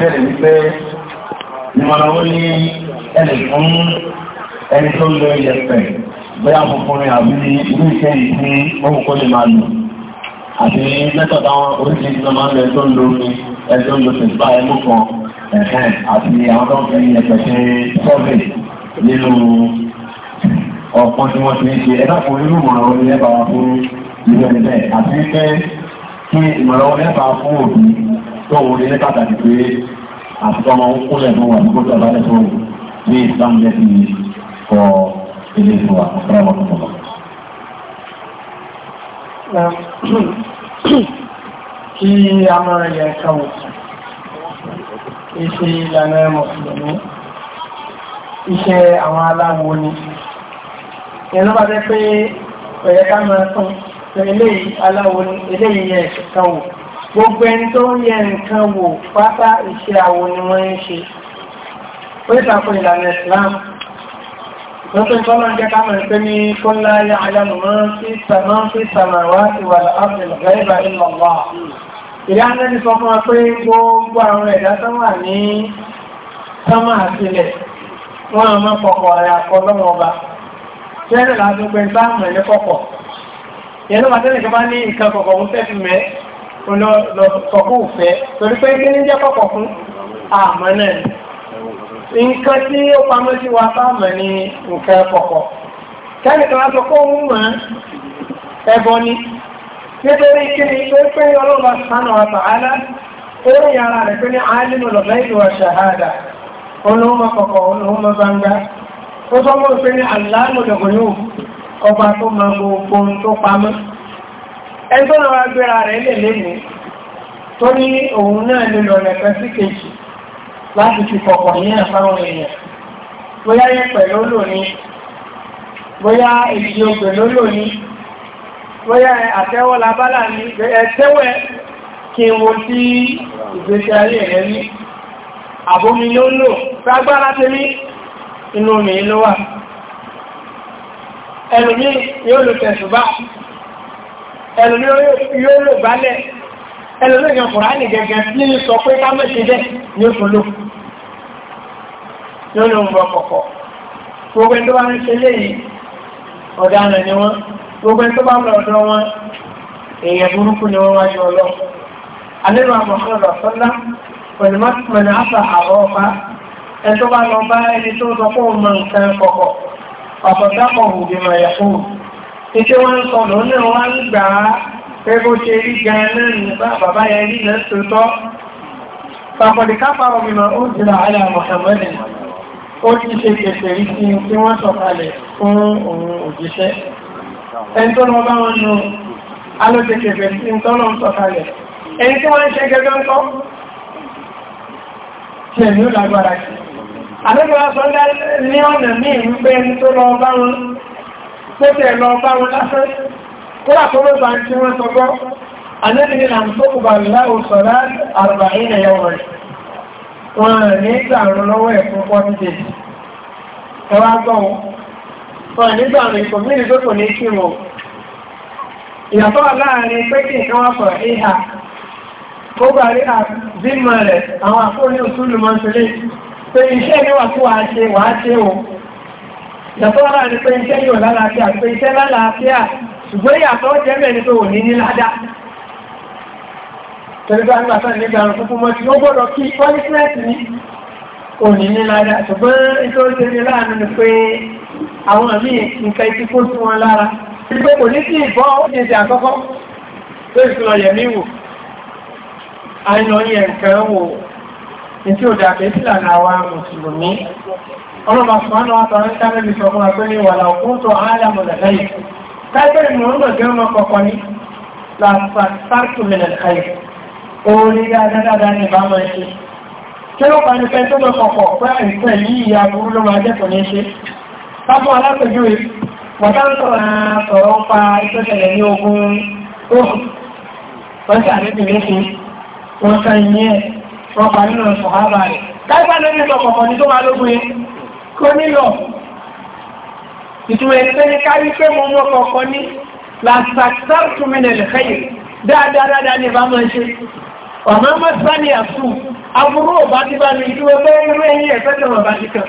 bẹ̀rẹ̀ wípé ìmọ̀ràn ó ní ẹnì fún ẹni tó lọ ìyẹ̀pẹ̀ bóyá fúnfúnrin àbí irú iṣẹ́ ìsí mọ́kùnkó lè máa lò àti mẹ́tọ̀ táwọn oríṣiríṣi lọ máa ń lọ ẹjọ́ ń lo omi ẹjọ́ ń lo pèsè ẹmú kan ẹ̀hẹ́n àti àwọn tó ń fi ẹ̀pẹ̀ ṣe sọ́ọ̀bẹ̀ nínú ọ̀pọ̀n tí wọ́n ti ń ṣe ẹ̀dàpọ̀ irú ìmọ̀ràn orí ẹ̀bà fún ìlú ẹ̀bẹ̀ àti pé kí ìmọ̀ràn orí ẹ̀bà fún òbí tó wọlé ní pàtàkì pé àtọ́mọ ń kúnlẹ̀ fún wa nígbó tó àbálẹ̀ tó wù ní ìsìlámù jẹ́ ti kọ ilé ìfún wa ọ̀pẹ́ ọmọ tuntun lọ. kí a máa yẹ ká wò ìṣe ìlànà mùsùlùmí iṣẹ́ àwọn aláwo ni ẹ̀rọ bá jẹ́ pé ọ̀yẹ́ ká máa tán eléyìí aláwo ni eléyìí yẹ ẹ̀ṣẹ̀ ká wò gbogbo ẹni tó ń yẹ nǹkan wò pátá iṣẹ́ àwọ ni ń ṣe ó ìlànà Islam lọ́pẹ́ tọ́lọ́ jẹ́ ká mẹ́rin pé ní kó láyé alámùmọ́ sí sàmọ́ sí sàmàwá ti wà láàbìn rẹ́bà ìlọ́wà ìyá nẹ́ni sọ fún wa pé gbogbo àwọn ẹ̀dá tó wà ní sọ́mà àtìlẹ̀ wọ́n a máa pọ̀pọ̀ ààrẹ àkọlọ́wọ́ ọba tẹ́lẹ̀ láti gbẹ̀ sáàmù ẹ̀ lọ́kọ̀ọ́kọ́ òfẹ́ torí pé kí ní jẹ́ kọ̀kọ̀ fún àmọ́ náà nǹkan tí ó pamọ́ sí wa sáàmù ní nǹkan kọ̀kọ̀ kẹ́nìkan á sọ kó ń mọ̀ ẹbọ ni nítorí kí ni pé pé ọlọ́ba sánà wa tààlà ó rí ara rẹ̀ pé ní àálínú lọ́gbẹ́ ìlú wa ṣàhádà olóhùnmọ́ kọ̀kọ̀ olóhùnmọ́ gbangba ó sọ mọ́ pé ní àlánù lọ́gbọ̀n yóò ọba tó máa gbogbo ohun tó pamọ́ ẹni tó lọ́wọ́ agbéra rẹ̀ lè lẹ́nu tó ní òun náà lè lọ lẹ́fẹ́ sí kejì láti fi kọ̀kọ̀ ní àfáwọn èèyàn bóyá yẹ̀pẹ̀ ló lò ní bóyá èdè ògbè ló lò ní bóyá àtẹ́wọ́ labálà ní ẹ̀tẹ́wẹ́ kí n wo sí ìgbésí ayé rẹ̀ ní àbómi ló lò lágbára tẹ́lí inú mi ló wà ẹlòmíì yóò lò tẹ̀sùbá ẹ̀lú yóò lò gbálẹ̀ ẹ̀lú ló yan kùránì gẹ́gẹ́ nínú sọ pé ká mẹ́sẹ̀ jẹ́ ní oṣù lò yóò lò ń bọ̀ kọ̀kọ̀ gbogbo ẹni tó ṣe léyìí ọ̀daràn ni wọ́n gbogbo ẹni tó bá ń lọ ọ̀dọ̀ wọn èèyàn burúkú ni wọ́n wáyé ọlọ́ alẹ́nu àmọ̀sọ́lọ̀ sọ́lá pẹ̀lú mọ́tìmọ̀lẹ́ àṣà àwọ̀ ọ̀pá ẹni bá lọ bá ẹni tó sọ Iṣẹ́ wọ́n ń sọ lọ ní wọ́n ń gbà á pẹ́gbó ṣe rí gan-an ní bá bàbá yẹn rí lẹ́ tòótọ́. Pàpọ̀dé kápárọ̀ mi máa ń jìnà àlà Mọ̀hàmẹ́dì. Ó ti ṣe kẹsẹ̀ rí sí tí wọ́n sọ̀kalẹ̀ fún òun òjíṣẹ́. Ẹni tó lọ bá wọn nu alóṣe kẹsẹ̀ sí tó tó tẹ̀ lọ bá wọn lásán kó làtọ́ ló bá ń tí wọ́n sọ gbọ́ anẹ́bìnrin làm tó kù bàbá òṣọ̀lá àrùbà ilẹ̀ yọ wọn wọn ní ìgbà àrùn lọ́wọ́ ẹ̀ fún fọ́n dé ẹ wá gbọ́ wọn wọn nígbà àrùn ìkòmínì tó kò Ìyàtọ̀ wà pé iṣẹ́ yóò lálàáfíà, pé iṣẹ́ lálàáfíà, ṣùgbọ́n ìyàtọ̀ jẹ́ mẹ́rin tó wò ní ní ládá. Tẹ̀lébá nígbà tán nígbà rẹ̀ fún mọ́ tí ó gbọ́dọ̀ kí pọ́lísẹ́ẹ̀tì ní òní ní ládá. Ṣùgbọ́n ìtọ́ ṣe ní láàánú pé àwọn àmì nǹkan ti kó sí lára. Ìgbé kò ní sí ìbọn ọlọ́mà ṣùgbọ́n wọn tọrọ sáré lè sọ fún agbẹ́ni wà láàkún tó ààlàmù lẹ́lẹ́yìn tágbẹ́rì mọ̀ ń gbẹ̀gbẹ́ ọmọ kọ̀kọ́ ní láàpàtàkù mẹ́lẹ̀káyì orí dáadáa ní ìbámu ẹ̀ṣẹ́ kí ló pàdé fẹ́ tó lọ kọ̀kọ̀ pé àìsàn yìí ìyá burú ló máa jẹ́kọ̀ọ́ ní ṣe sábọ̀ alápẹ̀júwe wọ̀tá ń sọ̀rọ̀ sọ̀rọ̀ ń pa ìtọ́sẹ̀lẹ̀ ní ogun ohun wọ́n sì àdébìnrin ṣe wọ́n sọ ìyẹn wọ́n pa nínú ṣọ̀hábà rẹ̀ káìpá lórí ìtọ̀kọ̀kọ̀ ní tó máa lógun yẹn kó nílọ̀ ìtumọ̀ ìpè ní káyí pé mo mọ kọ̀ọ̀kan ní làṣàṣàr túnmínà lẹ́yìn dáadáa dáadáa ní bá máa ṣe ọ̀nà mọ́sá ní àṣù aburú ò bá ti bá mi ìdúró pé irú ẹ̀yìn ẹ̀fẹ́ tó wọ́n bá ti kàn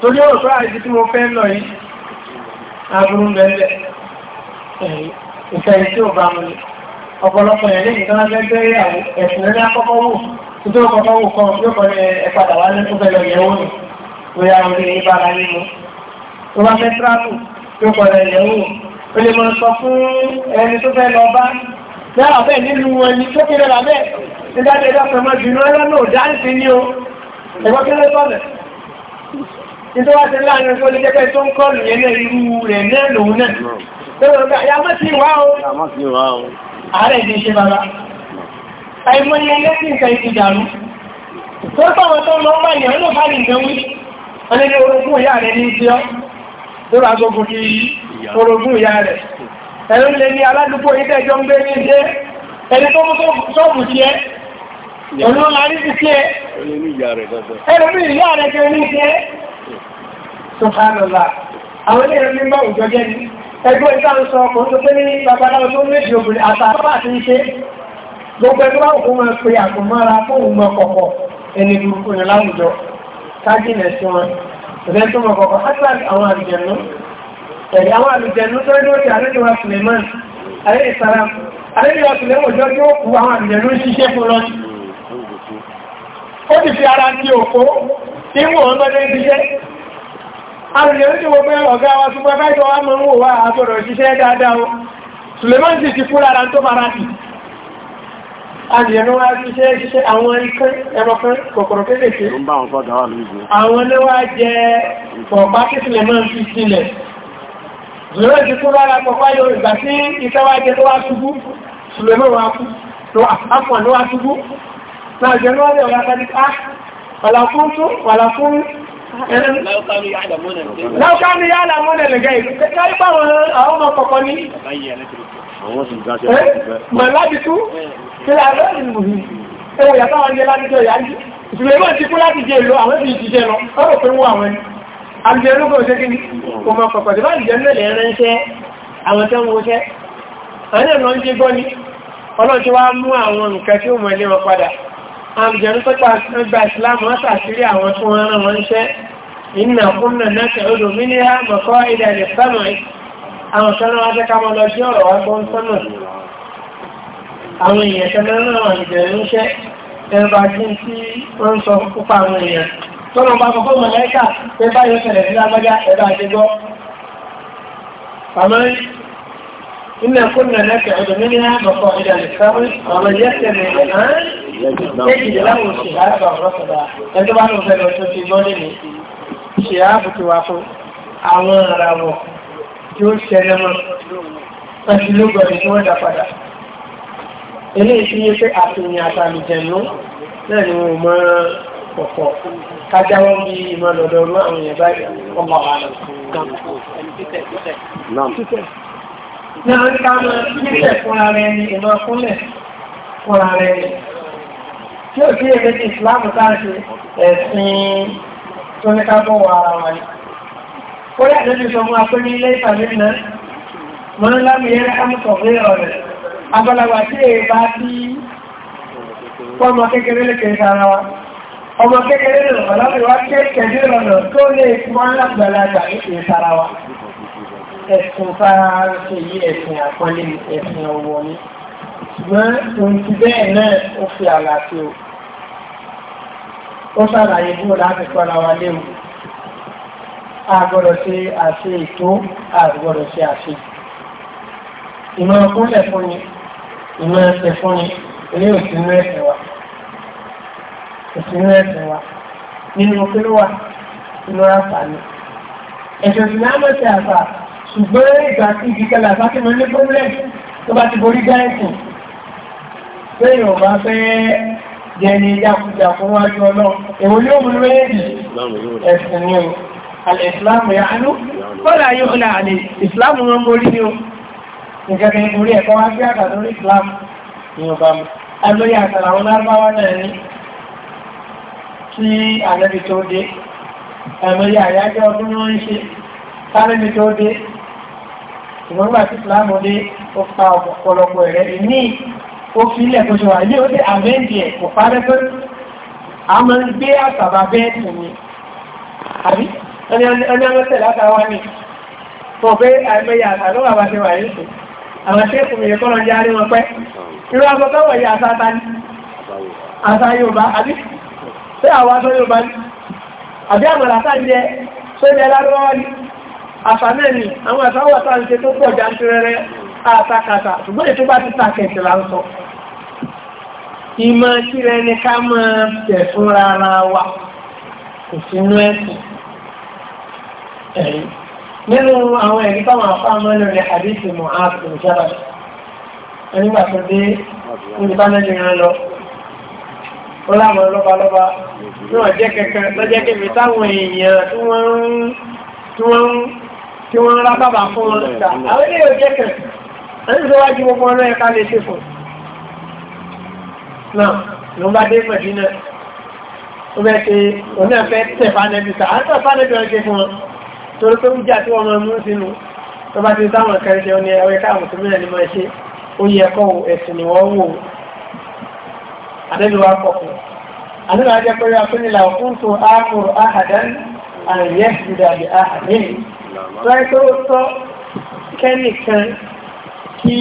torí òótọ́ àìsí tí mo fẹ́ lọ yìí aburú bẹ́ẹ̀ ìfẹ́ tí ò bá mu ni ọ̀pọ̀lọpọ̀ yẹn lẹ́yìn tó wá fẹ́ bóyá orí ìbára nínú tó bá fẹ́ tíráàmù tó kọ̀rọ̀ ìyẹ̀wò o lè máa sọ fún ẹni tó fẹ́ lọ bá lára bẹ́ẹ̀ nínú ẹni tó kéré ra bẹ́ẹ̀ nígbà tí ẹjọ́ pẹ̀mọ́ jùlọ ẹlọ́nà ò dáńsì ní o ẹ̀gbọ́n kéré sọ̀lẹ̀ nítorí wá ti láàrin tó lè jẹ́pẹ́ tó ń kọ́ nìyẹn náà irú rẹ̀ náà lòun náà lọ́wọ́ ọ̀gá ya mọ́ sí wá o ààrẹ ìdí ṣe bàbá ọlẹ́ni orogún ìyá rẹ̀ ní ìṣẹ́ lórí aṣogun ní orogún ìyá rẹ̀ ẹ̀rọ lè ní aládùúgbò ilẹ̀ ẹjọ́ ń gbé ní ìṣẹ́ ẹni tó mú sọ́ọ̀bù sí ẹ òun ló lárí sí sí ẹ ẹ̀rọ ní ìyá rẹ̀ kẹ́ ní ìṣẹ́ sọ́kànlọ́lá àwọn ilé ẹ̀rọ ní mọ́ òjò jẹ́ ní ẹgbẹ́ ìta ń sọ ọkùnrin tó pé ní babaláwo gbogbo ẹgbẹ́ òkú máa pe àkùnmọ́ra fóun mọ́ kọ̀kọ̀ ẹni burúkú ni láwùjọ kájìnà sí wọn ẹ̀fẹ́ tó mọ̀ kọ̀kọ́ atlas àwọn àlùjẹ̀nú ẹ̀rí àwọn àlùjẹ̀nú tó dúró ti àlejò wa Suleiman àlejò sara àlejò wa Suleiman jọ tí ó kú àwọn àlùjẹ̀nú ṣiṣẹ́ fún lọ ó ti fi ara ti òkó tí wọ́n ń lọ́dẹ́ ṣiṣẹ́ àlùjẹ̀nú ti wọ́n pé ọ̀gá wa súnmọ́ fẹ́ tó wá mọ́ ń wò wá àgbọ̀dọ̀ ṣiṣẹ́ dáadáa Suleiman sì ti fún lára tó fara tì alìyànà wá rí iṣẹ́ iṣẹ́ àwọn ikẹ́ ẹmọkan kọ̀kọ̀rọ̀ kéèkéé àwọn lẹ́wà jẹ́ pọ̀pá títìlẹ̀ máa fi sílẹ̀ lórí ti kú lára pọ̀pá yóò ìgbà tí iṣẹ́ wá jẹ́ tó wá ṣubú Sulemọ́ wá kú tó àpọ̀ ló wá ṣubú Láwọ́kánú yá lámọ́nà lẹ́gẹ́ ìlú, kẹ́kẹ́ ipá àwọn ọmọ kọ̀kọ́ ní. Àwọn sì dáṣẹ́ ọ̀pẹ́. Mọ̀ láti tú, kí láàrẹ́ ìlú. Ẹwọ̀ yàtọ̀ àwọn jẹ́ láti jẹ́ ìyájú. Ìṣùgbẹ́ ìwọ̀n ti kú láti jẹ́ ìlú, àwọn sì jíjẹ lọ, ọ̀rọ̀ pé wọ́n àwọn ẹni. Àjẹ́rúgbọ̀ ṣe kí ni, kò mọ̀ kọ̀kọ̀ tí bá jẹ́ mẹ́lẹ̀ ránṣẹ́ àwọn tẹ́ wọ́n ṣẹ́. Àwọn ẹ̀nà ń jẹ́ gbọ́ ni, ọlọ́run ti wá mú àwọn nǹkan tí ó mọ̀ ilé wọn padà àbìjẹ̀rú pẹ́pà gba ìsìlámù látàkiri àwọn tó wọ́n rán wọn iṣẹ́ iná kúnnà náà odò mílíà mọ̀kọ́ ilẹ̀ rẹ̀ sánà àwọn sánà wá tẹ́ka mọ́ lọ sí ọ̀rọ̀ wá gbọ́n sánà àwọn èèyàn tẹ́lẹ̀ náà wà ìbẹ̀rẹ̀ iṣẹ́ ẹ̀rọ tí ń tí wọ́n sọ púpọ̀ àwọn èèyàn tó lọ bá kọ́kọ́ mọ̀lẹ́kà pé báyọ̀ ṣẹlẹ̀ Kéjì láwọn òṣèrè àti ọ̀rọ̀ sọ̀dá, ẹjọ́ bá ní òfẹ́ lọ tó ti gbọ́n lè ní, ṣe ààbò ti wà fún àwọn ìràwọ̀ tí ó ṣẹlẹ̀ mọ́, pẹ̀sì tí wọ́n dá Ilé ìṣúyé pé àfihàn àtàlù jẹ̀nú náà ni wọ́n mọ́ ọ̀pọ̀. Kájáwọ́ bí ìmọ̀ lọ́dọ̀ ọmọ àwọn èèyàn báyìí ọmọ àlọ́. Náà tí ó sí ẹgbẹ́ tí ìsìláàmù sáàṣe ẹ̀sìn tó ní kábọ̀ wà ara wà ní. ó yà lẹ́nu sọ fún apẹ́ ní ilé ìpàdé náà mọ́ ní lámì yẹn kámùsọ̀ fún ọ̀rẹ́ abalagbà tí èyí bá tí ọmọ kékeré lè kéré sára wa ọmọ kékeré lè tó lè ti bẹ́ẹ̀ náà ó fi àlàáfíà ó ṣàlàyé bí wọ́n láti kọ́ra wa léwu àgbọ̀dọ̀ ṣe àṣe ètò àgbọ̀dọ̀ ṣe àṣe ìmọ̀ ọkúnlẹ̀ fún ni ìmọ̀ ẹsẹ̀ fún ni ilé òsínú ẹ̀sẹ̀ wa òsínú ẹ̀sẹ̀ wa nínú kíló wa inú àǹfààní ẹ̀sẹ̀ òsínú àmọ̀tẹ̀ àfà ṣùgbọ́n ìgbà tí ibi kẹlẹ̀ àfà tí mo ní pọ́blẹ̀ tó bá ti borí gáẹ̀sì bẹ́ẹ̀ ò bá fẹ́ jẹni jákújà fún wájú ọlọ́run èwo ni ó mú méjì ẹ̀sìn ni o alẹ́sìláàmù ya anú kọ́lá yóò là àlè ìsìláàmù wọn mórí ni o ìjẹ́kẹ́ orí ẹ̀kọ́ wá sí àgbà lórí ìsìláàmù ni ó bá mu alóyè àtàrà àwọn lárúbáwá náà ní kí àlẹ́bí tó dé ẹ̀mọ̀yà àyájọ́ ọdún ló ṣe kálẹ́bí tó dé ìgbọ́ngbà sí ìsìláàmù dé ó pa ọ̀pọ̀lọpọ̀ rẹ̀ ó fi ilẹ̀ tó ṣe wà ní ó dé àmẹ́ndì ẹ̀ kò parẹ́ pé a mọ́ ń gbé àtàbà bẹ́ẹ̀tì ni àbí ẹni ọlọ́tẹ̀ látàwà ní tó pé àìmẹ́yà àtàlọ́wà bá ṣe wà ní ṣe àwọn ṣéèkù mi kọ́ lọ járe wọn pẹ́ irú agbọ́gbọ́wọ̀ yìí àtàtà ní àtà Yorùbá àbí pé àwọn aṣọ Yorùbá se àbí àmọ̀lá sáàjẹ tó jẹ lárúbáwá ní àfàmẹ́ ni àwọn àtàwọ̀ àtàǹṣe tó pọ̀ àtàkàtà ṣùgbọ́n ètò bá ti tàkẹ̀tì là ń sọ ìmọ̀ tirẹ̀ ni ká máa tẹ̀ fúnra ara wa kò sínú ẹ̀sìn ẹ̀rí nínú àwọn ẹ̀rí táwọn afáàmọ́ lórí àdéhùn mọ̀ áàpù ìjábà nígbà tó dé olùbánẹ́lẹ̀ yẹn lọ ó láwọn lọ́balọ́ba ní ọ̀jẹ́ kẹkẹ lọ́jẹ́ kẹfì táwọn èèyàn tí wọ́n ń tí wọ́n ń rábàbà fún ọ̀rọ̀ ẹni tó wájú gbogbo ọ̀nà ẹ̀ka lè ṣe fún náà ló ń bá dé pẹ̀lú náà ó bẹ́ẹ̀ ṣe òun náà fẹ́ tẹ̀ fánẹ́bí sá àtọ̀ fánẹ́bí ọ̀rẹ́ ṣe fún wọn torí pé wújà tí wọ́n máa mú sínú tó bá ti táwọn kan ṣe ní ẹ̀rọ ẹ̀ka mùsùlùmí náà ni máa ṣe ó yẹ kọ́ ẹ̀sìn ni wọ́n wò tó ámùrù tó ẹ kẹ́nìkan kí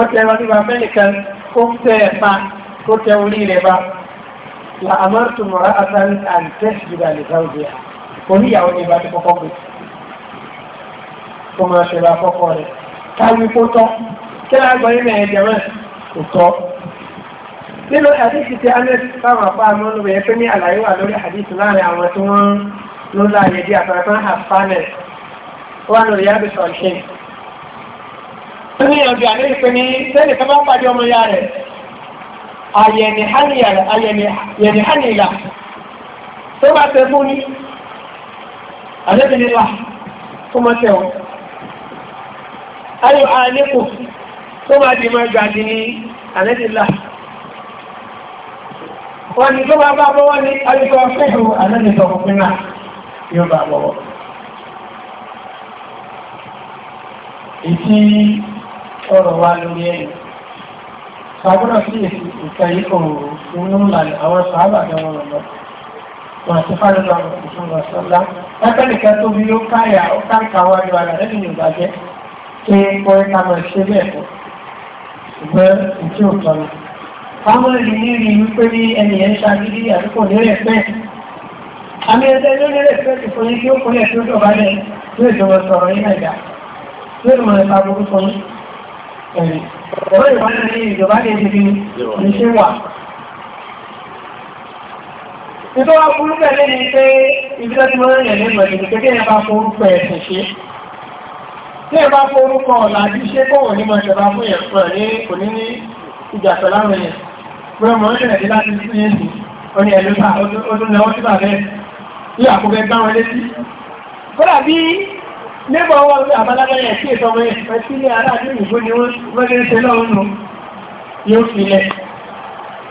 ó tẹ wá nípa mẹ́nìkan ó tẹ ẹ̀ pa ó tẹ orí rẹ̀ bá la amọ́tò mọ̀ra asan àǹtẹ́sì jùlọ lè sáwùjẹ́ oníyàwó ni ìbá ti kọ́kọ́ pè kó máa ṣe bá kọ́kọ́ rẹ̀ káwí kó tọ́ kí lágbọ́n yín náà ẹ̀jẹ̀ rẹ̀ kò tọ́ nínú àdíṣì tí a lẹ́sí fáwọn àpá amọ́lùmọ̀ ẹ̀fẹ́ ní àlàyé wà lórí àdíṣì láàrin àwọn tí wọ́n ló láàyè bí àpẹẹrẹ fún àfánẹ̀ wà lórí yàbí sọ̀ṣẹ́ ní ọjọ́ àlẹ́ ìpè ní sẹ́ni tó bá pàdé ọmọ ya rẹ̀ àyẹ̀nì hánìlà tó bá tẹ fún ní àlẹ́bìnrin là tó máa tẹ̀ wọ́n. ayọ̀ àlékò tó máa di máa gbàdí ní àlẹ́bìnrin là wọ́n ni tó bá bá bọ́wọ́ ní alùpùpù fẹ́hù àlẹ́nìtọ̀ òfin náà yóò bá bọ́wọ́ ọ̀rọ̀ wa lórí ẹ̀ sàgbọ́nà sí èsì ìkẹyí òòrùn inú ìlànà àwọn sàábà jẹ́ wọn lọ wọn ti fáwọn lọ àwọn òṣìṣẹ́ wọn sọ́lá látẹ́nìkan tó bí ó káyà ó káǹkà wá ju ara lẹ́yìn ìgbà jẹ́ pé kọ́ ẹ ká máa ṣe bẹ́ẹ̀ fún ṣùgbọ́n ìdí òtọ́ ní ẹnì yẹn ó kúnlẹ̀ tó dọ̀bálẹ̀ ọ̀rẹ́ wa burú pẹ̀lú ní pé ìjọ tí wọ́n rẹ̀ lẹ́nu ẹ̀dùn pé kí ẹ bá forúkọ ẹ̀sìn ṣe. Tí ẹ bá forúkọ ọ̀la bí ṣe kọ̀wọ̀ ní máa ṣẹ̀bá fún yẹn ẹ̀ ní kò ní ní ìjà nígbà wọ́n rí àbálágbẹ́rẹ̀ sí ìtọ́mọ ẹ̀fẹ́ sílé aláàdé ìgbó ni wọ́n lè ń ṣe lọ́rùn nù yóò filẹ̀.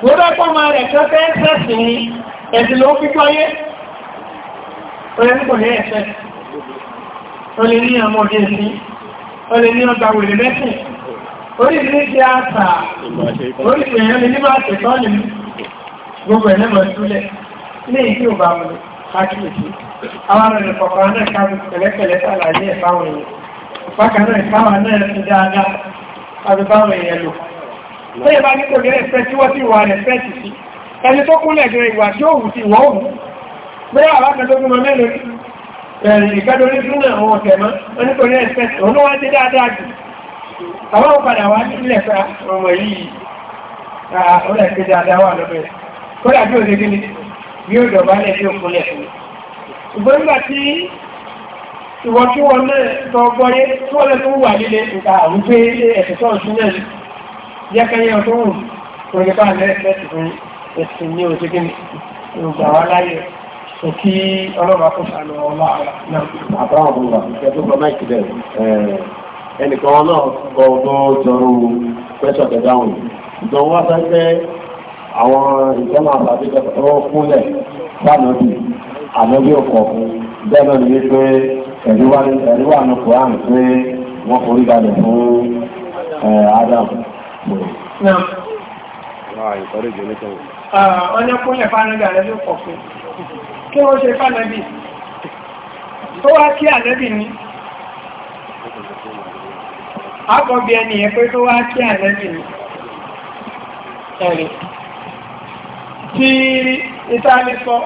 gbogbo ẹ̀kọ́ máa rẹ̀ tó fẹ́ sẹ́sì ní ẹ̀sìn ló fi gbọ́yé ọ̀rẹ́ ń kò ní ẹ̀fẹ́ ó lè ní ọmọ òde sí ó lè ní ọgbà wèrè mẹ́sìn oríṣiríṣi àṣà oríṣiríṣi èèyàn lè ní máa tẹ̀tọ́ nìyí àwọn ẹ̀rẹ̀ kọ̀kọ̀ náà káàkiri pẹ̀lẹ́pẹ̀lẹ́ sàlàyé ẹ̀fáwọn èèyàn bákan náà ìfáwọn náà fi dáadáa àbíbáwọn èèyàn lò tó yẹ bá ní kò gẹ́rẹ́ fẹ́ tí wọ́n sì wà rẹ̀ fẹ́ ti sí ẹni tó kúnlẹ̀ gẹ̀rẹ̀ ìwà tí ó wù sí ìwọ̀ òun bóyá àbákẹ́lógún mọ́ mẹ́lò ní ìgbẹ́dọ̀rí fún àwọn ọ̀tẹ̀ mọ́ onítorí ẹ̀fẹ́ òun ló wá ti dáadáa jù àwọn òpadà wá nílẹ̀ fẹ́ ọmọ yìí ọ̀rẹ́ ti dáadáa wà lọ́bẹ̀ẹ́ kó dàbí ṣùgbọ́n nígbà tí ìwọ tí wọ́n náà tọ́ gbọ́yé tí wọ́n lẹ́ tó wà líle nǹka àwọn pé ẹ̀sẹ̀ tó ń súnmọ́ ní jẹ́kẹ́yẹ ọdún wù kò ní bá lẹ́ẹ̀kẹ́ fún ẹ̀sìn ní oṣù kí ìgbà wá láyé kò kí ọlọ́run kò sànù ọlọ́ àrà náà. àbáwọn ọmọ wa ìṣẹ́ tó gbọ́ máìkì bẹ́ẹ̀ ẹnìkan náà kọ ọdún jọrọ pẹ́sọ̀ tẹ̀dáhùn ìdánwò wá fẹ́ fẹ́ àwọn ìtọ́nà àbájẹ́ àmọ́bí ọkọ̀ bẹ́ẹ̀ náà ní pé ẹ̀rí wà ní Quran pé wọ́n forí balẹ̀ fún Adam. Ọ̀nà kúnlẹ̀ fánàbí àrẹ́bí ọkọ̀ fún. Kí wọ́n ṣe fánàbí? Tó wá kí àrẹ́bí ní? Àkọ́bí ẹni ẹ̀ pé tó wá kí àrẹ́bí ní? Ẹ̀rì. Tí ìtàlẹ́sọ́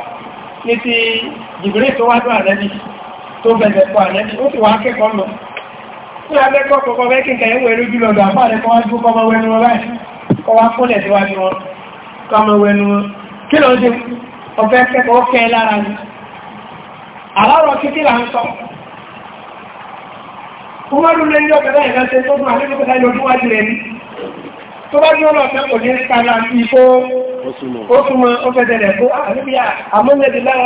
ní ti jìbìrí tó wá tó ànẹ́bí tó bẹ̀rẹ̀ pọ̀ ànẹ́bí ó sì wá kẹ́kọ̀ọ́ lọ fún abẹ́kọ́ kọ̀kọ́ mẹ́kìnkà ẹ̀wọ̀ ẹ̀rú jùlọ lọ àpá àrẹ́kọ́ wájú kọmọ wẹnu wọn báyìí kọ wá fúnlẹ̀ síwájú wọn kọmọ wẹnu wọn kí lọ dé ọ̀fẹ́ kẹ́kọ̀ọ́ kẹ́ lára ni àlárọ̀ títí là ń sọ Umaru lé ní ọ̀gá tó bá ní ọlọ́ ọ̀fẹ́ kò ní kára sí ikó ó súnmọ́ ó fẹ́ tẹ̀lẹ̀ fún ah, àríbí ah, àmúlẹ̀dìlára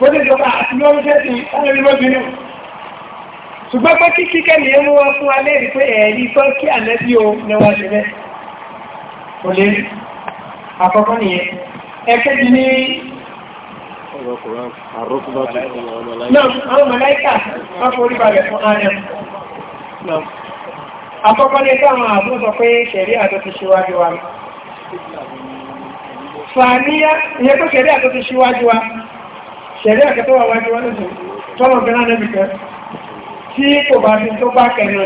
wọ́n ṣùgbọ́n pé kí kíkẹ́ ní ẹmú wọn fún alẹ́ rí pé ẹ̀rí tán kí ànẹ́bí o lẹ́wà ṣe bẹ́ kò lè àkọ́kọ́ nìyẹn ẹ̀kẹ́ Náà, àwọn mọ̀láíkà, wọ́n forí balẹ̀ fún Adam. Àkọ́kọ́ ní sáwọn àbúrò sọ pé ṣẹ̀rí àtọ́ ti ṣíwájú wa. Fàníyá, ìyẹ́ tó ṣẹ̀rí àtọ́ ti ṣíwájú wa, ṣẹ̀rí àtọ́ tó wà wájú wa lóṣù, tọ́lọ̀ bẹ́rẹ̀ náà nẹ́bì kan, tí kò bá fi tó bá kẹrin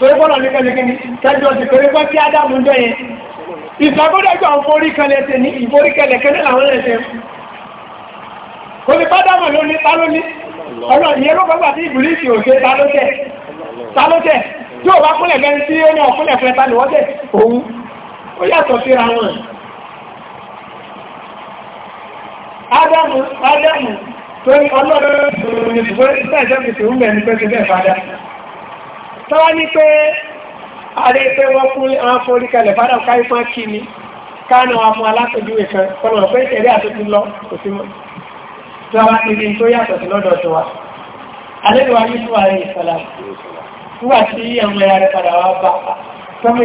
torí bọ́lọ̀ ní kẹ́lẹ̀kẹ́ni tẹ́jọ́ ti torí bọ́ sí ádámù jọ yẹn ìsọgbọ́dọ̀gbọ̀ ìforí kẹlẹ̀kẹ́ ní ìforí kẹlẹ̀kẹ́ ní àwọn ẹ̀ṣẹ̀ kò ní pádámù ló ní ta ló ní ọ̀nà ìyẹn ló gbọ́gbà tí ìbùrí ìfì òṣè ta ló tẹ̀ ta ló tẹ̀ tí ò bá kúnlẹ̀ gẹ́ni tí ó ní ọ̀kúnlẹ̀ fẹ́ ta lọ́wọ́ tẹ̀ òun ó yàtọ̀ síra wọn ádámù ádámù torí ọlọ́run ìfòrí tọ́wá ní pé ààrẹ pé wọ́n fún àwọn foríkalẹ̀ fádà káìpọ́n kí ni káàna wa fún alákòjúwe kan kọ́nà pé ìṣẹ̀rí àtúntí lọ kò sí mọ́ tí wọ́n ti rí tó yàtọ̀ sí lọ́dọ̀ tó wa àlejò wa yìí fún ààrẹ ìsọ̀lá nígbà tí àwọn ẹ̀yà rẹ̀ padà wá bá tọ́mú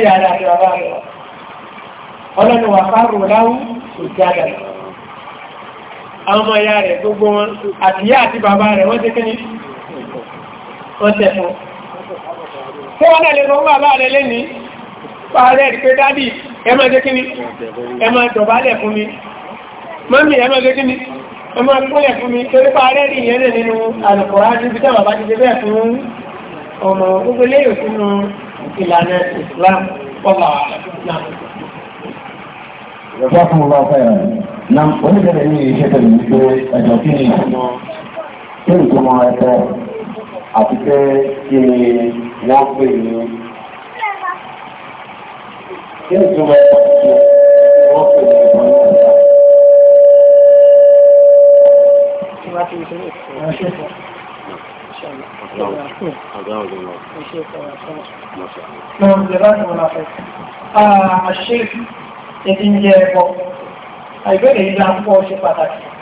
ọmọ ìyá rẹ̀ gbogbo wọn àtìyá àti bàbá rẹ̀ wọ́n ti kí ni fún tó wọ́n náà lè sọ fún bàbá rẹ̀ lẹ́ni pààrẹ rí pé dádì ẹmọ́ jẹ́ kíní ẹmọ́ dọ̀bálẹ̀ fún mi mọ́mí ẹmọ́ jẹ́ kíní ẹmọ́ kúnlẹ̀ fún mi torí pààrẹ rí ìyẹn náà nínú àlùkọ̀rá níbi tí bàbá ti ṣe bẹ́ẹ̀ fún ọmọ gbogbo lè yóò sínú ìlànà Islam ọba náà. Ìjọba fún ọba ọ̀fẹ́ rẹ̀ náà oníbẹ̀rẹ̀ ní iṣẹ́ tẹ̀lé ní pé ẹ̀jọ̀ kí ni ìtumọ̀ ẹ̀kọ́ àti pé kí ni wọ́n pè ní kí ni túmọ̀ ẹ̀kọ́ tí wọ́n pè ní ìbọn ìjọba. Àṣé ìdíje ẹ̀kọ́, àìbẹ̀rẹ̀ ìdá ń pọ̀ ṣe pàtàkì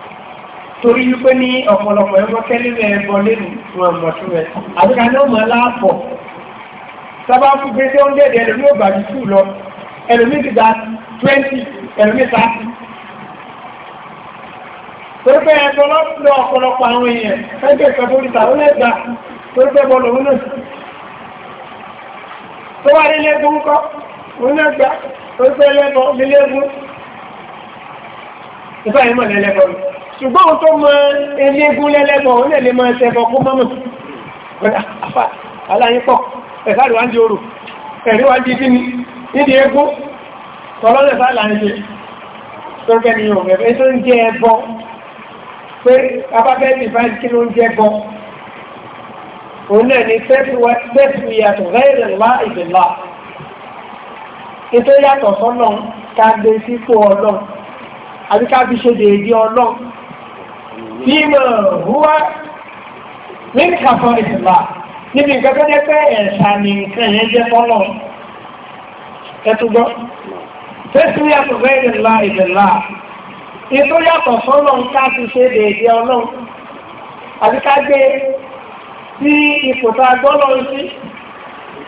torí wípé ní ọ̀pọ̀lọpọ̀ ẹgbẹ́ kẹ́lẹ́lẹ́ ẹgbọ́ lẹ́nu fún ọmọ tó rẹ̀ àbíká ní ọmọ aláàpọ̀ sábà fún pé tí ó ń dẹ̀dẹ̀ ẹlòmí ò bàbí sùn lọ ẹlòmí ti gba twenty ẹlòmí thirty. torí pé ẹgbẹ́ lọ́pọ̀ ọ̀pọ̀lọpọ̀ àwọn èèyàn ẹgbẹ́ ìfẹ́ tó ríta ó lẹ́gbà torí pé bọ́ọ̀lù òun náà tó wà nílé ẹgbẹ́ ẹgbẹ́ ìgbà yẹn mọ̀ lẹ́lẹ́bọ̀ rẹ̀ ṣùgbọ́n òun tó mọ eléegun lẹ́lẹ́bọ̀ òun lè máa ṣẹbọ kó mọ́mọ̀ àfà aláyípọ̀ ẹ̀sáàrí wá ń di orò ẹ̀rí wá ń di kíni nídi egun tọ́lọ́lẹ̀ sáà là ń ṣe tó kẹ́ ni yóò rẹ̀ tó ń jẹ ẹbọ pé abábẹ́ẹ̀tì bá ń kí ló ń jẹ bọ òun náà ni fẹ́ẹ̀fù yàtọ̀ rẹ́ẹ̀rẹ̀ lá ìdìlá nítorí yàtọ̀ sọ́nà ká àbí ká fi ṣe dèédé ọlọ́run tí mọ̀ húwá ní kàfọ́ ìsìnlá níbi nǹkan tó jẹ́ pé ẹ̀ṣà ní nǹkan yẹn jẹ́ tọ́lọ̀ ẹtùgbọ́ fẹ́sí yàtọ̀ fẹ́ ìdìlá ìdìlá ìtò yàtọ̀ sọ́lọ̀ ká fi ṣe dèédé ọlọ́run àbí ká gbé sí ipò tá a gbọ́ lọ sí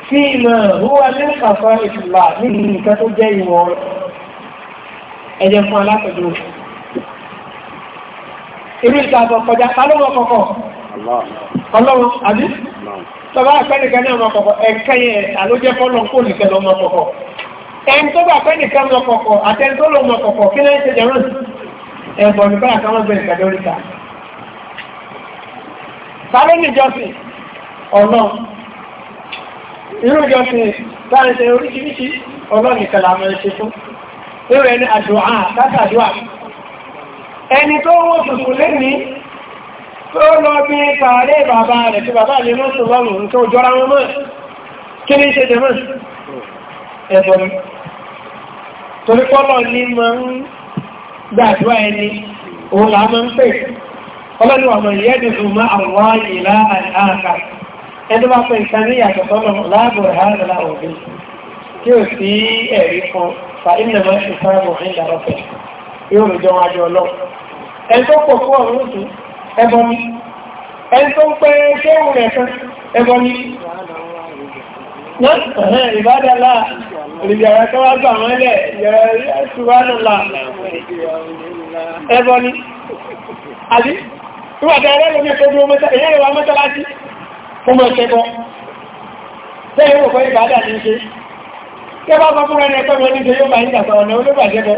tí mọ̀ húwá kàfọ́ ìsìnlá níbi nǹkan tó jẹ́ ìwọ̀n ẹ̀jẹ̀ fún alákòjú. Irú ìta àbọ̀ kọjá, ta ló mọ kọ̀kọ̀? Ọlọ́run, àbí? Tọ́ba àpẹnìkan ní ọmọ kọ̀kọ̀, ẹ̀ka yẹn àlójẹ́ fọ́lọ́ kó nìkan lọ́mọ kọ̀kọ̀. Ẹni tó bá àpẹnìkan lọ kọ̀kọ̀, àtẹni tó lọ mọ kọ̀kọ̀, kí lẹ́yìn ṣe jẹ̀rọ̀? Ẹ̀bọ̀n nípa àtàwọn bẹ̀rẹ̀ kàdé oríta. Ta ló ní ìjọsìn? Ọlọ́run. Irú ìjọsìn táà ń ṣe oríṣiríṣi, Ọlọ́run nìkan làwọn ẹ̀ ṣe fún irú ẹni àṣùwà látàdúwà ẹni tó wọ́n tùtù lé ní tó lọ bí pàálé bàbá rẹ̀ tí bàbá lè mọ́ sọ lọ́rùn tó jọra wọn mọ́ kí ní ṣe jẹmọ́ ẹ̀bọ̀n torí pọ́lọ̀ ní mọ́ ń gbàdúwà ẹni òun là mọ́ ń pè tí ò sí ẹ̀rí kan fa ilẹ̀ mọ́ ìfẹ́ràn òfin ìdàrọ́fẹ́ yóò rò jọ wọn àjọ lọ ẹni tó pọ̀ fún ọ̀rọ̀ òtún ẹbọ ni ẹni tó ń pẹ́ kéwù rẹ̀ kan ẹbọ ni ìbádàlá olùyàrá tó wá gbà wọ́n lẹ̀ yẹ̀ẹ́sùwánàlá ẹbọ ni àbí ìwàdà ẹ̀rẹ́ lómi tó dúró mẹ́ta ìyẹ́ ìwà mẹ́ta láti fún mọ́ ṣẹ́gbọ́ kẹ bá bá fúnra ẹ̀kọ́ ni oníṣẹ́ yóò bá yín àtàwọn ọ̀nà olóbàjẹ́ lọ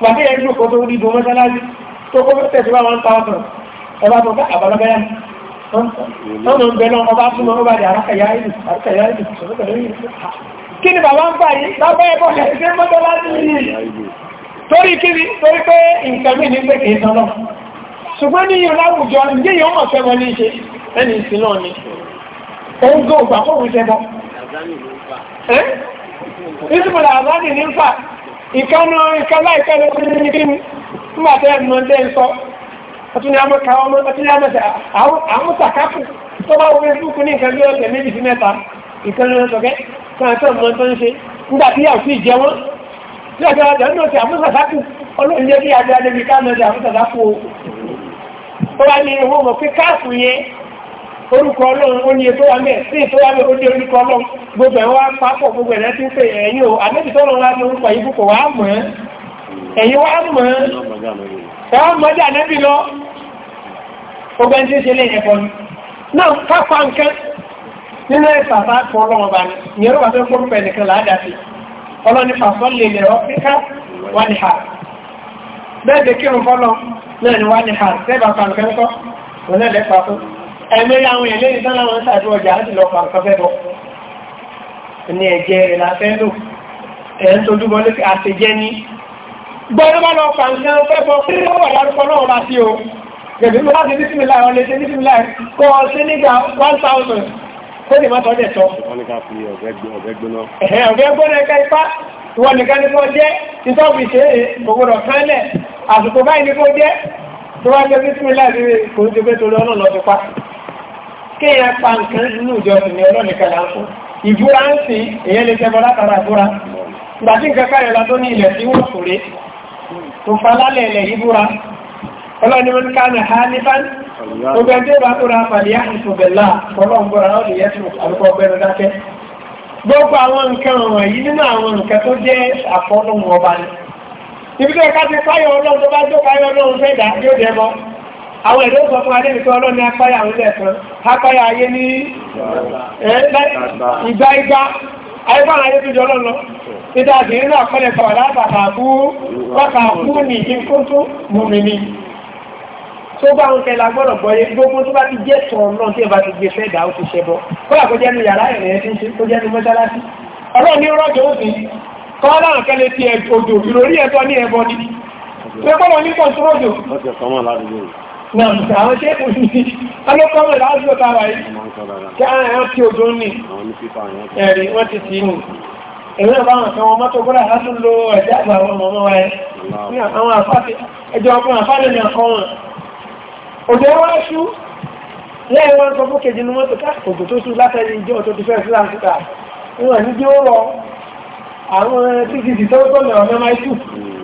pàdé ẹ̀ dúró kó tó ní ìbò mọ́sálásí tó kó tẹ̀sí bá wọn táwọn sọ̀rọ̀ ẹ bá tó ká àbálọ́bẹ́ yá ọmọ ń bẹ náà ọba súnmọ́ ó bá di àrákàyà ìlú àrákàyà ìlú kí ni bàbá ń gbà yìí lábẹ́ ẹ̀kọ́ ẹ̀ṣẹ́ mọ́sálásí yìí torí ìsìnkúlà àbádì ní fà ìkánú ìkánlá ìkánlá ní kí nígbà tẹ́ ọtún ní amọ̀ká ọmọ ọtún ní amọ̀tẹ àmúsàkápù tó bá wọlé fúnkún ní nǹkan bí méjì sí mẹ́ta ìkánlá ní fún àtọ́ ọmọ tó ń ṣe orúkọ ọlọ́run ó ní ètò àmì sí ètò àmì ó ní orúkọ ọlọ́run gbogbo ẹ̀wọ́ apapọ̀ gbogbo ẹ̀rẹ́ tí ń pè ẹ̀yìn o àmẹ́bí tọ́lọ́ láti orúkọ yìí kò wá mọ̀ ẹ́ ẹ̀yìn wá mọ̀ ẹ́ ẹ̀wọ́n mọ́jà nẹ́bí lọ gbogbo tí ó ṣe ẹ̀kọ́ ni náà nǹkan nínú ọlọ́run ìyẹn ló wà ẹ̀mẹ́rẹ́ àwọn èlé ìtàn láwọn sàdúrà ọjà á ti lọ pa nǹkan fẹ́bọ ní ẹ̀jẹ̀ rẹ̀ la fẹ́ lò ẹ̀ ń tójú bọ́ lókè àtẹ̀jẹ́ ní gbọ́dọ̀ bá lọ pa nǹkan fẹ́bọ kí ló wà lárúkọ náà bá sí o gẹ̀gẹ́ bí wọ́n ti bísí mi láì wọ́n lè ṣe mi láì kọ́ ọ nígbà one thousand kó lè má tọ́jú ẹ̀tọ́. wọ́n ní ká fi ọ̀bẹ gbóná. ọ̀bẹ gbóná ẹ̀ka ipá ìwọ nìkan ni kò jẹ́ ìtọ́bù ìṣe ògbòdò kánlẹ̀ àsìkò báyìí ni kò jẹ́ tó wá kéèyàn pa nǹkan nínú ìjọ ìrìn ọlọ́nì kẹlà fún ìbúra ń sì èyẹ lè tẹ́bọ̀ látara ìbúra ìgbàtí nǹkan káyọ̀ lọ tó ní ilẹ̀ tí wọ́n sòrè tó falálẹ̀ ilẹ̀ ìbúra ọlọ́ni wọn ká ní hanifan gbogbo ẹgbẹ́ bá búra pàdéyà ìṣòbẹ̀lá ọlọ́nbọ̀ra ó lè yẹ tó àlùkò ọgbẹ́nu dákẹ́ gbogbo àwọn nǹkan wọ̀nyí nínú àwọn nǹkan tó jẹ́ àfọ́nù ọba ni ibi tó yẹ ká ti fáyọ̀ ọlọ́run tó bá tó fáyọ̀ ọlọ́run fẹ́ dà yóò jẹ́ àwọn ẹ̀dọ́ sọ fún adé nìkan ọlọ́ni apáyà àwọn ilẹ̀-ẹ̀kan apáyà ayé ní ìgbà igba ayébára ayé tó jọ lọ́nà títà sí nínú àpẹẹlẹ pàwàdà pàtàkù pàtàkù ní ìkóntó mùmìnì tó bá ń tẹ́lá gbọ́dọ̀ gbọ́yé gbogbo tó bá ti jẹ́ sọ̀rọ̀ náà tí ẹ bá ti gbé fẹ́ dà ó ti ṣẹbọ kọ́lá kó jẹ́nu yàrá ẹ̀rẹ́ tí ń ṣe kó jẹ́nu mọ́sálásí ọlọ́ni rọ́jò ó sì kọ́lá àkẹ́lẹ́ ti òjò ìròrí ẹ̀tọ́ ní ẹbọ ni tó gbọ́dọ̀ ní kọ́ńtúrọ́jò Àwọn ṣe kò sí sí, alókọ́mọ̀ láti ọ̀ta wà yìí, kí a rẹ̀ tí ó dún ní, ẹ̀rì wọ́n ti sí mú. Èmi náà báwọn kan wọn mọ́tò gbọ́dá láti lo ẹ̀dẹ́ àgbà àwọn ọmọ ọmọ wáyé. Ní àwọn àfáàtì, sọ fún kejì ní mọ́tò ká òjò tó ṣú látẹ̀lé ìjọ tó ti fẹ́ sí láǹkítà. Wọ́n ní bí ó rọ àwọn títí tó tọ́lẹ̀ ọ̀nà máa ṣù.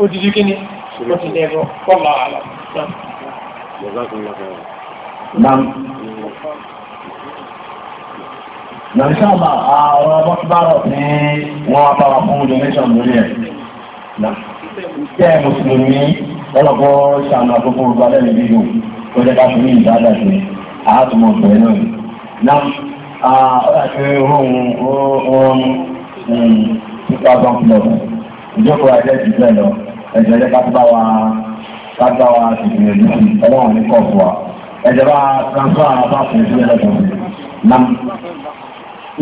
odidi kí ni wọ́n ti lẹ́bọ̀ kọ́lá àlọ́ Nàìjíríà àwọn ọmọ tí bá rọ̀ ní wọ́n wá bára fún donation lórí ẹ̀. Tẹ́ Mùsùlùmí ọlọ́pọ̀ ṣàmà àkókò gbádẹ́ lè dídò tó jẹ́ káàkiri ní ìdájà sí àátùmọ̀ ọ̀pẹ̀ náà. Náà, ọ̀dà tí ó rọrùn ó rọrùn 2000 plus ìjókòó ẹ̀jẹ̀ jù bẹ́ẹ̀ lọ ẹ̀jẹ̀ ẹ̀jẹ̀ kápá wa kápá wa tìtìrì ìlú ọlọ́run ní kọ̀ọ̀fù wa ẹ̀jẹ̀ bá transfer bá fún ìṣúlẹ̀ lọ́tọ̀ nam.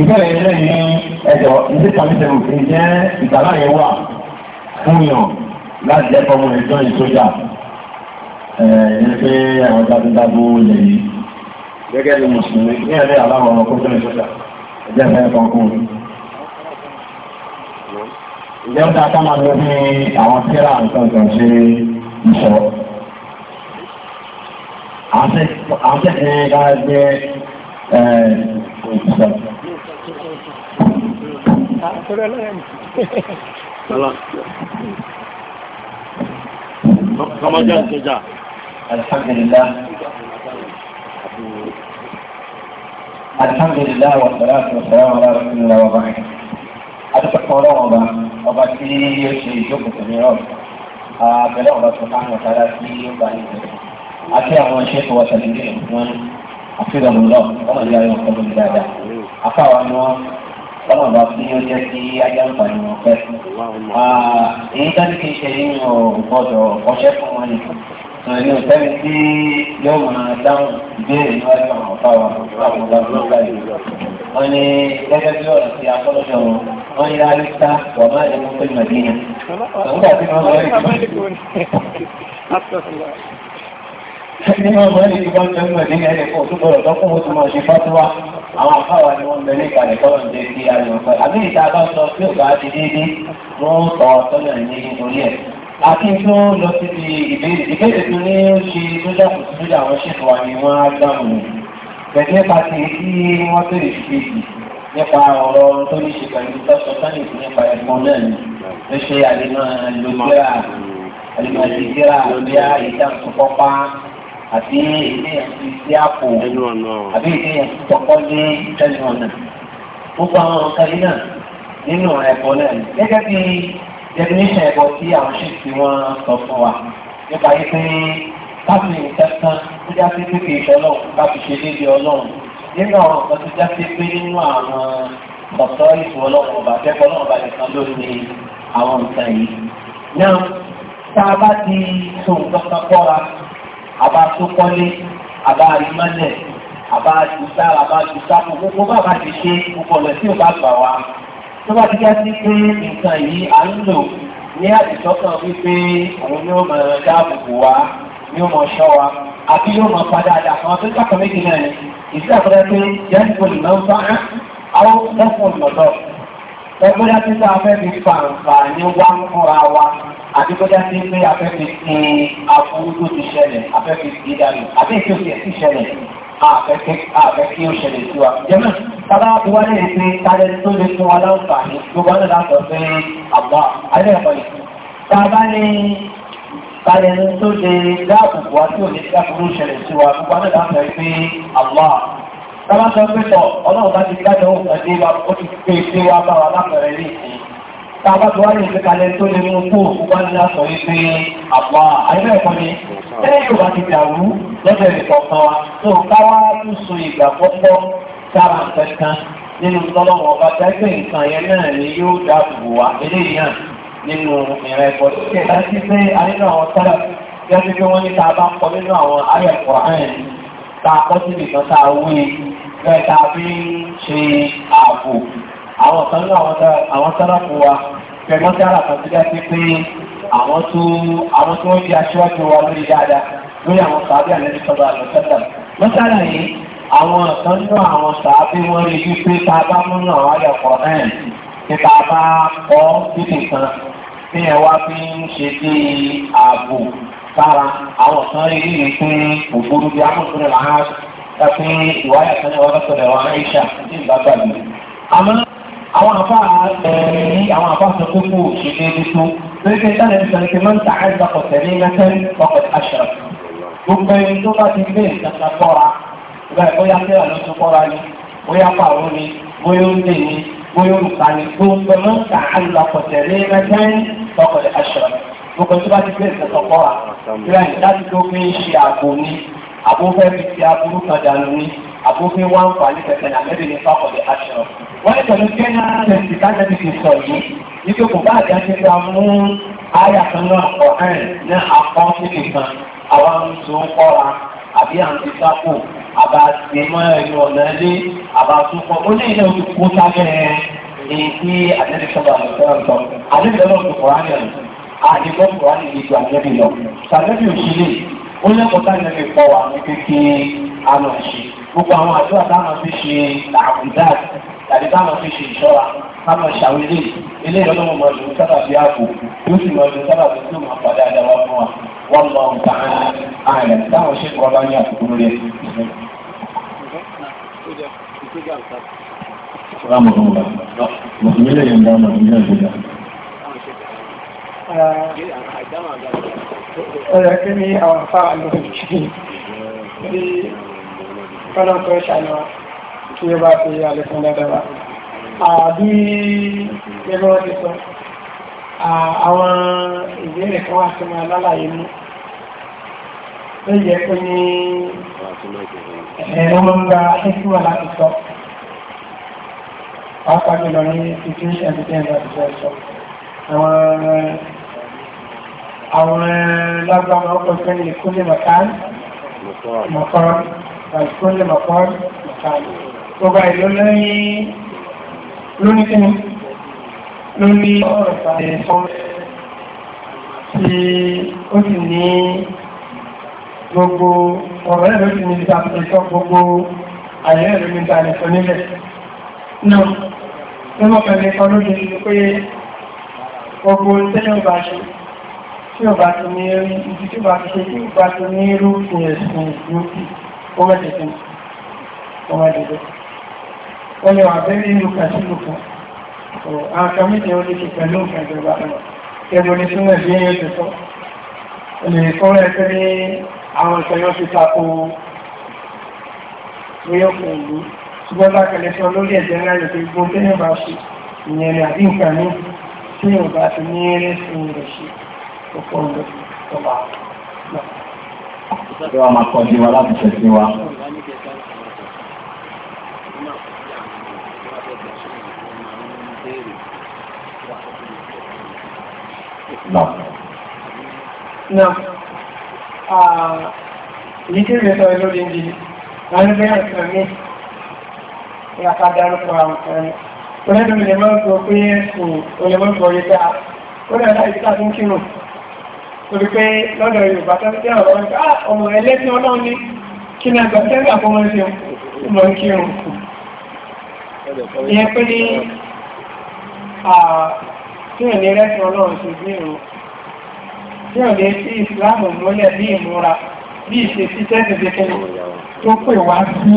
ìbéèrè ilé ní ẹ̀jọ̀ ilé kàmíṣẹ́rù kì í jẹ́ ìgbàlá yẹn wà fún yàn láti jẹ́ kọ́mọ ìjọ ìsójà ẹ̀ẹ́dẹ́ pé àwọn dábúdábú lè yí gẹ́gẹ́ bí mùsùlùmí ní ẹ̀rẹ́ aláwọ̀ ọkọ̀ ìjọ ìsójà fẹ́ kọ́kọ́ ìyẹn ta ká máa lórí àwọn tíra nǹkan kan ṣe ìṣọ́. Àṣẹ ẹ̀ gbàgbé ẹ̀ ìṣọ́. Kọmọjá ìṣẹ́jà. Alhamdulillah. Alhamdulillah wa salatu wa salam ala rasulillah wa barakatuh adúpẹ́kọ̀ ọlọ́run ọba ọba tí ó ṣe ìjókòó tẹ̀lé rọ̀ abẹ́lẹ́ ọba tó máa ń wọ̀ sára sí ọba ìgbẹ́ àti àwọn iṣẹ́ tó wà tẹ̀lé ní ìwọ̀n àfihàn lọ ọmọ ìyá rẹ̀ ọkọ̀ lórí dáadáa afáwa ni wọ́n ọmọ ọba tí ó jẹ́ sí ayé àǹfààní wọn pẹ́ èyí dájú kí n ṣe nínú ọ̀gbọ́dọ̀ ọṣẹ́ fún wọn nìkan àní ọ̀sẹ́ni tí yóò máa dáhùn ìbéèrè níwájú àwọn ọ̀fà wa àwọn ọ̀dàbọ̀lọ́gbà yìí. wọ́n ní gẹ́gẹ́ bí ọ̀rọ̀ sí akọ́lọ́jọ wọn wọ́n ní alẹ́sà wà máa lè mú pé màdínà. nígbà tí wọ́n lọ rí ní wọ́n mọ̀ ní ìgbà tó ń bẹ̀ ní ẹ̀rẹ́ fún òtúbọ̀ rẹ̀ lọ́kùn ó ti mọ̀ ṣe fátúwá àwọn afáwà ni wọ́n bẹ ní ìkàlẹ̀ kọ́ ń jẹ́ kí a lè mọ̀ pẹ́ àbí ìta bá sọ pé òkà ti déédéé wọ́n tọ̀ ọ́ sọ́nà ní orí ẹ̀ àti tó lọ sí ti ìbéèrè tó ní ó ṣe tó dàpọ̀ sí lórí àwọn ṣètò wa ni wọ́n á dáhùn pẹ̀lú nípa ti tí wọ́n bèrè sí nípa ọ̀rọ̀ tó ní ṣe pẹ̀lú tọ́sọ̀ sánìf nípa ẹ̀gbọ́n náà ni ó ṣe àlèmọ̀ lòdìrà àlèmọ̀ lòdìrà lórí ìdáǹkọ́pá àti ilé ẹ̀sìn sí àpò àbí ilé ẹ̀sìn tọ́kọ́ ní ẹnu ọ̀nà gbogbo àwọn ọ̀kan yìí náà nínú ẹ̀kọ́ náà gẹ́gẹ́ definition ẹ̀bọ tí àwọn ṣe ti wọ́n sọ fún wa nípa yìí pé káfíń ìtẹ́sán tó já sí pé kìí ṣe ọlọ́run káfíń ṣe déédéé ọlọ́run nínú àwọn nǹkan tó já sí pé nínú àwọn sọ̀tọ́ ìfún ọlọ́run ọba tẹ́kọ̀ọ́ ọlọ́run ọba nìkan ló ní àwọn nǹkan yìí. náà tá a bá ti so nǹkan kan kọ́ra àbá tó kọ́lé àbá arímọ́lẹ̀ àbá àdùsá àbá àdùsá gbogbo bá a bá ti ṣe gbogbo ọ̀nà tí ò bá gbà wá tó bá ti já sí pé nǹkan yìí à ń lò ní àdìsọ́kàn wípé òun ni ó mọ̀ dáàbòbò wa ni ó mọ̀ ṣọ́ wa àbí yóò mọ̀ padà àdàkùn àwọn tó ń kàkọ́ méjì náà ni ìsìlẹ̀ àpẹẹrẹ pé jẹ́nìkò lè máa ń bá àwọn lẹ́fọ̀n lọ́dọ̀ ẹgbẹ́ dá sí pé afẹ́ fi fàǹfà ní wá ń fúnra wa àti bó dá sí pé afẹ́ fi ti aburú tó ti ṣẹlẹ̀ afẹ́ fi ti dànù àbí ètò ìṣẹ̀lẹ̀ àfẹ́ kí ó ṣẹlẹ̀ sí wa jẹ́mọ̀. Tàbá ti wá ní ìpín tàbí tó lè fún wa láǹfààní gbogbo ọ̀nà látọ̀ sí àbá alẹ́ẹ̀kọ́ yìí. Tàbá ní tàbí tó lè dáàbòbò wá tí ò ní dákúrú ṣẹlẹ̀ sí wa gbogbo ọ̀nà látọ̀ sí àbá. Tàbá sọ pé tọ̀ ọlọ́run bá ti dájọ́ òun kan dé wa ó ti pé pé wá bá wa lápẹ̀rẹ̀ sára kankan nínú tọ́lọ́mọ ọba tẹ́gbẹ́ nǹkan yẹn náà ni yóò dáàbò wá eléyìí náà nínú ìrìn ẹ̀kọ́ títẹ̀ láti pé nínú àwọn sára gẹ́gẹ́ bí wọ́n ní ta bá kọ nínú àwọn ayé ẹ̀kọ́ ààrẹ ta kọ́ sí nìkan ta wé bẹ́ẹ̀ ta fi ń ṣe ààbò àwọn kan nínú àwọn sára fún wa pẹ̀lú sára kan ti dájú pé àwọn tó àwọn tó ń di aṣíwájú wa lórí dáadáa lórí àwọn sàbí àlejò sọ́dọ̀ àlọ́ àwọn kan nínú àwọn sàábí wọ́n rí wípé ta bá múnà wáyà pọ̀ náà tí ta bá kọ́ títì kan tí ẹ wá fi ń ṣe sí ààbò sára àwọn kan rí rí pé òbúrú bí amúnkúrẹ̀ làá ẹ pé ìwáyà kan ní wọ́n sọ̀rọ̀ wọn àìṣà ní ìgbàgbàgbé. àmọ́ àwọn àbá ẹ̀rí àwọn àbá sọ pé kò ṣe déédéé tó lórí kí máa ń ta àìsàn kọ̀tẹ̀ ní mẹ́tẹ́ bẹ́ẹ̀ bóyá pé àlọ́ tó kọ́ra ni bóyá pàrọ̀ ni bóyá oúnjẹ ni bóyá olùkà ni gbogbo ẹ̀mọ́ ń ta àlùlọ́pọ̀tẹ̀ lé mẹ́tẹ́rin lọ́kọ̀dẹ̀ aṣọ gbogbo tó bá ti gbé ìtọ́tọ̀ kọ́ra bẹ́ẹ̀ ni láti tó fi ń ṣe ààbò ni àbó fẹ́ fi ti aburú kan dànù ni àbó fi wá ń fà ní kẹ̀kẹ́ ní àmẹ́rin ní aṣọ wọ́n ní àbí à ń ti sápò àbá ti mọ ẹ̀yìn ọ̀nà ilé àbá tún pọ̀ ó ní ilé omi kó sábẹ́ èyí tí àtẹ́lẹ́ sọ̀rọ̀ àwọn ìfẹ́ràn sọ àdébìlẹ́ lọ́wọ́ tó kọ̀ọ̀rán yẹn àdébìlẹ́ kọ̀ọ̀rán yẹn ju àtẹ́bì lọ sàtẹ́bì òṣìlè ó lẹ́kọ̀ọ́ sáyẹn lè pọ̀ wà ní kékeré àmọ̀ ṣe gbogbo àwọn àdúrà táwọn fi ṣe àbùdá àti táwọn fi ṣe ìṣọ́ra kámọ̀ ṣàwílé ilé ìrọ́lọ́wọ́ máa lò sábà bí ààbò yóò sì máa lò sábà bí tó máa padà dá wa fún wa wọ́n lọ ń ta ààrẹ táwọn ṣe kọ́ bá ní àkókò lórí ẹ̀sìn ìṣẹ́. Rámọ̀ ló ń bá Mùsùlùmí lè yẹn dáná ní Nàìjíríà. Ọ̀rẹ́ kí ni àwọn afá àlọ́ ìṣẹ́ bí Fọ́lọ́kọ̀ ṣàlọ́ kí ó bá fi àlékún dáadáa àbí ẹgbẹ́ wọ́n ti sọ àwọn ìbéèrè kan wá sí máa lálàyé mú ó yẹ pé ní ẹ̀rọ ń gba ẹgbẹ́ láti sọ pàápàá jùlọ ní títí ẹgbẹ́ láti sọ sọ àwọn àwọn lágbàmọ́ ọkọ̀ sẹ́yìn ìkúnlé mọ̀kán mọ̀kán ìkúnlé mọ̀kán gbogbo ìlú lẹ́yìn lórí kíni lórí ọ̀rọ̀ ìpàdé ẹ̀fọ́ tí ó sì ní gbogbo ọ̀rọ̀ ẹ̀rọ sì ní ìta ìtọ́ gbogbo àyẹ̀ ẹ̀rọ ní ìta ẹ̀fọ́ nílẹ̀ náà tó mọ́ pẹ̀lú ẹ̀fọ́ lóde ní pé gbogbo tẹ́lẹ̀ ọba ṣe tí ọba ti ní ẹrú ibi tí ti ṣe tí ọba ti ní ẹrú fún wọ́n yọ àbẹ́rẹ́ ìlú kàṣílù kan àkàmìtì oníṣẹ́ pẹ̀lú ìjọba ẹgbẹ́ ní súnmọ̀ sí ẹyẹ ti sọ ẹ̀lẹ̀ fún ẹgbẹ́ ní àwọn ìṣẹ́yọ́ ti tako ríọ́ pẹ̀lú ṣùgbọ́n lákẹ̀lẹ́ sọ lórí ẹ̀jẹ̀ láyé pé gbogbo tẹ́yẹ̀ bá ṣe ìyẹn ni àbí nǹkan ní tí yóò bá ti ní eré sí rẹ̀ ṣe ọ̀pọ̀ ọ̀rọ̀ ọba náà. Náà. Ìdí rẹ̀ sọ lórí ìdí, a ń bẹ́rẹ̀ sọ ní ìyàpadárúkọ àwọn ọ̀rẹ́. Olédùn lè máa ń sọ pé ẹ̀sùn olèmọ́sọ̀ orí dáa, ó lè láì títà tún kírùn. Torí pé lọ́dọ̀ Yorùbá tó tẹ́ ọ̀rọ̀ ah, ọmọ Ìyẹn pé ní tí ò ní rẹ́sì ọlọ́run ṣe bí ìrùn tí ò lè sí ìsìláàmù mọ́lẹ̀ bí ìmúra bí ìṣe sí tẹ́sì kékeré tó pè wá sí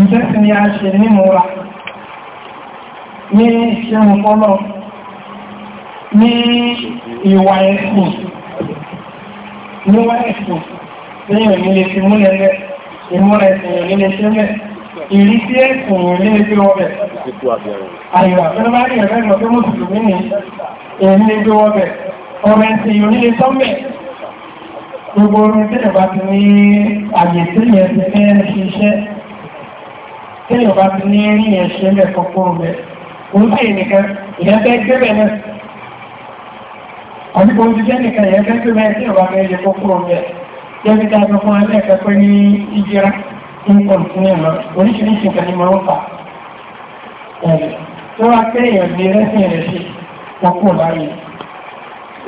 ìtẹ́sì ni a ṣe nímúra ní ìṣẹ́hun fọ́lọ́ ní ìwà ẹ̀sùn níwá ẹ̀sùn lẹ́yìn ìmúlẹ̀ sí múlẹ̀ rẹ̀ ìmúra ẹ̀sùn ìmúlẹ̀ sí mẹ́rin ìrísí ẹ̀sùn ní ẹgbẹ́ ọbẹ̀. Àyíwà fẹ́ bá rí ẹ̀rẹ́ ìrọ̀tọ́ mùsùlùmí ní èyí ẹgbẹ́ ọbẹ̀. Ọbẹ̀ ti onílé sọ́mẹ̀. Gbogbo orin tí ẹ̀bá ti ní àyè tí yẹn ti fẹ́ ṣiṣẹ́. Tí ẹ̀bá ti ní rí yẹn ṣe mẹ́ kọ́kọ́ rẹ̀. Ó sì nìkan, ìyẹn fẹ́ gbẹ́bẹ̀ náà. Àbíkò ti jẹ́ nìkan, ìyẹn fẹ́ gbẹ́bẹ̀ tí ẹ̀bá fẹ́ yẹ kọ́kọ́ rẹ̀. Jẹ́ nǹkan fún ẹ̀mọ́ oríṣiríṣi nǹkan ni máa ń fà ẹ̀rẹ̀ tó wá pé èèyàn gbé rẹ́sìn rẹ̀ sí ọkọ̀ láàyè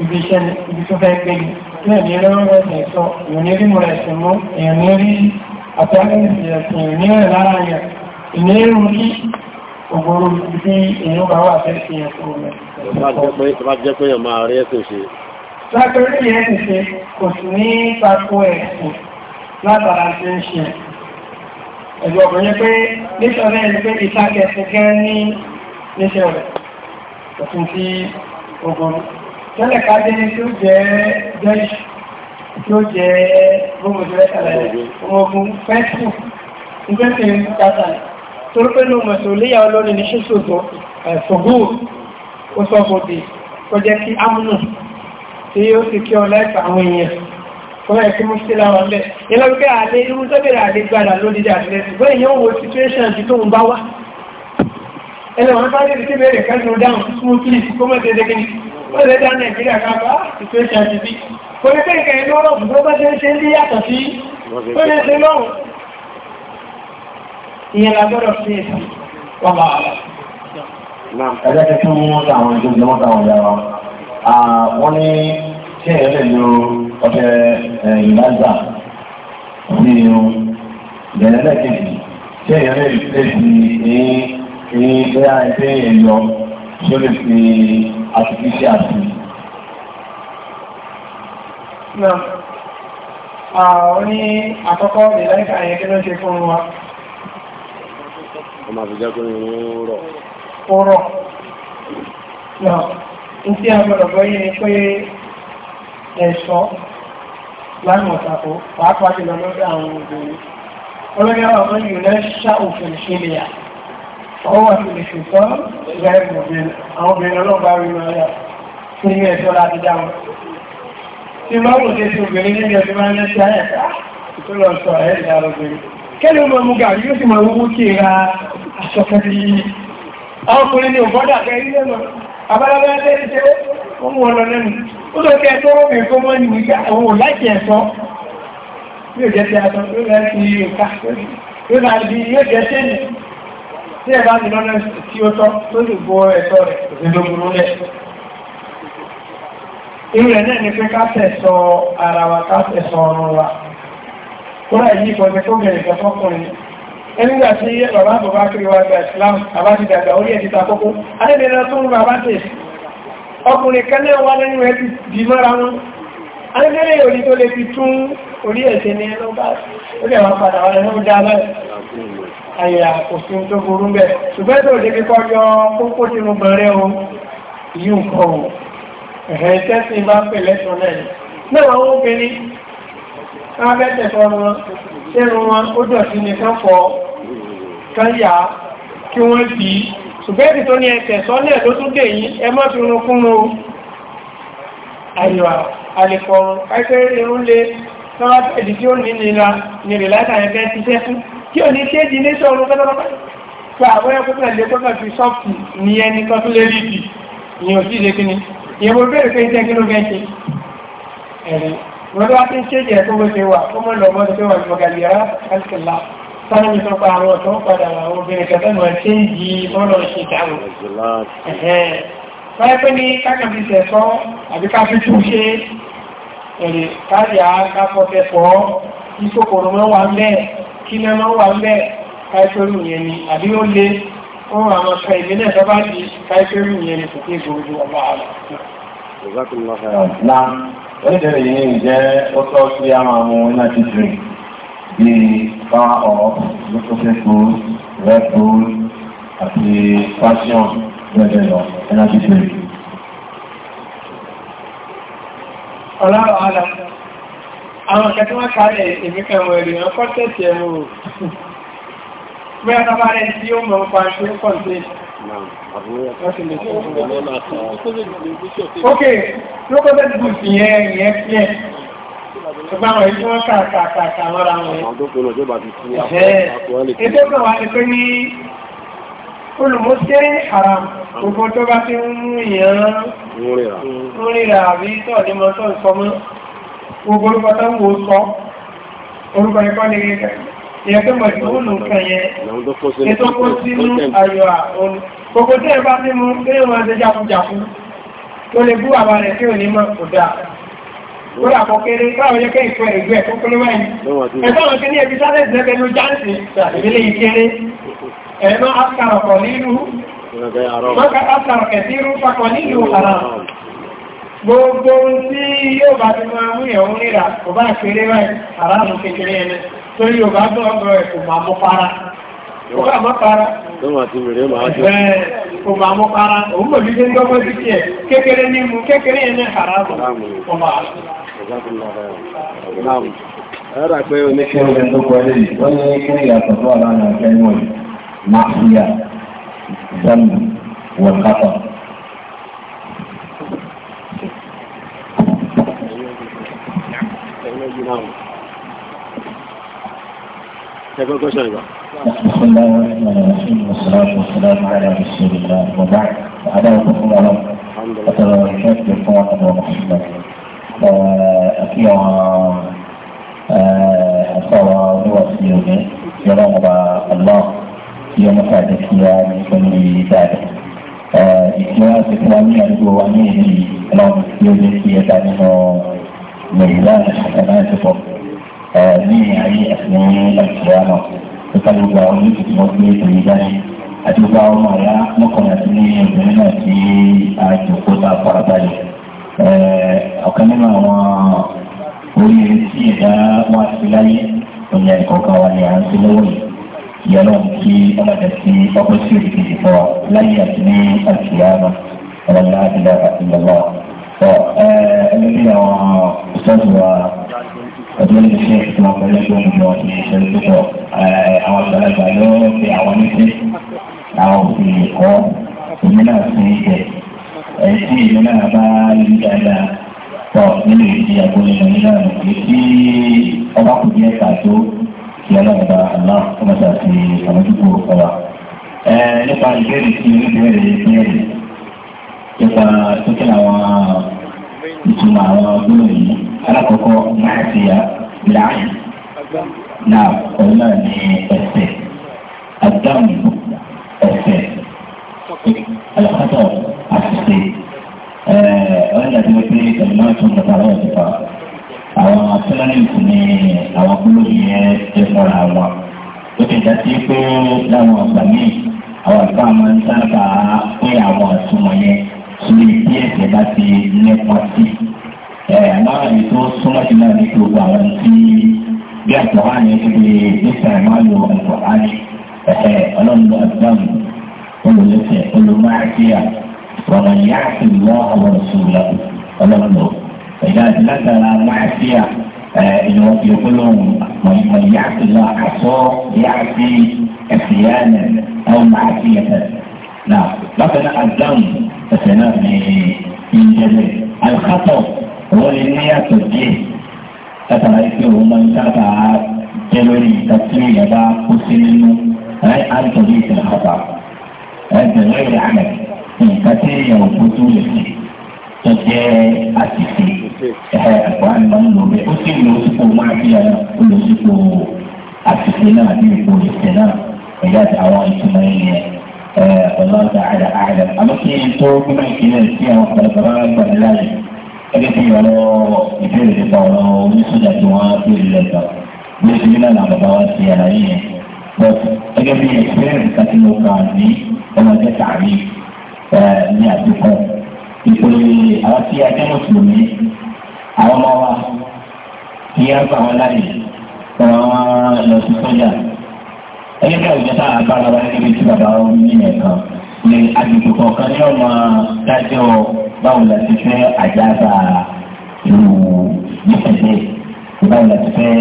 ibi iṣẹ́ ibi tó fẹ́ gbé ni náà ní ẹ̀rọ rẹ̀sìn sọ èèyàn ní rí mo rẹ̀sìn mú èèyàn ní rí àtàkùnrin rẹ̀sìn ní rẹ̀ lára yẹn ìní rú kí ògbóró bí èèyàn bá wà fẹ́ fi hàn fún mi. tó bá jẹ́ pé èèyàn máa rí ẹ̀sìn ṣe. látọ̀rí ẹ̀sìn ṣe kò sí ní tako ẹ̀sìn látara ṣe ń ṣe ẹ̀lú ọkùnrin pé níṣọ́ rẹ̀ ní pé ìsákẹ́ ṣẹ́gẹ́ ní níṣẹ́ rẹ̀ òfin tí ogun tẹ́lẹ̀ ká dé tí ó jẹ́ jẹ́ṣ tí ó jẹ́ gbogbo jẹ́ kí ámùnù tí ó sì kí ọlá ẹ̀kà àwọn èèyàn kọ́lá ẹ̀kí mú sí láwọn mẹ́ ìlọ́gbẹ́ àlẹ́ irú tó bèèrè àlẹ́ gbàdà lórí àtìlẹ́ ṣùgbọ́n èyàn wo situation ti tó ń bá wá ẹlẹ́ wọn bá lèrí tí bèèrè kẹ́sùn dáhùn smoothly kó mọ́ tẹ́tẹ́ kí ni ó lè dá nàìjíríà kápá situation ti bí kò ní pé ìkẹyìn lọ́rọ̀ bùkọ́ bá ṣe ń ṣe ń lé yàtọ̀ sí ó lè ṣe lọ́rùn ìyẹn la gbọ́dọ̀ sí èsì wọ́n bá wà ẹgbẹ́ tuntun wọn táwọn ìjọba wọn táwọn ìjọba ah, wọn ní kí ẹ̀yẹ́ lè lo ọ̀fẹ́ ìlàjà sí irun ìbẹ̀rẹ̀ lẹ́kẹ̀kì tí èèyàn lè lè fi èyí èyí bẹ́ẹ̀ àìsí èèyàn tí ó lè fi àtìkíṣẹ́ àti. Àwọn ní àkọ́kọ́ ìlẹ́kà yẹn kí ló ṣe fún wa? Ọmọ àfijá kó ní rọ̀. Ó rọ̀. Ní tí a gbọ́dọ̀ gbọ́ yé ni pé ẹ̀ṣọ́ lánàá ọ̀tàkó pàápàá jùlọ lọ́dọ̀ àwọn obìnrin olóyè ọmọ yìí rẹ̀ ṣá òfin ìṣẹ̀lẹ̀ ọwọ́ àti ìṣùtọ́ rẹ̀ obìnrin àwọn obìnrin ọlọ́ba rí wọn yà fún ilé ẹ̀ṣọ́ láti dá wọn tí lọ́rùn tí ti obìnrin níbi ọdún máa ń lẹ́ sí ayẹ̀ká tó lọ sọ ẹ̀ ìdá obìnrin kẹ́lẹ̀ ọmọ mú gàrí yóò sì máa wúwú kí ra aṣọ kẹ́lẹ̀ yìí àwọn ọkùnrin ni ò bọ́dà kẹ́lẹ̀ lẹ́nu abálábẹ́ wọ́n mú ọlọ lẹ́nu ó lọ kẹ́ tó rọ́bìn kó mọ́ ní wíjá àwọn ò láti ẹ̀sọ́ yóò jẹ́ ti àtọ́ yóò rẹ̀ ti òkà yóò rà bí yóò jẹ́ tẹ́lì tí ẹ bá ti lọ́nà tí ó tọ́ tó lè bọ́ ẹ̀tọ́ rẹ̀ òdòdó lẹ̀ irú rẹ̀ náà ni pé ká tẹ̀sọ ara wa ká tẹ̀sọ ọrùn wa kó rà yí kọ́ ẹgbẹ́ tó bẹ̀rẹ̀ ìjọ fọ́kùnrin ẹnìgbà tí bàbá bàbá kiri wa gba ìsìlámù àbájáde àgbà orí ẹ̀ ọkùnrin kan náà wá lẹ́nu ẹ̀ ti dì mọ́ra wọn alẹ́gbẹ̀rẹ̀ orí tó lè fi tún orí ẹ̀ṣẹ̀ ní ẹlọ́ bá ó lè wá padà wá lẹ́nu dá lọ́rẹ̀ àyà òfin tó burú bẹ̀ ṣùgbọ́n tó lè fi kọjọ kókó tí mo bẹ̀rẹ̀ o yìí ń kọ o ẹ̀hẹ́ tẹ́sìn bá ṣùgbẹ́dì tó ní ẹ̀tẹ̀ sọ́nà tó tún dè yí ẹ mọ́ fi rún fún un àyíwá àlèkọ̀ọ̀rùn káìpẹ́ irun lè lọ́wọ́dì tí ó ní nira ní rẹ̀ látàrí fẹ́ ti fẹ́ fún kí ò ní ṣe di ní sọ́run pẹ́lọ́pẹ́ Wọ́n tó wá tí ń ṣe jẹ́ tó wé ṣe wà, ó mọ́ lọ mọ́ tó wà ní ọgbàlì yàrá, kálùkì láàá sáàmì tó pa àwọn tó ń padà àwọn obìnrin kẹfẹ́ mọ̀ tí ń yí mọ́lọ̀ ṣe dáwò. Wọ́n pẹ́ ní kákàbí sẹ̀sọ́ àbí ká fi tún ṣe èrè káàdì àkáfọ́fẹ́fọ́ tí kòkòrò mọ́ wà mẹ́ kí lẹ́ mọ́ wà mẹ́ káìpẹ́rù yẹn ni àbí ó lé ohun àwọn ọ̀ṣọ́ ìlú náà tó bá di káìpẹ́rù yẹn ni kò tí ì gbòòrò ọba àlọ́. Ìgbàkúnlọ́fẹ́ bíi far off lókòókè gold red gold àti fashion bẹ́ẹ̀ lọ energy drink. ọlọ́rọ̀ ọ̀la àwọn ìkẹ́ tí wọ́n kárẹ̀ ìmíkẹ̀wọ̀ ènìyàn kọ́tẹ̀tì ẹ̀mù rò pé ọ̀tọ́bá rẹ̀ tí ó mọ̀ pa ṣe ó pọ̀ sí ok lókòókè gold yẹn yẹn Ṣùgbọ́n àwọn ẹni wọ́n kàkàkà lọ́ra wọn. Àwọn tó kò lọ jọba ti fún wa. Ètò kan wà ní pé ní olùmọ́sẹ́ haram gbogbo tó bá ti ń mú ìyàn rírà àbí tọ́ọ̀dé mọ́ tó ń sọ mọ́. Gbogbo orúkọ tó ń wo sọ, orúkọ ẹ̀kọ́ ni ìyẹn tó mọ̀ sí òun nǹkan yẹn. Ètò kó sínú ayọ̀ àwọn. Gbogbo tí ẹ bá ti mú pé wọ́n ṣe jákujàku. Tó lè bú àbá rẹ̀ tí ò ní mọ̀ kò dáa lórí àkọ́kéré láwọn yẹ́kẹ́ ìfẹ́ ìlú ẹ̀kọ́ pẹ̀lú ẹ̀yìn ẹ̀fọ́ àwọn kí ní ẹbí sáré ìdẹ́gbẹ̀lú jáǹsì ìdílé ìkéré ẹ̀mọ́ àkàrọ̀kọ̀ nínú gbogbo tí yóò bá ti máa mú ìyàwó ríra kò bá kéré rẹ̀ àráàrùn kékeré ẹni torí yóò bá bọ́ ọgbọ̀ ẹ̀ kò máa mú para kò bá mọ́ para kò máa mú para òun mọ̀ bí i ń gbọ́gbọ́ sí kí ẹ̀ kékeré ní mú kékeré ẹni àráàrùn kò máa Ẹ̀rà pé o ní kí o tó pẹ̀lú wọ́n ní kí ní ìyàtọ̀ tó wà láàrin ọ̀kẹ́ ìwọ̀n máfíà ìdánù wọ̀kápà. Ẹgbẹ́ gọ́ṣọ́ ìgbà. بسم الله الرحمن الرحيم والصلاة والسلام على رسول الله وبعد فأنا أقول لكم أترى الحمد لله ومحمد àti àwọn àtàwọn oníwàsí òní tí wọ́n wà ọlọ́ tí wọ́n mọ̀ta jẹ́ kí wọ́n ní pẹ̀lú dáadáa. Ìtí wọn ti fún wa ní àdúgbò wa ní èyí ọlọ́run tí ó lé sí ẹ̀dá nínú Nàìjíríà àtàwọn àìsíkọ̀ ní ayé ẹ̀sìn Nàìjíríà náà. Ó kálí gba oníṣẹ́ tí wọ́n gbé èyí dání àti gba ọmọ ọ̀la mọ́kànlá sí ní obìnrin náà tí a jòkó tá a fara balẹ̀. ọ̀kan nínú àwọn oríire tí ẹ̀dá wá sí láyé ọ̀yà ìkọ̀ọ̀kan wa ni à ń ṣe lọ́wọ́ yìí yọ̀nà kí ọlọ́dẹ sí ọkọ̀ sí òkèkè fún wa láyé àti ní àtìyáná ọ̀làlá àtìlá àtìlọ́wọ́. ẹni bí àwọn ìtọ́jú wa ọdún ní ṣe tí wọn pẹ̀lú ẹgbẹ́ òun lọ sí ìṣẹ̀lẹ̀ púpọ̀ àwọn àgbàlagbà ló ń pe àwọn níṣẹ́ àwọn òfin ẹ̀kọ́ òmìnira sí ìṣẹ̀lẹ̀ ẹ̀ ní ìlú náà bá yí dáadáa tọ̀ nínú ìdí àgbọ̀lẹ̀ nàìjíríà nìyí tí ọba kò ní ẹ̀ka tó kí ọlọ́run bá aláà tó máa ṣàti àmójútó ọ̀wà. nípa ìbéèrè tí oníbèrè ìbéèrè nípa tókè àwọn ìtumọ̀ àwọn gbọ́dọ̀ yìí alákọ̀ọ́kọ́ máa ti yá láàyè náà ọ̀nà ní ẹsẹ̀ àdáhùn ẹsẹ̀ alákọ̀ọ́tọ̀ àtúnṣe ọ̀rẹ́dà tí wọ́n pé ẹ̀gbọ́n tó ń bọ̀ àwọn òṣìṣẹ́ àwọn atúnlẹ́nìkù ní àwọn gbólóhùn yẹn ti fọ́ra wọn ó ti dá sí pé láwọn ọ̀gbà míì àwọn àgbà máa ń sábà pé àwọn àtúmọ̀ yẹn lórí bí ẹ̀jẹ̀ bá ti nípa sí àmọ́ àyè tó súnmọ́ sí náà ní gbogbo àwọn tí bí àtọ̀wá yẹn ti di nípa ìmọ̀ àlò ọlọ́run lọ́dún قول يقول معصية ومن يعصي الله ورسوله ọlọ́run lọ ẹ̀dá àti látara máàsíà ìlú ọ̀sẹ̀ ọ̀pọ̀lọ́hún mọ̀ yáàsì lọ àṣọ yáàsì ẹ̀sìyáàlẹ̀ ẹ̀wọ̀n máàsì ẹ̀sẹ̀ náà bákan náà àdáhùn ẹ̀sẹ̀ náà ní ìjẹ̀lẹ̀ àlùkàtọ̀ wọ́n lè ní àtọ̀ díẹ̀ látara ẹ̀sẹ̀ òun máa ń sábà jẹ́ lórí ìtàkùn ìyàbá kó sí nínú ẹ̀ àǹtọ̀ ní ìtàkùn ẹ̀sìn lórí àmẹ̀ nǹkan tí èèyàn ò fojú lè ṣe tó jẹ́ àṣìṣe ẹ̀hẹ́ ẹ̀kọ́ àná ń lò bẹ́ẹ̀ ó sì lò ó sípò máa fi àná ó lò sípò àṣìṣe náà ní ipò ìṣẹ̀ náà ẹ̀yà àwọn ìtumọ̀ yẹn ọlọ́dà àdà àdà àmọ́ tó gbọ́dọ̀ ìpínlẹ̀ sí àwọn ọ̀pọ̀lọpọ̀ gbọ̀dọ̀ láyé ẹgbẹ́ fi ọ̀rọ̀ ìbéèrè nípa ọ̀rọ̀ oníṣòjà tí wọ́n á béèrè bí ó náà làbàbá wá sí àlàyé yẹn. but gẹ́gẹ́ bí experience àti mo kà ní ọmọ ẹgbẹ́ tààrí ní àdúgbò ìpele àwọn tí a jẹ́ mùsùlùmí àwọn ọmọ wa kí á gbà wọn láàyè ọ̀rọ̀ wọn lọ sí sọ́jà ẹgbẹ́ bí àwùjọ tá a bá lọ wá níbi tí bàbá wọn ní ẹ̀kan ní àdúgbò kọ̀ọ̀kan ní ọmọ dájọ́ báwo la ti fẹ́ àjábà ìlú nípìnlẹ̀ báwo la ti fẹ́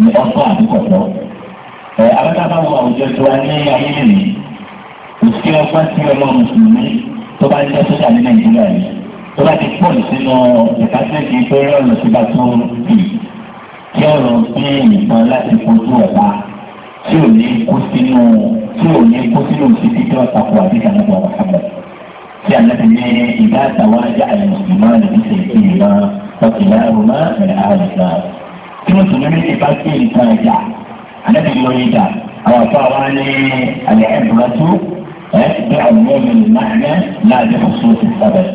ní ọ̀pọ̀ àdúgbò náà. abájábá wọn àwùjọ tó wá ní ayé nìyí kò sí ọgbọ́n tí ọmọ mùsùlùmí tó bá jẹ́ sójà ní nàìjíríà yìí tó bá ti pọ̀ sínú ìkásẹ́jì pé ọ̀rọ̀ tó bá tó bì kí ọ̀rọ̀ bí nìkan láti fojú ọ̀pá tí ò ní kó sínú tí ò ní kó sínú sí títí ọ̀pá kó àdéhà náà wà kábọ̀ tí a náà ní ìgbà àtàwọn ajá àyè mùsùlùmí àdébí ṣe ìgbìmọ̀ ọ̀kìlá àdàbí lórí dà àwọn afọ àwa ní àlẹ́ ẹ̀dùnmọ́tò ẹ̀ bí àwọn ọmọ mi máa ń láàbí ọ̀ṣun ti sábẹ̀.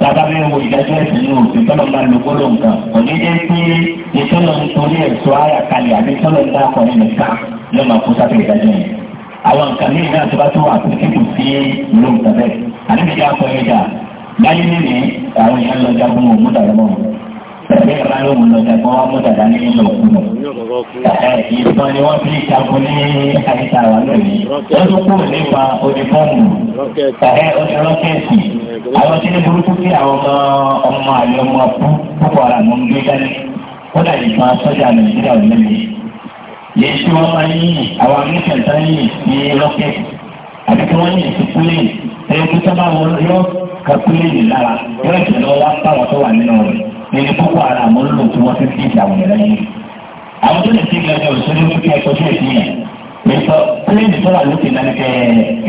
Bàbá mi wo ìdájọ́ ẹ̀sìn ní òfin tọ́lọ̀ máa lo gbóló nǹkan. Kò ní jẹ́ pé ìtọ́lọ̀ ń torí ẹ̀sọ́ àyàkalẹ̀ àbí tọ́lọ̀ ń dákọ̀ nínú ká ló máa kó sábẹ̀ ìdájọ́ yẹn. Àwọn nǹkan ní ìdá tó bá tó àpòkìkò sí ló ń tẹ̀lé. Àdébíyá akọ ẹ̀dà láyé àwọn èèyàn lọ jagun òmùdàlọ́mọ́ tẹ̀lé ìgbà ló mú lọ́jà kan wọ́n mú dàda ní ìlú òkú mọ̀. ni wọ́n fi ìjagun ní àyíká wa lónìí. wọ́n tún kúrò nípa onífọ́ọ̀mù tàbí onírọ́kẹ́ẹ̀tì. àwọn tí ní burúkú kí àwọn ọmọ àlè ọmọ púpọ̀ ara mọ̀ ń gbé dání. ó dàbí kan sọ́jà nàìjíríà ò lẹ́nu. yìí tí wọ́n máa ń yìn àwọn amúṣẹ̀ntà yìn ní rọ́kẹ́ẹ̀tì àti tí wọ́n yìn sí kúlẹ̀ ẹ̀yọ́ kí sábà wọn yọ kakúlẹ̀ yìí lára yọ nínú púpọ̀ ara àwọn olóòlù tí wọ́n ti fi ìdààmú rẹ̀ lẹ́yìn. àwọn tó lè ti gbẹ̀gbẹ̀ òṣèlú wípé ẹ̀kọ́ sí ẹ̀sìn yẹn lè sọ pílẹ̀nì tó wà lókè náà kẹ́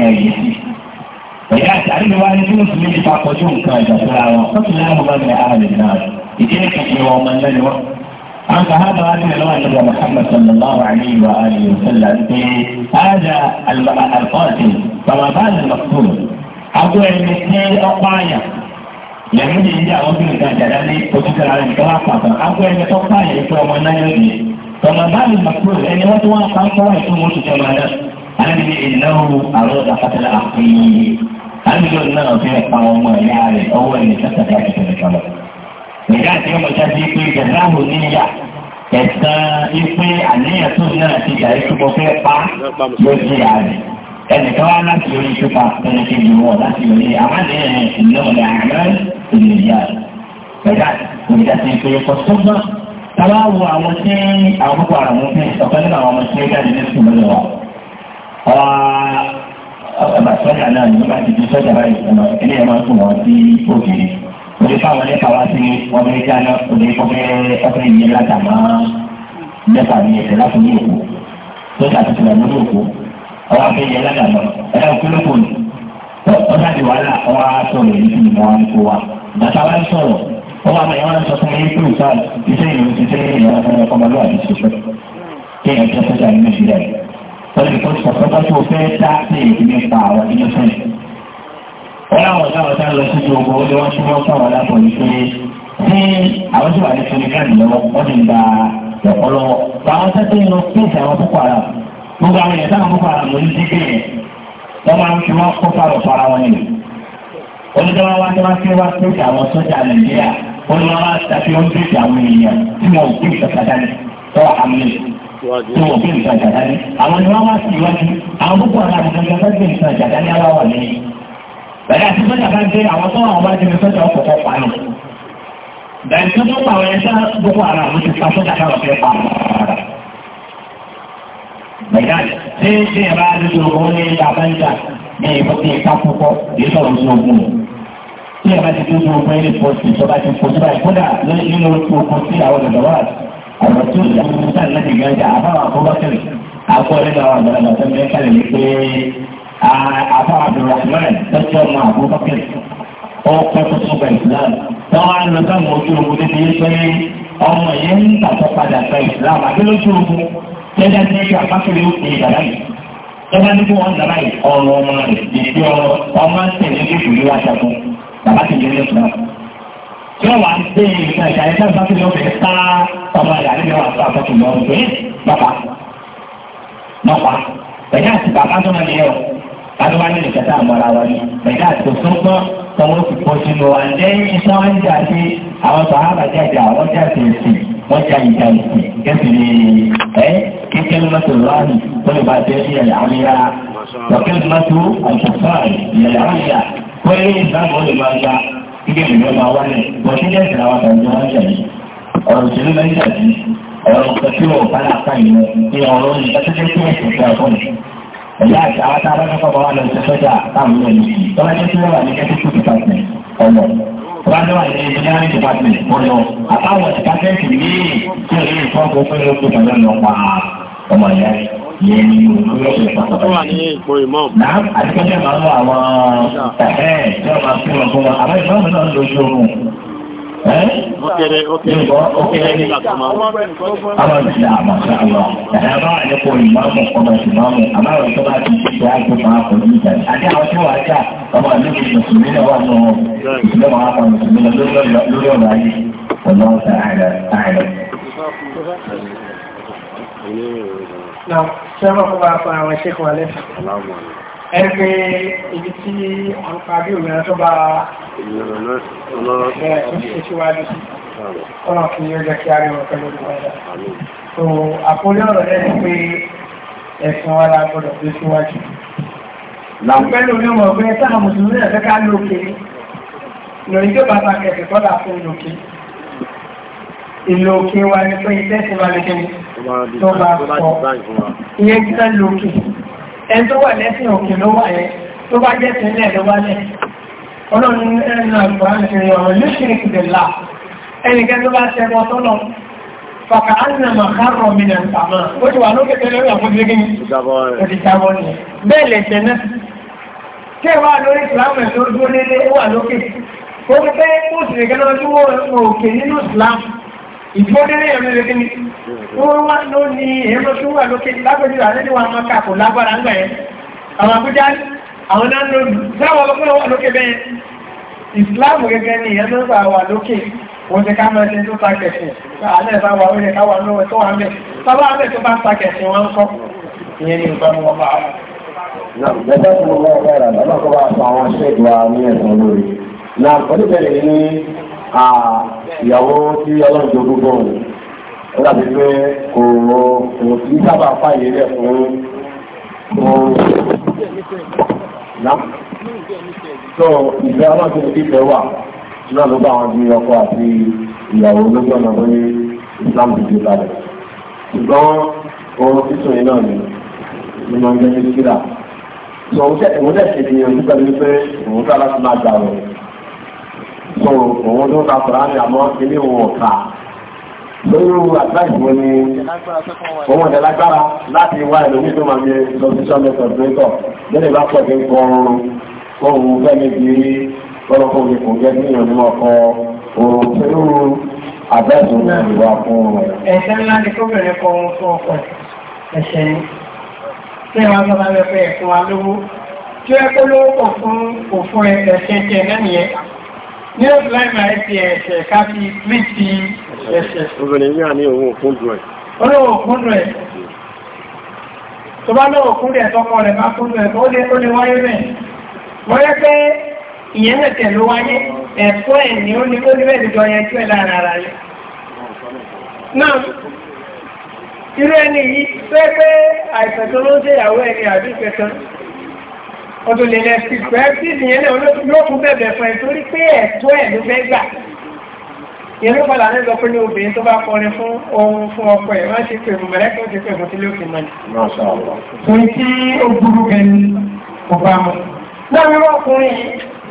ẹ̀ yìí sí. ẹ̀yà àtàrí mi wá ní tí mùsùlùmí ti papọ̀ sí nǹkan ìjà síra wọn wọ́n ti lẹ́nu bá mi ara rẹ̀ náà ìdílé kejì wọn ọmọ ẹgbẹ́ ni wọ́n. عن صحابة رضي الله عنه محمد صلى الله عليه وآله وسلم في هذا القاتل فما بال المقتول أبو المسير أقايا yàrá yìí ní àwọn bí nǹkan àjàdá ní ojúkọ ara nìkan wá pàtó akọ ẹni tó pa àyè fún ọmọ náírà yìí tọmọ báàlì màkúrò ẹni wọn tó wá pa ń kọ́ wáyé fún oṣù tọmọ náà àbí ní ìnáwó àrò ìdàpátàlà àfihàn àbí yóò náà fẹ́ pa ọmọ ìyá rẹ̀ ọwọ́ ẹni sátàdá ìṣẹ̀lẹ̀ kan lọ. ìyá àti ọmọ ìṣáájú pé ìjàdáhù níyà ẹ̀sán ipe àníyàn tó ẹnìkan wá láti orí pípa ẹnìkejì wọn láti orí àwọn àníyàn ìnáwó ni àgbẹ̀ riyal kódà kódà ti pé kò sọ́gbọ́n tábà wo àwọn tí àwọn púpọ̀ àrùn mú fi ọ̀pẹ́ nínú àwọn ọmọ tí ó jáde ní sùn lọ́wọ́ ọba sọ́jà náà ní bá ti di sọ́jà báyìí ọ̀nà ilé ẹ̀ máa ń sùn wọ́n sí òkèèrè orí fáwọn ẹ̀ka wá sí wọn bẹ́ẹ̀ jáná orí ọ̀fẹ́ ọ̀fẹ́ yìí látàmá mẹ́fà ní ẹ̀sẹ̀ láti ní òkú sọ́jà ti ti wà lórí òkú ọwọ́ ọ̀sán ti wàhálà ọwọ́ aṣọ rẹ̀ ní ìmọ̀ àǹkó wa bàtà wa ń sọ̀rọ̀ wọ́n wá bẹ̀rẹ̀ wọ́n sọ fún yín pé òṣà iṣẹ́ ìlú ti tẹ́ ìyàwó fún ọkọ̀ ọmọlúwà ti ṣe fẹ́ kí ẹ̀ jẹ́ sọ́jà nínú ìṣẹ̀lẹ̀ yìí. wọ́n lè kó sọ̀tọ́ bá tó fẹ́ dá sí ìdílé pa àwọn ilé fẹ́. wọ́n láwọn táwọn táwọn lọ síbi ogun ó lé wọ́n tún wọ́n sọ̀rọ̀ lápò yìí pé tí àwọn tí wà ní fúnikẹ́ẹ̀dì lọ́wọ́ wọ́n ti gba ọ̀pọ̀lọ́wọ́. báwọn sẹ́tẹ́ inú pèsè àwọn púpọ̀ ara gbogbo àwọn èèyàn táwọn púpọ̀ ara mọ̀ ní oníjọba wa tí wọn fi wá pèsè àwọn sójà nàìjíríà wọn ni wọn wá tàbí wọn pèsè àwọn èèyàn tí wọn ò gbé ìtọ́ka dání tó àmì tí wọn ò gbé ìtọ́ka dání àwọn ni wọn wá sí iwájú àwọn púpọ̀ àwọn àgbẹ̀gbẹ̀ wọn gbé ìtọ́ka dání àwọn wà lẹ́yìn bẹ̀rẹ̀ àti sójà bá gbé àwọn tó àwọn bá jẹun sójà ọkọ̀ pa nù bẹ̀rẹ̀ tó tó pa àwọn ẹ̀ṣá gbogbo ní ìbọn tí ìka púpọ̀ yìí sọ̀rọ̀ sí ogun rẹ̀. tí ẹ bá ti dúró ogun ẹni pọ̀ sí ìjọba ti fojú báyìí kódà nínú ogun tí àwọn ìjọba ọ̀rọ̀ tí òjò àwọn ọmọdé láti gbẹ̀jà àbáwọn àkọ́bọ́tẹ̀rì akọ́lé náà àgbàlagbà tó ń bẹ́ẹ̀ kálẹ̀ ní pé àbáwọn abdulrahman tọ́jú ọmọ àbúbọ́kẹ̀rì ọkọ̀ tó tún bá ìsìlámù táwọn tọ́ba ní kí wọ́n dábàá yìí ọ̀rọ̀ ọmọ rẹ̀ ìdí ọ̀rọ̀ ọmọ tẹ̀lé ní ìlú wa ṣàkóso bàbá ti yẹn lọ́sùn náà. tí wọ́n wá ń gbé ìgbà ìṣàlẹ̀ náà bá ti lọ bẹ̀rẹ̀ tá ọmọ rẹ̀ àti ìwà àti àbọ̀tò lọ rẹ̀ bàbá bàbá ẹ̀yà àti bàbá tó máa yẹ ọ́ kálí wá nílẹ̀ kẹta àmọ́ra wa ni bẹ̀rẹ̀ àti sọ́gbọ́n tọwọ́ ti pọ̀ sínú wa lẹ́yìn iṣẹ́ wọn jà sí àwọn sàhábà jáde àwọn jáde èsì wọ́n já ìjà èsì kẹ́sì ní ẹ́ kékeré mọ́tò lọ́rùn tó lè bá jẹ́ sí ẹ̀yà àríyá lọ́kẹ́rì mọ́tò àìsàn ìyẹ̀yà àríyá wọ́n lé ìsàmù ó lè máa gba kíkẹ́ ìrìn máa wá lẹ̀ bọ́ sí jẹ́ ìsìn àwọn àgbàdo wọn jà yìí ọ̀rọ̀ òṣèlú lẹ́yìn àti ọ̀rọ̀ ìyá àti àwọn tá a bá kọ́kọ́ bọ̀ wá lọ sí sọ́jà táwọn ilé department ọ̀nà tọ́lá wà ní engineering department ọ̀nà àtàwọn department míì tí ò ní ìfọ́n kó fẹ́ lóko pẹ̀lú ọ̀nà pa ọmọ ìyá yẹn ní olóṣèlú pàtàkì. wọ́n wà ní ipò ìmọ̀. náà àti pẹ́ẹ́jẹ́ máa ń lọ àwọn ẹ̀ẹ́ tí wọ́n máa ń fún wọn fún wọn àbẹ́ ìfọ́n ó kéré ó kéré ó kéré nígbà tó máa àwọn ìjà àmàṣà lọ ẹ̀yà bá wà nípò ìmáàmù ọmọ ìmáàmù àmáàrùn tó bá ti ṣe àgbò máa kò ní ìjà àti àwọn tí wàá jà ọmọ ìlú mùsùlùmí náà wà nù ìlú àwọn àpà mùsùlùmí lọ lórí ọ̀nà ayé ọ̀nà ọ̀sà àìrẹ̀. Ṣé wọ́n kó bá pa àwọn ṣékùn alẹ́? ẹgbẹ́ ibi tí a ń parí òmìnira tó bá ṣíwájú sí ọ̀nà kí ó jẹ́ kí a rí wọn pẹ̀lú ìwọ̀n so àkórí ọ̀rọ̀ lẹ́yìn pé ẹ̀sùn wa la gbọ́dọ̀ gbé síwájú lápẹ́lú ní ọmọ ọgbẹ́ sáà mùsùlùmí ẹ̀fẹ́ ká lókè lórí tó bá bá kẹsì kọ́dà fún lókè ìlò òkè wa ni pé ilé ìsinmi alẹ́kẹ́ni tó bá sọ ìyẹn ti sẹ́ lókè ẹni tó wà lẹ́sìn òkè ló wà yẹn tó bá jẹ́ sílẹ̀ ló wà lẹ̀ ọlọ́run ẹnu àgbà ṣe ọ̀rọ̀ ló ṣe ìdẹ̀lá ẹnikẹ́ tó bá ṣẹbọ tọ́lọ fàkà ánàmà kárọ̀ mílẹ̀ ntàmà ó ti wà lókè tẹ́lẹ̀ ó yàgò gbégé ní òdìjábọ̀ ni bẹ́ẹ̀ lẹ̀ṣẹ̀ náà tí ẹ wà lórí ìsìlámù tó dúró lélẹ̀ ó wà lókè ó fẹ́ kó sì ìgbónílẹ̀ ẹ̀rọ lẹ́gbẹ́ ni ó wá ló ní ẹ̀rọ tó wà lókè lágbèjìlá lẹ́dí wa máa kàkò lágbára ńgbà yẹn àwọn Àbújá àwọn náà ló láwọn ọlọ́pẹ́ wà lókè bẹ́ẹ̀ ìsìláàmù gẹ́gẹ́ ni ẹ̀rọ tó wà lókè wọ́n ti ká máa ṣe tó takẹ̀ fún àlẹ́ bá wà wọlé káwà lọ́wọ́ tó wà mẹ́ sábà mẹ́ tó bá takẹ̀ fún wọn kọ́ ìyẹn ni Ah, ìyàwó tí ọlọ́run jogún bọ̀ òun ó dàbí pé kò kò sí sábà fàyè rẹ̀ fún òun. so ìfẹ́ ọlọ́run ti fẹ́ wà náà ló bá wọn di ọkọ àti ìyàwó lójú ọ̀nà tó ní Islam ti di balẹ̀ ṣùgbọ́n ohun sísun yìí ni ní máa ń gbé ní síra. so òun dẹ̀ ṣe ìyẹn nípa wípé òun sábà ti máa gbà wọ̀ so òun tó ka kọ̀rọ̀ ní àmọ́ ilé wọn ọ̀ka lórí àgbáyé wọn ni òun ọ̀dẹ̀ lágbára láti wá ìlòmí tó máa gbé lọ sí sọ́ọ̀mẹ́ kọ̀ǹtẹ́tọ̀ lẹ́lẹ̀ bá pọ̀ sí kọrùn kọrùn fẹ́mi di rí lọ́lọ́kọ̀ òye kò jẹ́ sí ìyọ̀nù ọkọ̀ òun tó lóru àgbáyé wọn ni ìwà fún un. ẹ̀ṣẹ̀ ńlá ni kóbìnrin kọ ohun fún ọkọ̀ ẹ̀ṣẹ̀ tí wọ́n sọ bá fẹ́ fẹ́ ẹ̀fún wa lówó tí ó yẹ kó lówó pọ̀ fún òfin ẹ̀ṣẹ̀ tiẹ̀ náà nìyẹn ní ọ̀pọ̀lọ́ìmọ̀ ẹ̀sì ẹ̀ṣẹ̀ káfí píìtì ẹ̀ṣẹ̀. obìnrin ní àní òun òkúndùn ẹ̀. olówó òkúndùn ẹ̀ tó bá lọ́wọ́ kúndùn ẹ̀ tọ́kọ rẹ̀ bá kúndùn ẹ̀ tó lé ó lè wáyé rẹ̀ wáyé pé ìyẹn mẹ̀tẹ̀ ló wáyé ẹ̀fọ́ ẹ̀ ní ó ní ó ní mẹ́rin jọ yẹn tí ẹ̀ lára ara rẹ̀. náà irú ẹni yìí pé pé àìsàn tó ló ń ṣèyàwó ẹni àbí kẹsàn-án ọdún lè lẹ fi pẹ́ sí ìyẹn náà olóòtú yóò tún bẹ̀bẹ̀ fún ẹ torí pé ẹ̀tọ́ ẹ̀ ló fẹ́ gbà ìyẹn ló padà lẹ́sọ pé ní obìnrin tó bá kọrin fún ohun fún ọkọ ẹ̀ wọ́n ti pè mú mẹ́lẹ́kọ́ ti pè mú tí lóòfin mọ́ ni. torí tí ó burú ẹni kò bá mọ́. náà wíwọ́ ọkùnrin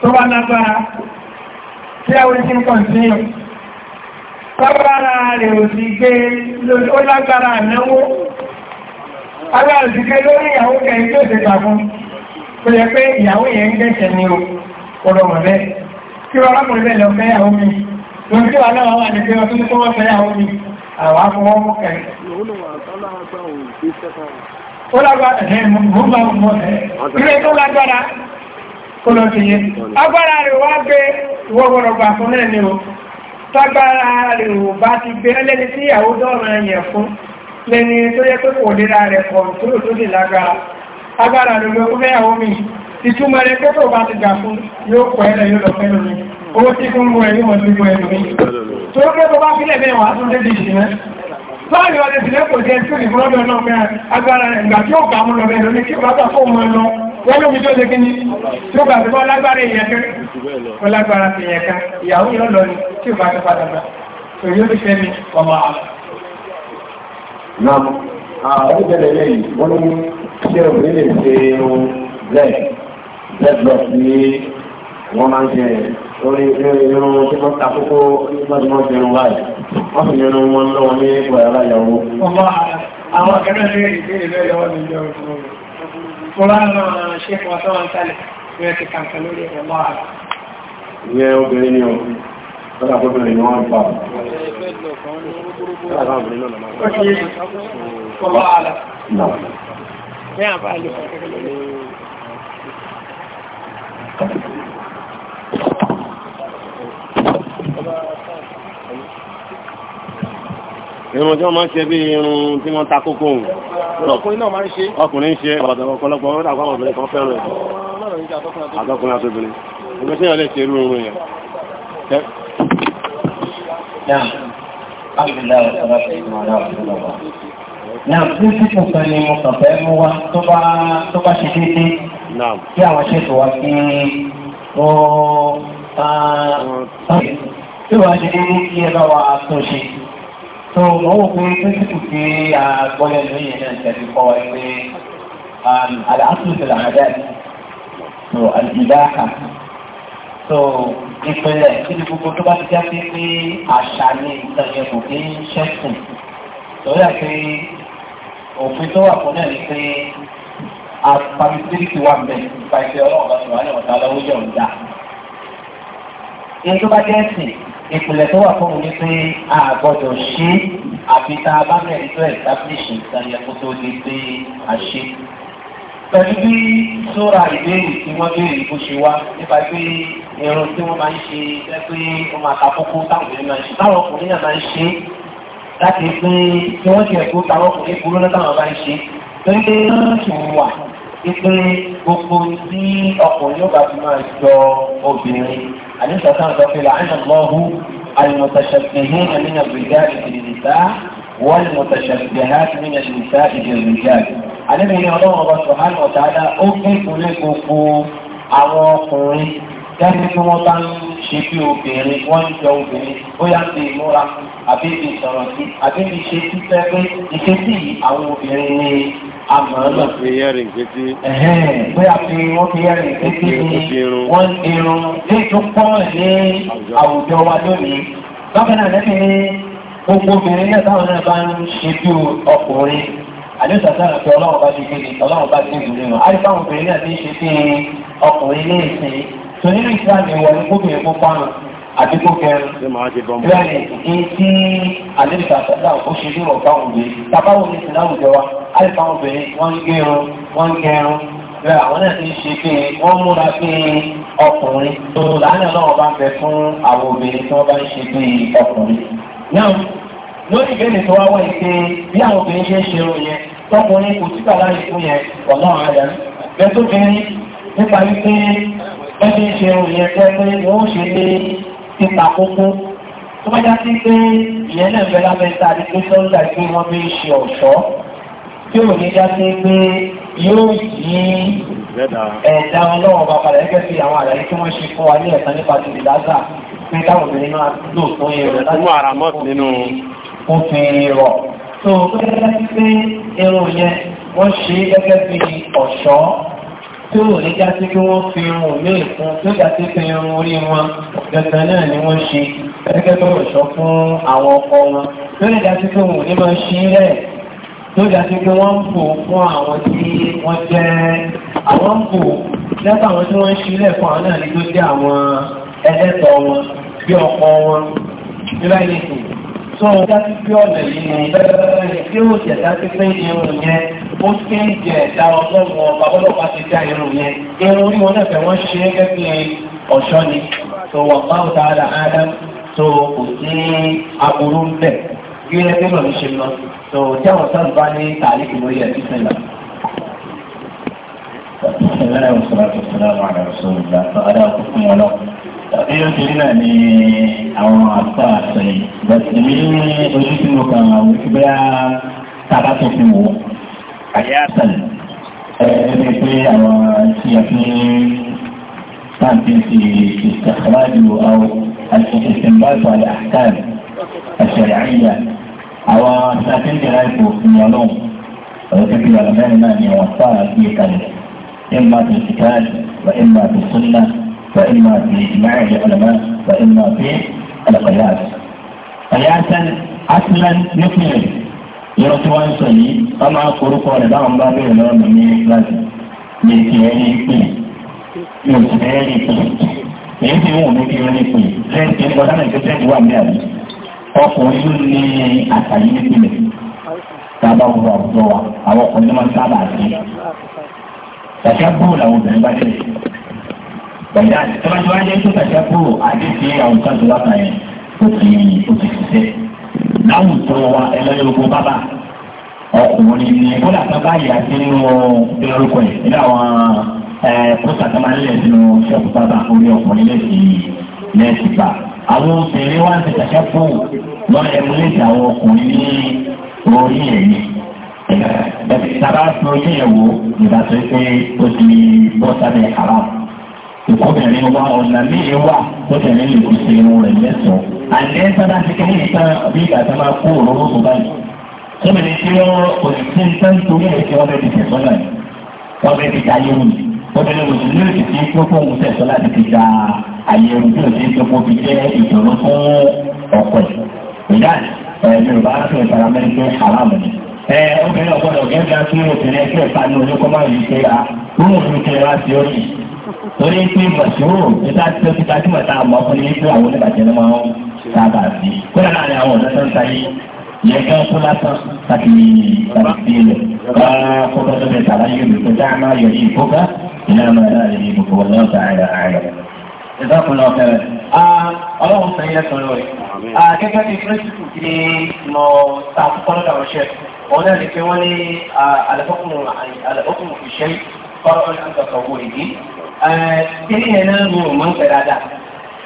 tó bá lágbára tí àwọn orí ti ń kọ̀ǹtínú lágbára rẹ̀ ò sì gbé ó lágbára ànáwó tó yẹ pé ìyàwó yẹn ń gẹ̀ṣẹ̀ ni o ọ̀rọ̀ mọ̀ bẹ́ẹ̀ kí wọ́n arákùnrin bẹ́ẹ̀ lọ fẹ́ ìyàwó mi lórí tí wọ́n náà wà ní pé wọ́n tún kọ́ wọ́n fẹ́ ìyàwó mi àwọn afọwọ́ mọ́ kẹrin. ó lágbára ẹ̀ mú bá wọn mọ́ ẹ̀ ilé tó lágbára kó lọ sí yẹ agbára rẹ̀ wá gbé o tágbára rẹ̀ ò bá ti gbé ẹlẹ́ni tí ìyàwó dọ́ọ̀rọ̀ yẹn fún lẹ́ni tó yẹ pé kò lera rẹ̀ kọ̀ọ̀tún tó lè lágbára agbára lòlò ó fẹ́ àwọn mi ìtumọ̀ rẹ̀ pé tó bá ti jà fún yóò pọ̀ ẹ̀rẹ̀ yóò lọ fẹ́lú mi owó tí fún mú ẹ̀yí mọ̀tí mú ẹ̀lú mi tó pé tó bá fílẹ̀ bẹ́ẹ̀ wà tún débi ìṣìnà láàrin ọdẹ sílẹ̀ kò jẹ́ tí ìfúnlọ́dọ̀ náà mẹ́ra agbára rẹ̀ ìgbà tí ó gbà mú lọ bẹ́ẹ̀ lóní kí bàbá fún mọ́ lọ wọ́n lómi tó ṣe kíní tó gbà tó lágbára èèyàn kan ó lágbára ti yẹn kan ìyàwó yóò lọ ni tí ò bá ti lẹ́yìn, wọ́n ní ṣé òbí lè ṣe bẹ́ẹ̀ lẹ́gbọ̀n sí wọ́n máa ń ṣe lórí irun tí wọ́n ta kókó lọ́dún wọn fi irun báyìí wọ́n fi irun wọn lọ́wọ́ ní ipò ẹ̀rọ ìyàwó. àwọn akẹ́kọ̀ọ́ ní ìbéèrè lọ́wọ́ mi jẹ́ òṣùwọ̀n mo bá ń ran ṣé fún ọtọ́ wọn sálẹ̀ ní ẹ ti kàǹkà lórí ẹ̀rọ mọ́ àrà. ìyẹn obìnrin ni o lọ́dà kóbìnrin ni wọ́n ń pa. ó ṣe é ọlọ́ àlà ní àbálò irun tí wọ́n máa ń ṣe bí irun tí wọ́n ta kókó òun ọkùnrin náà máa ń ṣe ọkùnrin ṣe ọ̀dọ̀ ọ̀pọ̀lọpọ̀ ọ̀rọ̀ dàgbà ọ̀bìnrin kan fẹ́ràn ẹ̀ àtọkùnrin àtọbìnrin ìgbẹ́ tí lè ṣe irú irun yẹn. Alhamdulillah, wa salatu wa salam ala rasulillah náà píríncípù kan ni mo kàn fẹ́ mú wá tó bá tó bá ṣe déédé kí àwọn ṣètò wá sí ó tí wọ́n ṣe déédé kí ẹ bá wa tó ṣe tó wọ́n wò pé píríncípù tí a gbọ́lẹ̀ lóyè náà tẹ̀lé kọ́ ẹ pé àlàáfíà ti làmàdá so àlùbáàkà so ìpínlẹ̀ kí ni gbogbo tó bá ti jáde pé àṣà ni ìtàn yẹn kò kí ń ṣẹ́sìn lórí àti òfin tó wà fún náà ni pé àpamìsírìkì wà mbẹ nípa iṣẹ́ ọlọ́run bá sọ̀rọ̀ àlẹ́ ọ̀tá lọ́wọ́ yẹ̀ ọ̀dà. èyí tó bá jẹ́ ẹ̀sìn ìpìlẹ̀ tó wà fún òun ni pé a gbọ́dọ̀ ṣe àfi tá a bá mẹ́rin tó ẹ̀dábílíṣì ìtàlẹ̀ kó tó lè pé a ṣe. pẹ̀lú bí sóra ìbéèrè tí wọ́n béèrè bó ṣe wá nípa pé irun tí wọ́n máa ń ṣe jẹ́ pé wọ́n máa ta kókó táwọn obìnrin máa ń ṣe láti pé kí wọ́n ti ẹ̀kọ́ táwọn kò ní burú lọ́tàwọn bá ń ṣe torí pé wọ́n ti wà pípé gbogbo tí ọkùnrin yóò bá fi máa jọ obìnrin àdéhùn sáà sọ pé làánà lọ́hùn àlùmọ̀tàṣàgbẹ̀hìn àmìnà bìgáàdì ìdìdìdá wọ́n mọ̀tàṣàgbẹ̀hìn àmìnà ìdìdìdá ìdìdìdìdìdì. àdébìnrin ọlọ́run ọba sọ̀hánù ọ̀tàdá ó gbé ìpínlẹ̀ gbogbo àwọn ọkùnrin dájú tí wọ́n bá ń ṣe bí obìnrin wọ́n ń jọ obìnrin bóyá ti ìmúra àbí ti ìsọ̀rọ̀ sí àbí ti ṣe títẹ́ pé ìṣesí àwọn obìnrin ni àmọ́ náà. wọ́n fi yẹ́rìn kété. bóyá fi wọ́n fi yẹ́rìn kété ni wọ́n ń dirun ní ìtúpọ̀ ní àwùjọ wa lónìí. bákan náà lẹ́bi ní gbogbo obìnrin náà táwọn náà bá ń ṣe bí ọkùnrin àdéhùsàtàrà pé ọlọ́run bá ti gbé ni ọlọ́run bá ti gbé ni wọn. àyíká obìnrin náà ti ń ṣe tò nínú ìsìláàmù ìwọ ní gómìnà kó parun àti kó kẹrin bẹ́ẹ̀ni ní tí àlejò àtàdá ó ṣe lérò báwọn obìnrin tàbáwọn ní ìsìn láwùjọ wa àìsàn obìnrin wọ́n ń gẹrun wọ́n ń gẹrun bẹ́ẹ̀ àwọn náà ti ń ṣe pé wọ́n múra pé ọkùnrin tó làánà náà bá ń bẹ fún àwọn obìnrin tí wọ́n bá ń ṣe pé ọkùnrin. náà lórí ìbéèrè tó wá wọ́n yìí pé bí àwọn obìnrin ṣe ń ṣe irun yẹn tọkùnrin kò síkà láyé fún yẹn ọ̀nà àdá bẹ́ẹ̀ tó bẹ́ẹ̀ nípa wípé ẹni ṣe òyìn ẹgbẹ́ pé wọ́n ṣe lé títà kókó tó bájá sí pé ìyẹn náà fẹ́ lábẹ́ta àti pé sọ́ńdà pé wọ́n bí ṣe ọ̀ṣọ́ tí ò ní já sí pé yóò yí ẹ̀dá ọlọ́wọ́ bá padà gẹ́gẹ́ bí àwọn àlàyé tí wọ́n ṣe fún wa ní ẹ̀sán nípa ti ìlázà pé táwọn obìnrin máa lò fún èrò láti fún ara mọ́ nínú òfin rọ̀ tó gẹ́gẹ́ sí pé irun yẹn wọ́n ṣe gẹ́gẹ́ bí ọ̀ṣọ́ tí wọ́n ní jásí kí wọ́n fi irun míì fún tó jásí fi irun orí wọn dandan náà ni wọ́n ṣe gẹ́gẹ́ tó rọ̀ sọ fún àwọn ọkọ wọn tó ní jásí kí wọ́n ní máa ṣí rẹ̀ tó jásí kí wọ́n ń bò fún àwọn tí wọ́n jẹ́ àwọn ń bò lẹ́pọ̀ àwọn tí wọ́n ń ṣí rẹ̀ fún àwọn náà ni tó jẹ́ àwọn ẹlẹ́tọ̀ wọn bí ọkọ wọn nígbà yìí tó jásí kí ọ̀nà yìí ni tí ó jẹ̀ jásí pé irun yẹn ó ti ń jẹ ẹ̀dá ọlọ́run ọba ọlọ́pàá ti dá irun yẹn irun orí wọn náà wọ́n ṣe é bí ọ̀ṣọ́ ni tó wà máa ta ara ádá tó kò sí aburú ń bẹ̀ kí ẹ bí mọ̀ ṣe lọ tó jáwọ́ sáà bá ní tààlí kìló yẹ ti fẹ́ lọ. Tàbí ó ti rí àwọn àpá àṣẹ yìí. tó fi wò àyàtàn ẹgbẹ́ pé àwọn tí a fi sáàpì ti ìsàkàlájú àwọn ìsìnbáṣọ àyàkàn àṣẹ̀rẹ̀ àyà àwọn sáàpì ìjẹ̀rẹ̀ ìpò ìyàlọ́ ọ̀rọ̀ tó fi wàlá mẹ́rin náà ni àwọn sáà gbé kalẹ̀ إما بالكتاب وإما بالسنة وإما بإجماع العلماء وإما بالقياس قياسا أصلا يكمل yọ tí wọ́n ń sọ yìí wọ́n máa forúkọ rẹ̀ báwọn bá bẹ̀rẹ̀ lọ́wọ́ mi ní kíláàsì mi ti ẹ́ rí pè mi ò sì fẹ́ rí pè èyí ti wù mí kí n rí pè lẹ́yìn tí ọ̀dà náà tẹ́tẹ́ wà ní àná ọkùnrin ló ní àtàyè nípìnlẹ̀ tábà wù àwùjọ wa àwọn ọkùnrin ló máa sábà sí tàṣà búrò làwọn obìnrin bá tẹ̀lé pẹ̀lú àti tọ́lájú wájú tó tàṣà búrò àdéhìí àwọn ìtọ́jú wákàyẹn ó ti ó ti ṣiṣẹ́ láwùjọ wa ẹlẹ́yọ̀kọ bábà ọkùnrin ni kódà tó bá yà sí nínú ìlọ́rùkọ ẹ̀ nínú àwọn pósà tó máa ń lẹ̀ sínú ṣọ́ọ̀bù bábà orí ọkùnrin lẹ́sìn lẹ́sìn bá àwọn obìnrin wá ń ti tẹ̀sẹ̀ fún lọ́nà ẹ̀múlẹ́sì àwọn ọkùnrin ní orí ẹ̀yìn ẹ̀ẹ́dẹ́gbẹ̀ta bá fi ojú ẹ̀wò ìbátan pé ó ti bọ́ sábẹ́ haram obìnrin wa ọ̀nà míì wà obìnrin lè fi ṣe irun rẹ̀ lẹ́sọ̀ọ́. àlẹ́ sábà ti kí ní ìta bí ìgbà tá máa kó òróró tó báyìí. sọ́mìnì tí ó òṣìṣẹ́ ń tán torí ẹ̀ ṣe ọbẹ̀ ti tẹ̀sọ́ náà ọbẹ̀ ti ta ayé wù. obìnrin kò sí ní òkè tí kó fún òun tẹ̀sọ́ láti fi gba àyè ojú òṣì tó kó jẹ́ ìdùnnú fún ọ̀pọ̀ ìyá Yorùbá kúrò ní kẹlẹ́ wá sí òkè torí pé bàṣírò níta tí ó ti ta tí màtá àmọ́ fún ní pé àwọn oníbàjẹ́ ló máa ń sábà sí kódà láàrin àwọn ọ̀dọ́ tó ń ta yìí yẹn kí wọ́n kó lásán láti tàbí sí ilẹ̀ bá kókó tó bẹ̀ tàbá yóò lè tó dáa máa yọ yìí kóká iná máa dáa lè yìí gbogbo wọn náà ààrẹ ààrẹ. ìsọkùnrin ọ̀fẹ́ rẹ̀ ọlọ́run sọ yẹn sọ̀rọ̀ rẹ̀ gẹ́gẹ́ bí kọ́kọ́ ìtọ́kọ̀ owó ìdí. Kíní yẹn náà mo mọ̀ ń pẹ̀ dáadáa.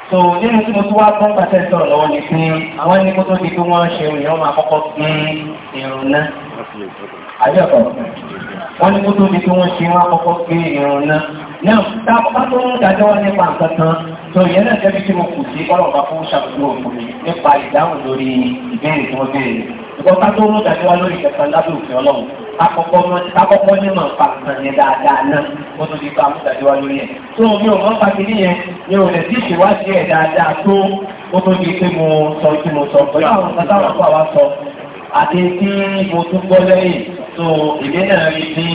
So nínú tí mo tún wá fún pàṣẹ sọ̀rọ̀ lọ́wọ́ ni pé àwọn ẹni kó tó di pé wọ́n ṣe ìrìn ọmọ àkọ́kọ́ gbé irun náà. Àbí ọ̀pọ̀ wọ́n ní kó tó di pé wọ́n ṣe wọ́n àkọ́kọ́ gbé irun náà. Náà táwọn tó ń dájọ́ wá nípa nǹkan kan tó yẹn náà jẹ́ bí tí mo kù sí ọlọ́pàá fún ṣàkóso òkú nípa ìdáhùn lórí ìbéèrè tí wọ́n béèrè ṣùgbọ́n ká tó mú ìdájọ́ wa lórí ìkẹta lábẹ́ òfin ọlọ́run kakọ́kọ́ kakọ́kọ́ ní mọ̀ pàtàkì yẹn dáadáa náà wọ́n tó di pa mú ìdájọ́ wa lórí ẹ̀. tó o mi ò mọ̀ pàtàkì nìyẹn mi ò lè ti ṣèwádìí ẹ̀ dáadáa tó o tó di pé mo sọ tí mo sọ pẹ̀lú àwọn kátàwọn kó àwa sọ àti tí mo tún gbọ́ lẹ́yìn tó ìdí náà rí bí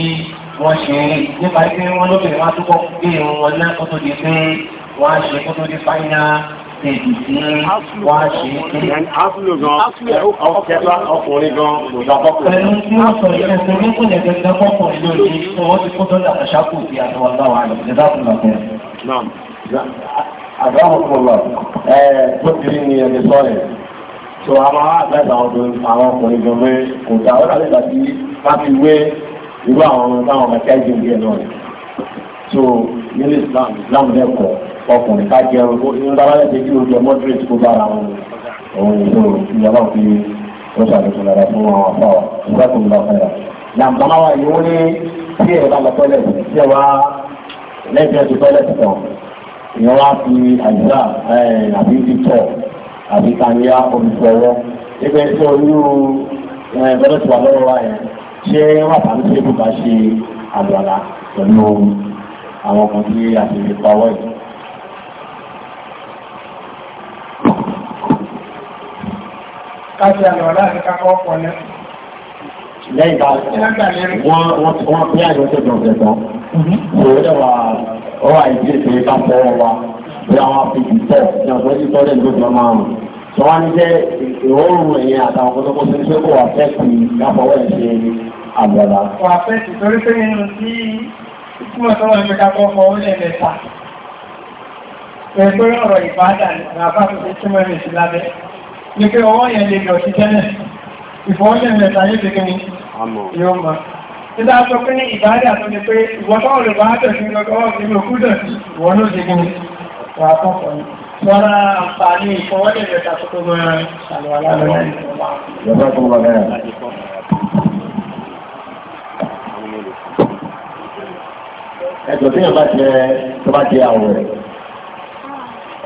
wọ́n ṣe rí nípa pé wọ́n lóbìnrin wọn tó di pé wọ́n á ṣe di fáínà kejì tí wọ́n ṣe ń áfúlò gan ọkẹ́lá ọkùnrin gan lòdàpọ̀pọ̀. pẹ̀lú tí wọ́n sọ ilé ẹ̀sẹ̀ ní kò lè gẹ́gẹ́ pọ̀pọ̀ lórí tí wọ́n ti kó dọ́là àṣàkù sí àtọwà láwà rẹ̀ lẹ́dá fún ọ̀pẹ̀. àgbàmọ̀pọ̀lọ̀ ẹ̀ tó ti ní ẹni sọ́rẹ̀ tó a máa àgbẹ̀ta àwọn ọkùnrin gan mẹ́ kò dá ọ́nà lè gbà sí láti wé irú àwọn ọmọ táwọn ọmọ kẹ́gì ń bí ẹ̀ náà so nílé Islam Islam lẹ́kọ̀ọ́ ọkùnrin ká jẹ ọ̀rọ̀ ní bàbá lẹ́sẹ̀ kí ló jẹ mọ́tírèsì tó bára wọn òun ìṣòro ìyàwó fi ó ṣàkóso lára fún àwọn afọ ìgbàkùn ìgbà fẹ́ra. làǹtàmá wa yìí wọ́n ní tí ẹ̀rọ lọ tọ́lẹ̀ tí ẹ wá lẹ́sẹ̀ tó tọ́lẹ̀ tán ìyẹn wá fi àdúrà àbí fi tọ̀ àbí kàníyà omi fọwọ́ ẹgbẹ́ tí olú ẹgbẹ́ tí wà lọ́wọ́ wa yẹn ṣé wà tàbí ṣé kò bá ṣe àlùwàlà pẹ̀lú àwọn ọmọ tí a ti fi pawọ́ yìí. káṣí àlọ́ láti kákọ́ pọ̀ lẹ́nu. lẹ́yìn bá wọ́n wọ́n pín àjọ tó dùn ọ̀sẹ̀ tán mhm. ìwé dẹ̀ wà ó wà ìdílé tó yẹ ká fọwọ́ wa bí àwọn afẹ́jù tọ̀ ní ọ̀sẹ̀ tí tọ́lẹ̀ ló jọ máa rùn. sọ wá ní jẹ́ ìhóòrùn ẹ̀yìn àtàwọn kótópó tó ń ṣe kó wà fẹ́ kì í káfọwọ́ ẹ̀ ṣe àbọ̀lá. wà fẹ́ kì torí pé nínú tí ìtumọ̀ tó wà ní kákọ́ fọ ó lẹ̀ ní pé ọwọ́ yẹn lè lọ sí tẹ́lẹ̀ ìfọwọ́lẹ̀ mẹ́ta yẹ́ fẹ́kẹ́ ni yóò máa títà sọ pé ní ìbárí àtúnni pé ìwọ́tọ́ olùbá tẹ̀sí lọ́gọ́wọ́ nínú kúdọ̀ sí ìwọ́n ló ṣe gini wà fọ́fọ́ ní wọ́nà àǹfààní ìfọwọ́lẹ̀ mẹ́ta tó tó mọ́ra ṣàlùwàlá lọ́wọ́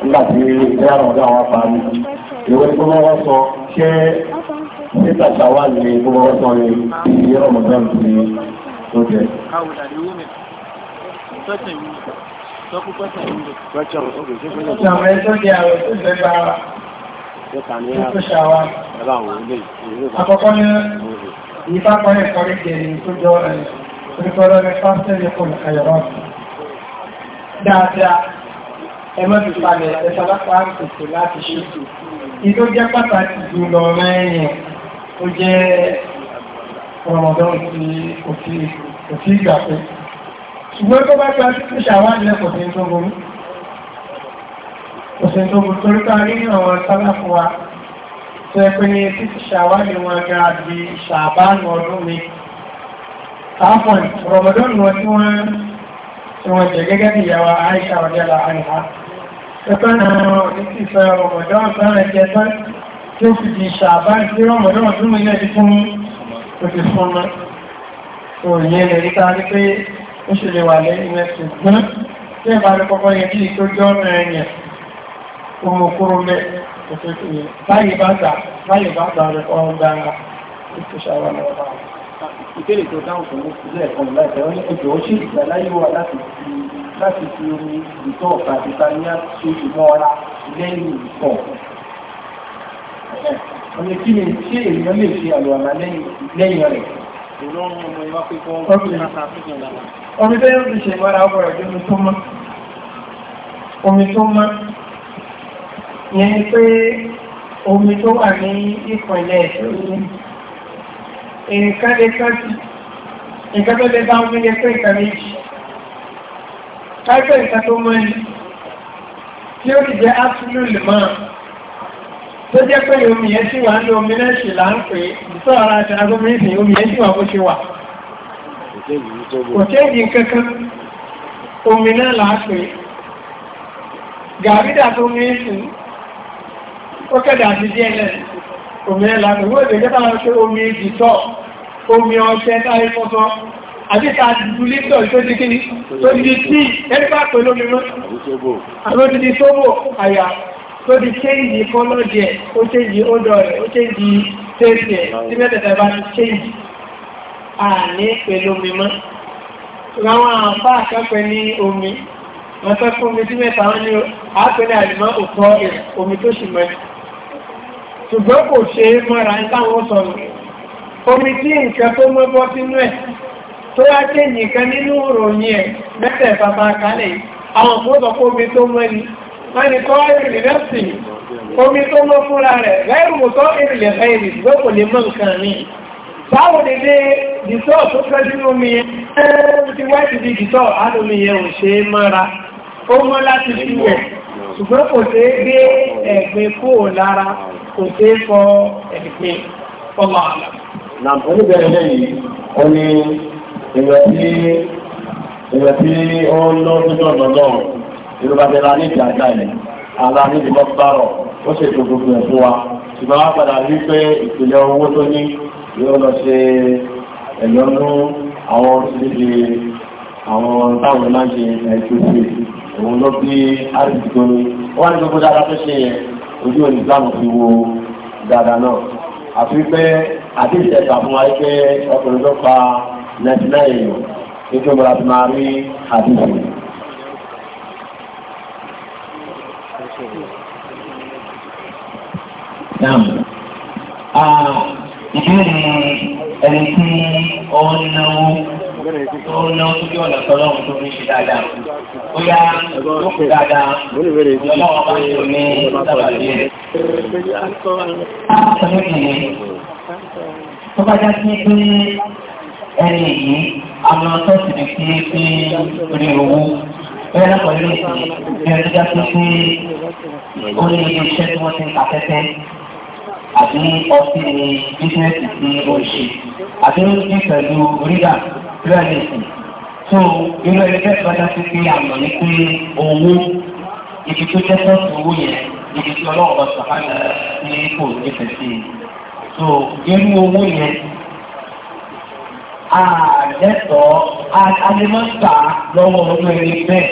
nígbà tí ilé àwọn ọ̀gá wa parí ìwé tó lọ́wọ́ sọ ṣé títà ṣàwá ní tó lọ́wọ́ sọ ní ìyẹ́ ọmọdé ní tó jẹ. Ìṣàwọn ẹjọ́ ni àwọn tó fẹ́ bá tó ṣàwá. Àkọ́kọ́ ní ìbápa ẹ̀kọ́ rí kèrè tó jọ ẹ̀ ẹmọ́ ti palẹ̀ ẹ̀sàlápá tètè láti ṣe ètò. Ìdó jẹ́ pàtàkì jù lọ rẹ̀yìn ó jẹ́ ọmọdún tí kò sí ìgbà pé. Ṣùgbọ́n tó bá gba títí ṣàwádìí ẹ̀kọ́ sí tó burú. Kò sí tó burú torí ká rí àwọn sáláfù wa tó ẹ pé ní títí ṣàwádìí wọn ga di ṣàbánu ọdún mi. Àwọn ọmọdún wọn tí wọ́n jẹ gẹ́gẹ́ bí ìyàwó Aisha ọ̀dẹ́là àìhá ẹ̀fẹ́nà ìfẹ́ ọmọdé ọ̀sán ẹ̀kẹ́ tán tí ó fi di ṣàbá tí ọmọdé ọdún mú ilẹ̀ fún òfin fún ọmọ òyìn rẹ̀ níta ní pé ó ṣe lè wà lẹ́yìn ẹ̀sùn gbọ́n tí ẹ̀bá ní kọ́kọ́ yẹ kí tó jọ ọ̀nà ẹ̀yẹn ọmọkúrò mẹ́ òfin fún yẹn láyé bá gbà láyé bá gbà rẹ̀ ọ̀gbà ìbéèrè tó dáhùn fún ilé ẹ̀kọ́ láìpẹ́ ó ní ètò ó sì ìgbà láyé wà láti fi láti fi omi ìtọ́ ọ̀pá àti tania tó ti mọ́ ọ́lá lẹ́yìn ìtọ́. ọmọ kí ni ṣé èèyàn lè ṣe àlùwàlá lẹ́yìn rẹ̀? omi tó yóò fi ṣe ìmọ̀ra ọgbọ̀rọ̀ ju omi tó mọ́. omi tó mọ́ yẹn pé omi tó wà ní ìpínlẹ̀ ìṣòro nǹkan lè kájú nǹkan tó lè bá ń gbélé pé nǹkan méjì kájọ́ nǹkan tó mọ́ ní tí ó ti jẹ́ absolute mọ́ tó jẹ́ pé omi yẹn sì wà ní omi náà sì là ń pè é ìtọ́ ara àti agbóminísìn omi yẹn sì wà bó ṣe wà kò tẹ́jì kankan omi náà là ń pè gàrídà tó mí sùn ó kẹ́dà àti díẹ̀ lẹ́nu omi ẹ̀lá ìwé ìgbẹ̀jẹ́ bá ṣe omi ìjìtọ́ omi ọṣẹ táyé fọ́sọ́ àdíta dúlítọ̀ tó ti kí ní tó ti tí ẹgbà pẹ̀lú omi mọ́ àwọn ti di tóbò àyà tó ti kéyìí kọ́lọ́dì wọ́n fẹ́ fún omi tí mẹ́ta wọ́n ní àápẹ́ ní àlùmọ́ òkọ́ omi tó sì mọ́ ṣùgbọ́n kò ṣe é mọ́ra táwọn sọnù omi tí nǹkan tó mọ́ bọ́ sínú ẹ̀ tó wá jẹ́ nìkan nínú ìròyìn ẹ̀ mẹ́tẹ̀ bàbá kalẹ̀ àwọn kò sọ pé omi tó mọ́ ni wọ́n ni kọ́ ìrìnlẹ̀ sí omi tó mọ́ fúnra rẹ̀ lẹ́rù mú tọ́ ìrìnlẹ̀ fẹ́ẹ̀rì ṣùgbọ́n kò lè mọ́ nǹkan ní báwo lè dé dìtọ́ tó kẹ́jú omi yẹn ẹ̀rù ti wá ti di dìtọ́ alómi yẹn ò ṣe é mọ́ra ó é gbé ẹ̀gbẹ́ kúrò lára kò ṣe é kọ ẹ̀dìpín fọ́mà àlà. nà oníbẹ̀rẹ̀ lẹ́yìn ó ní ìwẹ̀ tí ìwẹ̀ tí ó ń lọ lójú ọ̀nà náà ìrora bẹ̀rẹ̀ anídìí àjà yìí ara anídìí lọ́gbàrọ̀ ó ṣètò gbogbo ẹ̀ fún wa ṣùgbọ́n wá padà rí pé ìpìlẹ̀ owó tó ní yóò lọ ṣe ẹ̀yọ́nú àwọn oríṣiríṣi àwọn táwọn máa ń ṣe ẹ̀ṣọ́ sí òun ló bí àrùn tó ní wọ́n á ní gbogbo dára tó ṣe yẹn ojú òní islam fi wo dáadáa náà àfi pé àti ìṣẹ̀ta fún wa pé ọkùnrin tó pa ninety nine èèyàn nígbà wọn láti máa rí àdúgbò. Ah, ìbéèrè ẹni tí ó ń náwó ó lọ sókè ọ̀nà tọ́lọ́run tó ṣe já sí pé ẹni yìí àwọn tọ́sí ti fi pé orí owó bẹ́ẹ̀ lọ́pọ̀ ilé ìsìn bí ẹni já sí pé ó ní iṣẹ́ tí wọ́n ti ń ta tẹ́tẹ́ àbí ọtí ni bísíǹsì tí ṣe àbí ó ń dín pẹ̀lú orílẹ̀ rẹ́lẹ̀sì tó irú ẹni bẹ́ẹ̀ padà sí pé àmọ̀ ní pé owó ibi tó jẹ́ sọ́ọ̀tù owó yẹn ibi tí ọlọ́run bá sàkánà ní kò nífẹ̀ẹ́ sí i tó irú owó yẹn àdẹ́tọ̀ alẹ́mọ́ta lọ́wọ́ ọdún ẹni bẹ́ẹ̀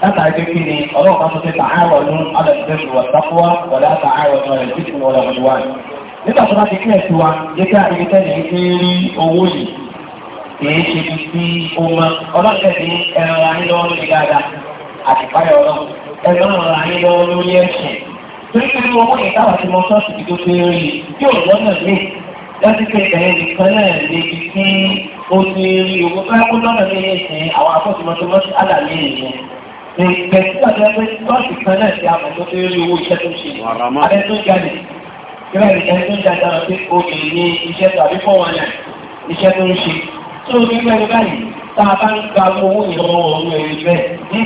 látàrí kí ni ọlọ́run bá sọ pé tààrọ̀ ní alẹ́sẹ̀sẹ̀ wà sáfúwá wọ̀dá tààrọ̀ ní alẹ́sẹ̀sẹ̀ wọ̀dá wọ̀dá nígbà tó bá ti kí ẹ̀sùn wa yíká ibi tẹ́lẹ̀ ń rí owó yìí kìí ṣe fi fi ọmọ ọlọ́sẹ̀dì ẹran ra nílọ́ lórí dáadáa àtìpáyọ̀ ọlọ́ ẹran ra nílọ́ lórí ẹ̀sìn. torí pé owó ìtawà tí mo sọ́ọ̀sì tó fi rí yóò lọ́nà mí láti pé ẹ̀yìn nìkan náà lè fi kí o ti rí owó ká kó lọ́nà mí ẹ̀sìn àwọn akọ́sìmọ́tòmọ́sì àlàyé nìyẹn. Ìgbẹ́ tí wọ́n jẹ́ pé sọ́ọ̀sì kan náà ti àmọ̀ tó fi rí owó iṣẹ́ tó ṣe. Adé tó jáde. Ìgbẹ́ ìjẹun tó jáde dára pé o lè ní iṣẹ́ tàbí fọ́wọ́n náà iṣẹ́ tó ń ṣe tó ní pẹ́lú báyìí tá a bá ń gba owó ìrọ̀rùn ọ̀rùn ẹ̀rí bẹ́ẹ̀ ní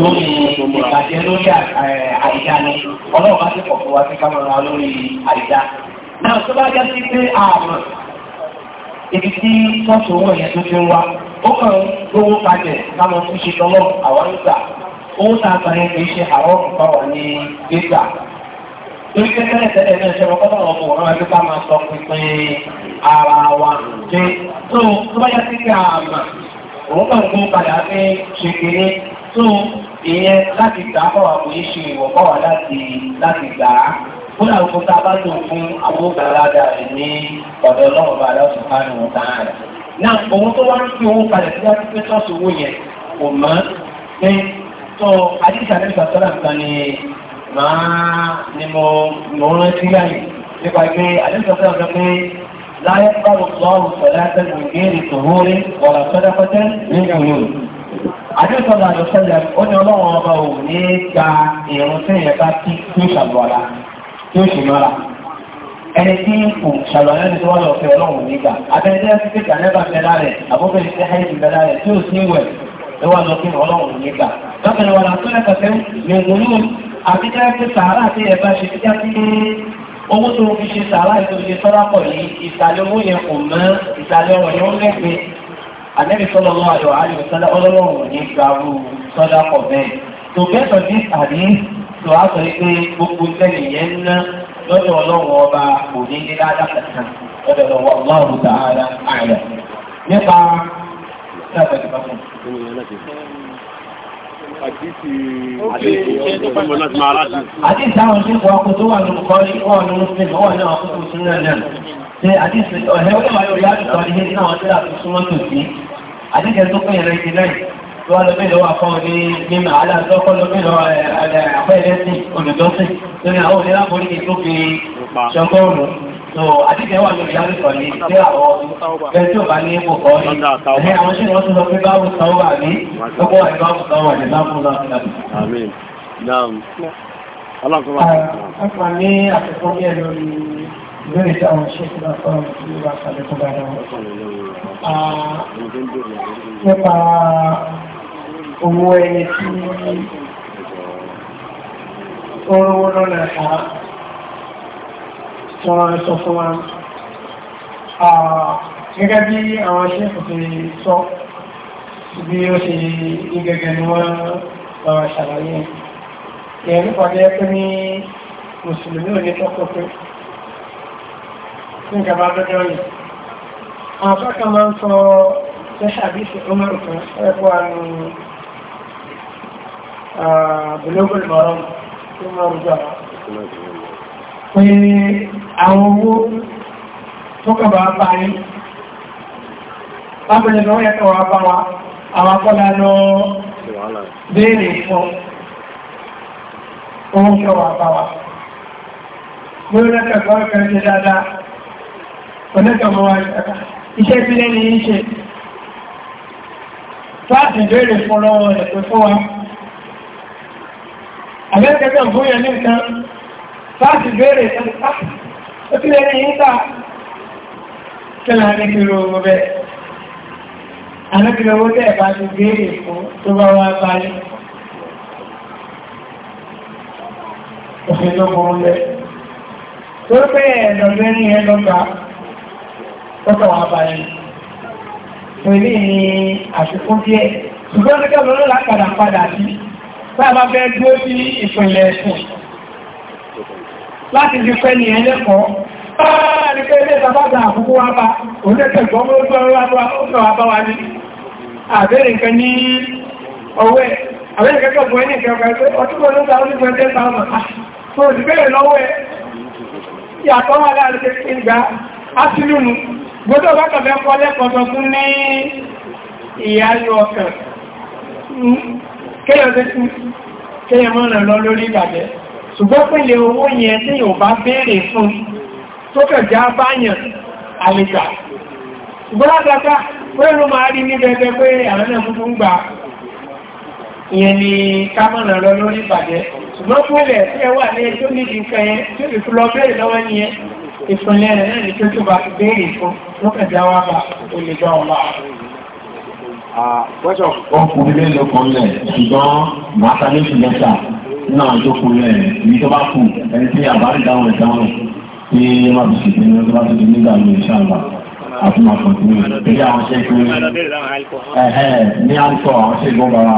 lórí ìbàjẹ́ lórí àìdá ni ọlọ́run bá ti pọ̀ fún wa sí kámọ́ra lórí àìdá. náà tó bá jẹ́ sí pé àmọ́ ibi tí sọ́ọ̀tù owó yẹn tó ti ń wá ó kàn ń lówó kalẹ̀ káwọn fún ṣe tọ́lọ́ àwọn ń owó tá a gbà àwọn òkùnkàn wà ní gbígbà torí pé tẹ́lẹ̀ tẹ́lẹ̀ náà ṣe wọ́n kọ́tọ̀ ọmọ ọ̀rọ̀ ẹgbẹ́ ká máa sọ pínpín ara wa ṣe tó tó bá yá sí pé àmà òun kàn tó padà pé ṣe kéré tó ìyẹn láti gbà á bọ̀wà kò ní ṣe ìwọ̀ bọ̀wà láti láti gbà á fún àwọn òkúta bá tó fún àwọn ògbàládà rẹ̀ ní ọ̀dọ̀ ọlọ́run bá lọ́sùn fáànù ọ̀tá rẹ̀ náà máa ni mo rántí láyé nípa pé àdéhùnsọ́sọ́ ọ̀gá pé láyé báwo lọ́wọ́ pẹ̀lú àtẹ́lù ìbéèrè tòhóre ọ̀rọ̀ pẹ́lẹ́pẹ́tẹ́ ní ìlú. àdéhùnsọ́sọ́ àdéhùnsọ́sọ́ ó ní ọlọ́wọ́n ọba ò ní gba ìrún sí ìyẹn bá kí kí ṣàlùwàlá tí ó sì mọ́ra. ẹni tí kò ṣàlùwàlá ní wọ́n lọ fẹ́ ọlọ́run nígbà abẹ́rẹ́ tí pé kàlẹ́bà fẹ́lá rẹ̀ àbúkẹ́ni tí háìsì fẹ́lá rẹ̀ lọ fún ọlọ́run nígbà àbí dáẹ́gbé sàárà tí ẹ bá ṣe ti já sí owó tó fi ṣe sàárà ètò ìṣe sọ́rápọ̀ yìí ìsàlẹ̀ owó yẹn kò mọ́ ìsàlẹ̀ ọ̀rọ̀ yẹn ó lẹ́gbẹ̀ẹ́ àlẹ́bí sọ́lọ́ lọ́wọ́ àyọ̀ àyọ̀ sọ́lá ọlọ́run ní gbàrú sọ́dápọ̀ bẹ́ẹ̀ tó bẹ́tọ̀ ní àdí tó á sọ pé gbogbo tẹ́lẹ̀ yẹn ń ná lọ́dọ̀ ọlọ́run ọba kò ní ní ládàkàtà lọ́dọ̀ lọ́wọ́ ọlọ́run tààrà àyà nípa ṣáàbẹ̀ Àdíṣì àwọn tí wọ́n kò tó wà ní ọkọ̀ ní wọ́n ní Mùsùlùmí wọ́n ní ọkọ̀ tó súnmọ́ náà. Ṣé àdíṣì ọ̀hẹ́ wọ́n máa yóò yájú kan ní ní àwọn tí a fi súnmọ́ tò sí. Àdíṣì tó pín ẹ̀rẹ́ ìdí náà tó wá lọ́bẹ̀ lọ́wọ́ àkọ́ ní mímọ̀ aláàtọ́kọ́ lọ́bẹ̀ lọ́wọ́ àpẹẹrẹ sí olùdọ́sìn lórí àwọn oníláborí tó fi ṣọgọ́rùn-ún so àtìkẹ́ wà lórí àríkọ̀ ní ìṣẹ́ àwọn ẹni tí ò bá ní ipò kọ́ ní ẹ̀yìn àwọn ṣe wọ́n tún lọ pé báwù tán wà ní gbogbo wà ní báwù tán wà ní báwù fún wa sọ fún wa gẹ́gẹ́ bí àwọn ṣe kò fi sọ bí ó ṣe igẹ̀gẹ̀ ni wọ́n lọ́wọ́ ṣàlàyé ìyẹn nípa jẹ́ pé ní mùsùlùmí ò ní tọ́kọ́ pé ní ìjọba lọ́jọ́ yìí àwọn tọ́kọ́ máa ń pé àwọn owó tó kàbà bá ní lábẹ̀lẹ̀ lọ́wọ́ yẹ́ kàwà bá wa àwọn akọ́lá lọ béèrè fún ohun kàwà bá wa lórí lẹ́kẹ̀ẹ́kọ́ ìkẹrẹ́ ṣe dáadáa ọ̀lẹ́kẹ̀ẹ́mọ́ wa iṣẹ́ tí lẹ́ni ń ṣe láti béèrè fún lọ́wọ́ rẹ̀ pé fún wa àbẹ́kẹ́kẹ́ fún yẹ nìkan láti bẹ̀rẹ̀ ó ti lẹ́rẹ̀ yìí tà kílá ní kílò ọbẹ̀ alákìlọ owó tẹ́ ẹ̀bá ti bẹ̀rẹ̀ fún tó bá wá báyé òfin lọ́mọ ọlẹ́ tó pé ẹ̀lọ́gbẹ́ ní ẹlọ́gbà ọkọ̀ wá báyé pẹ̀lú ní àfikún díẹ̀ ṣùgbọ́n ní kẹ́lọ́lọ́ lápadà padà sí sáà bá fẹ́ dúró sí ìpínlẹ̀ ẹ̀sùn láti fi pẹ́ ní ẹlẹ́kọ̀ọ́ láàrín pé ilé ìsàbáta àkókò wá bá oníkẹ̀ẹ́gbọ́n mọ́ lójú ọrọ̀ wá bá wá ní àbẹ́rẹ̀ nǹkan ní ọwẹ́ àbẹ́rẹ̀ kẹ́kọ̀ọ́ ní ìkẹ́kọ̀ọ́ pé ọdún mọ́ lójú àwọn ìgbẹ́ 10,000 tó ti bẹ́rẹ̀ lọ́wọ́ ẹ̀ yàtọ̀ wà láàrín pé ìgbà ásìlùmù gbọ́dọ̀ bá kàbẹ́ kọ́ lẹ́kọ̀ọ́ fún ní ìyáyọ ọkàn kéèyàn tẹ́kù kéèyàn mọ́ràn lọ lórí ìgbàgbẹ́ ṣùgbọ́n pínlẹ̀ owó yẹn tí yóò bá béèrè fún tó kẹjá báyàn àlèkà ṣùgbọ́n látàkà pẹ́lú máa rí ní bẹ́ẹ̀bẹ́ pé àwọn náà mú fún gbà ìyẹn ni kámọ̀nà lọ lórí ìpàdé ṣùgbọ́n pínlẹ̀ tí ẹ wà ní ẹjọ́ ní ìfẹ́ yẹn tí ìfún lọ béèrè lọ́wọ́ yẹn ìfúnlẹ̀ rẹ̀ náà ní tó tó bá béèrè fún tó kẹjá wá bá olè gbà ọ̀la Wọ́n kùnrin lé lókun lẹ̀ ṣùgbọ́n màá ta méjì nínú àwọn tó kúrò ẹ̀ ní tó bá kù ẹni tí àbárí dáhùn ẹ̀ dáhùn tí wọ́n bá ti ṣètò ní tó bá ti di nígbà ní ìṣàlá àti máa kàn sí ilé àwọn ṣe kú ẹ̀hẹ́ ní àlùkò àwọn ṣe gbọ́ bàrà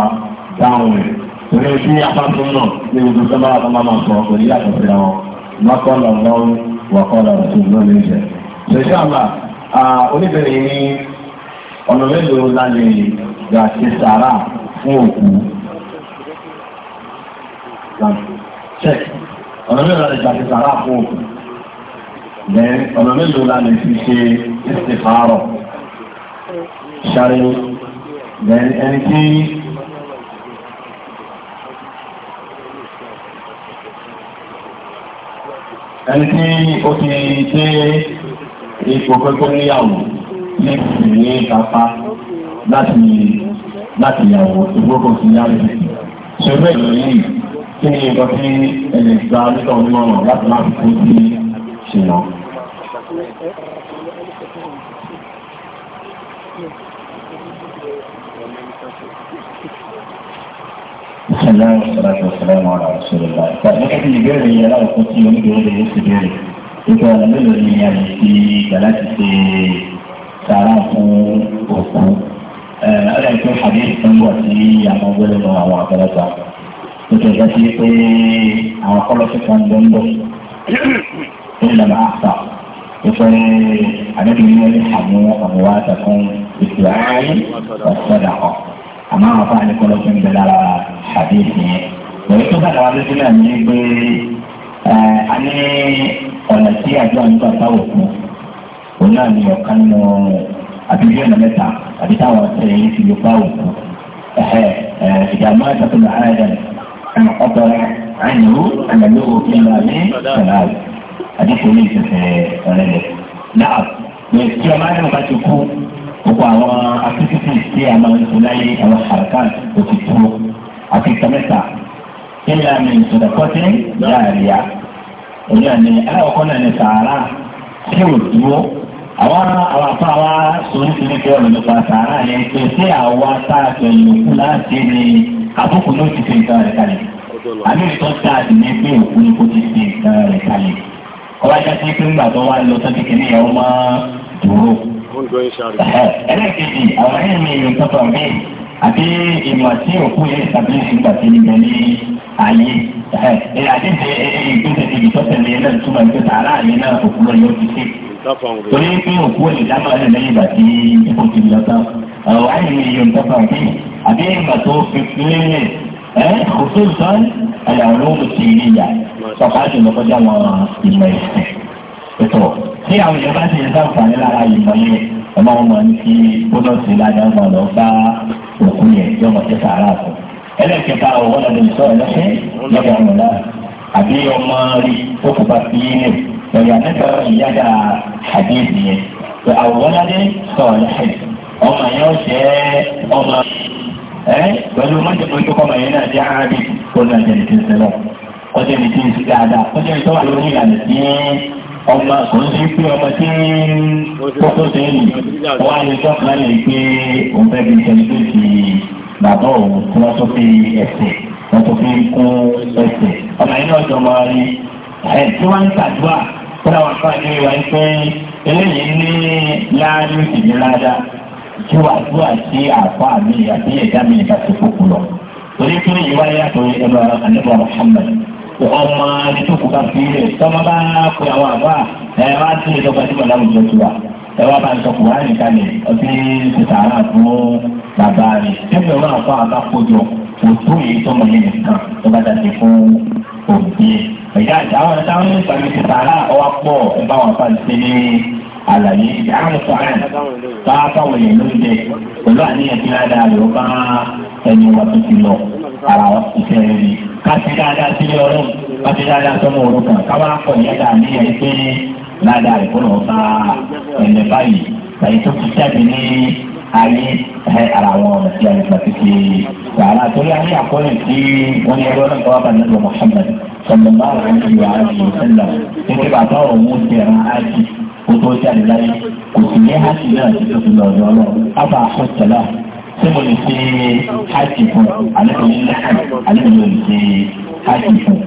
dáhùn ẹ̀ torí ojú ní apáṣọ náà ní gbogbo tó bá wà tó máa máa sọ kò ní yàtọ̀ síra wọn lọ́kọ́lọ́ lọ́rùn wàkọ́lọ́ rẹ̀ tó gbọ́ ní ìṣẹ̀ ṣèṣàlá oníbẹ̀rẹ̀ ní ọ̀nà mélòó lálẹ́ gbà check ọ̀nà mélòó la lè gbàgbé sàrà fún òkú then ọ̀nà mélòó la lè fi ṣe ṣe fàárọ̀ ṣáré then ẹni tí ẹni tí ó ti dé ipò pẹ́pẹ́ níyàwó ní ìwé kápá láti láti yàwó ìgbókòsí yàrá ìṣẹ́gbẹ́ ìròyìn kí ni nǹkan tí ẹ̀lẹ̀ gba nítorí onímọ̀ràn láti máa fi kún sí ṣìnà. Ìṣẹ̀lẹ̀ ìṣẹ̀lẹ̀ ìṣẹ̀lẹ̀ ìmọ̀ràn ìṣẹ̀lẹ̀ ìgbà. Gẹ́gẹ́ bí ìbéèrè yẹn láwùjọ tí oníbèrè lè ṣe béèrè. Ìgbà ọ̀nà mélòó ni a lè fi ìgbà láti ṣe sàárà fún òkú? Ọ̀rẹ́ ìpín àdéhùn tó ń bọ̀ sí àwọn gbẹ́lẹ́nu àwọn nítorí ìjọ sí pé àwọn kọ́lọ́sì kan ń bọ́ ń bọ̀ ìlànà àṣà ìfẹ́ àdébìnrin àwọn ọ̀rọ̀ wa tẹ̀kún ìfẹ́ ààrẹ ọ̀sọ́dà ọ̀ àmọ́ àwọn afáà ní kọ́lọ́sì ń bẹ lára àdéhùn yẹn. Òye tó dàgbà wájú sílẹ̀ ní pé a ní ọ̀nà tí àjọ àyíká táwọ̀ fún òun náà ní ọ̀kan nínú àbíbí ọ̀nà mẹ́ta àbí táwọn ọ̀sẹ̀ yìí ti lè bá òkú. Ìdààmú àtàkùn àádọ́rẹ̀ ọ̀pọ̀ àìlú àgbàdo òfin lọ ní ìṣẹ̀lá àdìsí ní ìṣẹ̀fẹ̀ ọ̀rẹ́lẹ̀. náà lè tí ọmọ ayé bá ti kú gbogbo àwọn akíkítì tí a máa ń sọ láyé àwọn ṣàkàn tó ti dúró àti ìtọ́mẹ́ta ìlà mi ìṣòdàkọ́tì láàríyá èyí àná aláwọ̀kọ́ náà ní sàárà tí ò dúró àwọn àwọn afọ àwa sọ ní ti ní kí ọ̀rọ̀ nípa sàárà yẹn pé sí àwa tá a fẹ̀yìn òkú láti ní kábùkù ló ti fi nǹkan rẹ̀ kalẹ̀ àmì ìtọ́ sáàdì ní pé òkú ni kò ti fi nǹkan rẹ̀ kalẹ̀ ọba jẹ́ sí pé ńgbà tó wá lọ sọ́dí kìíní ìyàwó máa dúró. ẹlẹ́kejì àwọn ẹ̀yìn mi ìrìn tó tọ̀ mí àti ìmọ̀ tí òkú yẹn ìsàbíyèsí gbà sí ibẹ̀ ní ayé àdéhùn ìgbésẹ̀ ìbítọ́sẹ̀ mi náà túmọ̀ ìgbésẹ̀ aráàlú náà òkú lọ yóò ti ṣe torí pé òkú ẹ̀ lábàárẹ̀ lẹ́yìn ìgbà tí ó ti lọ tán ọ̀rọ̀ wáyé ni èyí ń tọ́ka òkè àbí ìgbà tó fi lélẹ̀ ẹ̀ òkú sọ́n àyàwó ló ń ti ilé ìyá tọ́ka á ti lọ kọjá wọn ìmọ̀ ẹ̀sìn ètò tí àwọn èèyàn bá ti yẹ sáǹfààní lára ìmọ̀ yẹn ẹ máa ń mọ ní kí bónọ́ọ̀sì ládàá máa lọ bá òkú yẹn yọmọ ọmọ lọ́yà mẹ́ta ìyáda àdéhùn yẹn pé àwòránadé sọ̀rọ̀ ẹ̀ ọmọ yẹn ó jẹ́ ọmọ ẹ pẹ̀lú mọ́tòmọ́tò kọ́mọ yẹn náà jẹ́ arábì kó náà jẹ́ nìkan sẹ́lọ̀ kọjá ní tí ń sí dáadáa kọjá ní tó wà lórí ìlànà tí ọmọ kò ń sí pé ọmọ tí kókó sẹ́yìn wọ́n á lè tọ́ kan lè pé òun fẹ́ bí tẹlifíṣì bàbá òun tí wọ́n tó fi ẹsẹ̀ wọ́n tó fi kún ẹsẹ̀ ọmọ yẹn náà jọ mọ́ ẹ tí wọ́n ń tàdúrà fún àwọn afá ní ìwà ń pẹ́ eléyìí ní láàrin ìdílé ládàá tí wàá tó àti àfá mi àti ẹ̀dá mi ìgbà tó kókó lọ. torí kí ni ìwà yàtọ̀ ẹ̀rọ àníbọ̀ Muhammad ọmọ adìtòkù bá fi rẹ̀ tọ́mọ bá pe àwọn àbá ẹ̀ wá sí ìjọba tí bàbá òjò tó wà ẹ wá bá ń sọ kùránì kalẹ̀ ọtí sàárà fún bàbá rẹ̀ tí mi ò àbá kójọ òtún èyí tọ́mọ yẹn nìkan tó bá dàbí fún òbí ẹ̀yà àwọn táwọn ní ìpàdé ti sàárà ọwọ́ pọ̀ ẹ̀bá wọn fà sí ní àlàyé ìdáhùn sọ̀rọ̀ bá fáwọn èèyàn ló ń jẹ pẹ̀lú àníyàn tí wọ́n dáa lọ bá ẹni wọn tó ti lọ ara ìfẹ́ rẹ̀ ni ká ti dáadáa sílé ọlọ́run ká ti dáadáa sọ́mọ orúkọ káwá pọ̀ yẹ́dá àníyàn pé ládàá ìkọlọ̀ bá ẹ̀lẹ́ báyìí tàyí tó ti jáde ní ayé ẹ ara wọn ọ̀nà tí a lè gbàtí ṣe wàhálà torí a ní àkọọ́lẹ̀ tí wọ́n ní ẹgbẹ́ ọlọ́pàá wàhálà nígbà Muhammad sọ̀lọ́mọ́ àwọn ìwà àti ìṣẹ̀lẹ̀ nígbà bàtà ọ̀rọ̀ mú ti ẹ̀rọ ájì kó tó jáde láyé kò sì ní ájì náà ti tó fi lọ ọ̀dọ̀ ọlọ́ ábà tí mo lè ṣe ájì fún àlẹ́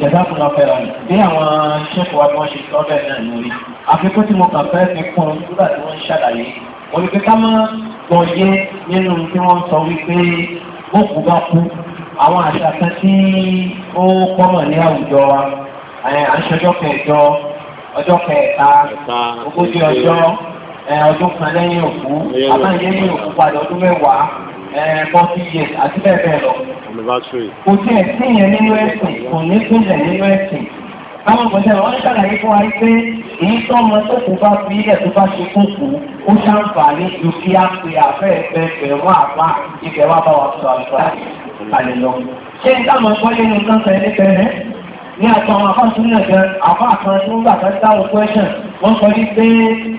Jẹ̀dáàkùnlá fẹ́ra ní. Bí àwọn ṣẹ́kù wa bí wọ́n ṣe sọ bẹ́ẹ̀ náà lórí. Àfikún tí mo kàn fẹ́ fi kún nígbà tí wọ́n ń ṣàlàyé. Wọ́n ní pé ká máa gbọ́ yé nínú tí wọ́n sọ wípé bókù bá kú. Àwọn àṣà kan tí ó kọ́mọ̀ ní àwùjọ wa. Àṣọjọ́ kẹjọ, ọjọ́ kẹta, ogójì ọjọ́, ọdún kan lẹ́yìn òkú, àbáyé lẹ́yìn òkú padà ọdún mẹ́wàá, forty years àti bẹ́ẹ̀ bẹ́ẹ̀ lọ anniversary. kò sí ẹ̀sìn yẹn nínú ẹ̀sìn kò ní gúnlẹ̀ nínú ẹ̀sìn àwọn ọ̀gbọ̀nsẹ̀ wọn ṣàlàyé fún wa pé èyí tó ọmọ tó kù bá fi ilẹ̀ tó bá ṣe kókò ó ṣàǹfààní ju kí á pe àfẹ́ẹ̀fẹ́ pẹ̀lú àbá ibẹ̀ wá bá wa sọ àlùfáà àlè lọ. ṣé táwọn ọgbọ́n yẹn nìkan fẹ́ẹ́ ní àtàwọn afáṣúnlẹ̀ jẹ́ àfá àkan tó gbà fẹ́ dá òkú ẹ̀ṣẹ̀ wọ́n sọ ní pé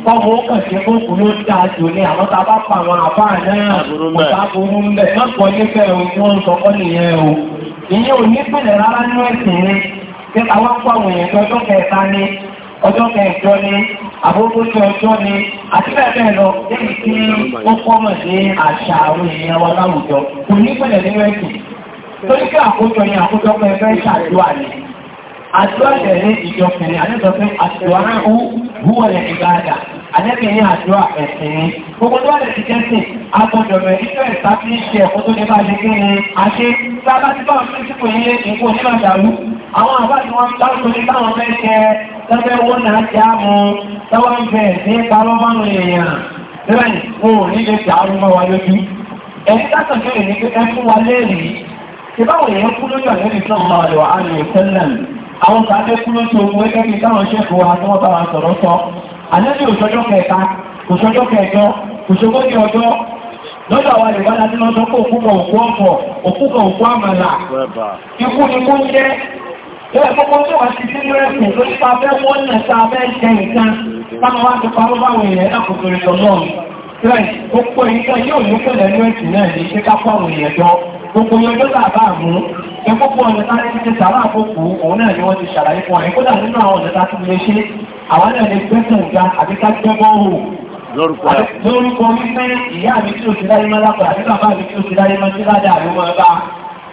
tọ́wọ́ ó kàn ṣe fóòkù ló dá jù ní àwọn tá a bá pa àwọn àfá náà ọ̀tá burú ń bẹ̀ wọ́n sọ nífẹ̀ o tí wọ́n sọ kọ́ nìyẹn o ìyẹn ò ní pẹ̀lẹ̀ rárá nínú ẹ̀sìn ni pé àwọn pọ̀ àwọn èèyàn ọjọ́ kẹta ni ọjọ́ kẹjọ ni àbóbójú ọjọ́ ni àti bẹ́ẹ̀ lọ lẹ́yìn tí ó kọ́mọ̀ sí àṣà àwọn èèyàn wa láwùjọ kò ní pẹ̀lẹ̀ nínú ẹ̀sìn torí pé àkójọ ni àkójọ pé ẹgbẹ́ ni àdúrà ní ìjọkùnrin àdúgbàfẹ́ àdúrà ó wúwọ̀ lẹ̀ ìgbàdà àdẹ́bìn ní àdúrà ẹ̀sìn ní gbogbo tó wà lẹ̀ ti jẹ́sìn agbọ́dọ̀rẹ̀ ìjọ ẹ̀sá tí ń ṣe ẹ̀kọ́ tó ní bá ṣe kí ni a ṣe sábà tí báwọn tó sípò ilé ìkó onímọ̀ ìdàrú àwọn àbá tí wọ́n bá tó ní báwọn mẹ́ṣẹ́ tẹ́fẹ́ wọ́n náà ó ní lè ṣe àwọn sàájẹ́ kú ló tó ogun gẹ́gẹ́ bí táwọn ṣẹ́kù wa tí wọ́n bá wa sọ̀rọ̀ sọ àlẹ́bí òṣọjọ́ kẹta òṣọjọ́ kẹjọ òṣogójì ọjọ́ lọ́dọ̀ àwọn àlèwà láti lọ́jọ́ kó òkúkọ̀ òkú ọ̀pọ̀ òkúkọ̀ òkú àmàlà ikú ni kó jẹ́ Ìwẹ̀ kọ́kọ́ tó wà sí sínú ẹ̀kùn tó nípa fẹ́ wọ́n nà sáà fẹ́ jẹ nǹkan, táwọn wá ti parọ́ báwọn èèyàn lákòókò ìrìnlọ́nà. Ìwẹ̀ kọ́kọ́ ìgbà yóò mú pẹ̀lẹ̀ ní ẹ̀kùn náà ní ṣe ká pọ̀ àwọn èèyàn jọ gbogbo ọjọ́ tàbá mú ẹgbogbo ọ̀nà tàbí ti tàbá àkókò òun náà ni wọ́n ti ṣàlàyé fún ẹ̀ kódà nínú àwọn ọ̀nà tàbí lè ṣe àwọn náà lè gbẹ́sẹ̀ ìgbà àbí ká gbẹ́gbọ́ hù lórúkọ wípé ìyá mi tí ó ti dáyé mọ́ lápá àbí bàbá mi tí ó ti dáyé mọ́ sí ládà àbí mọ́ ẹbá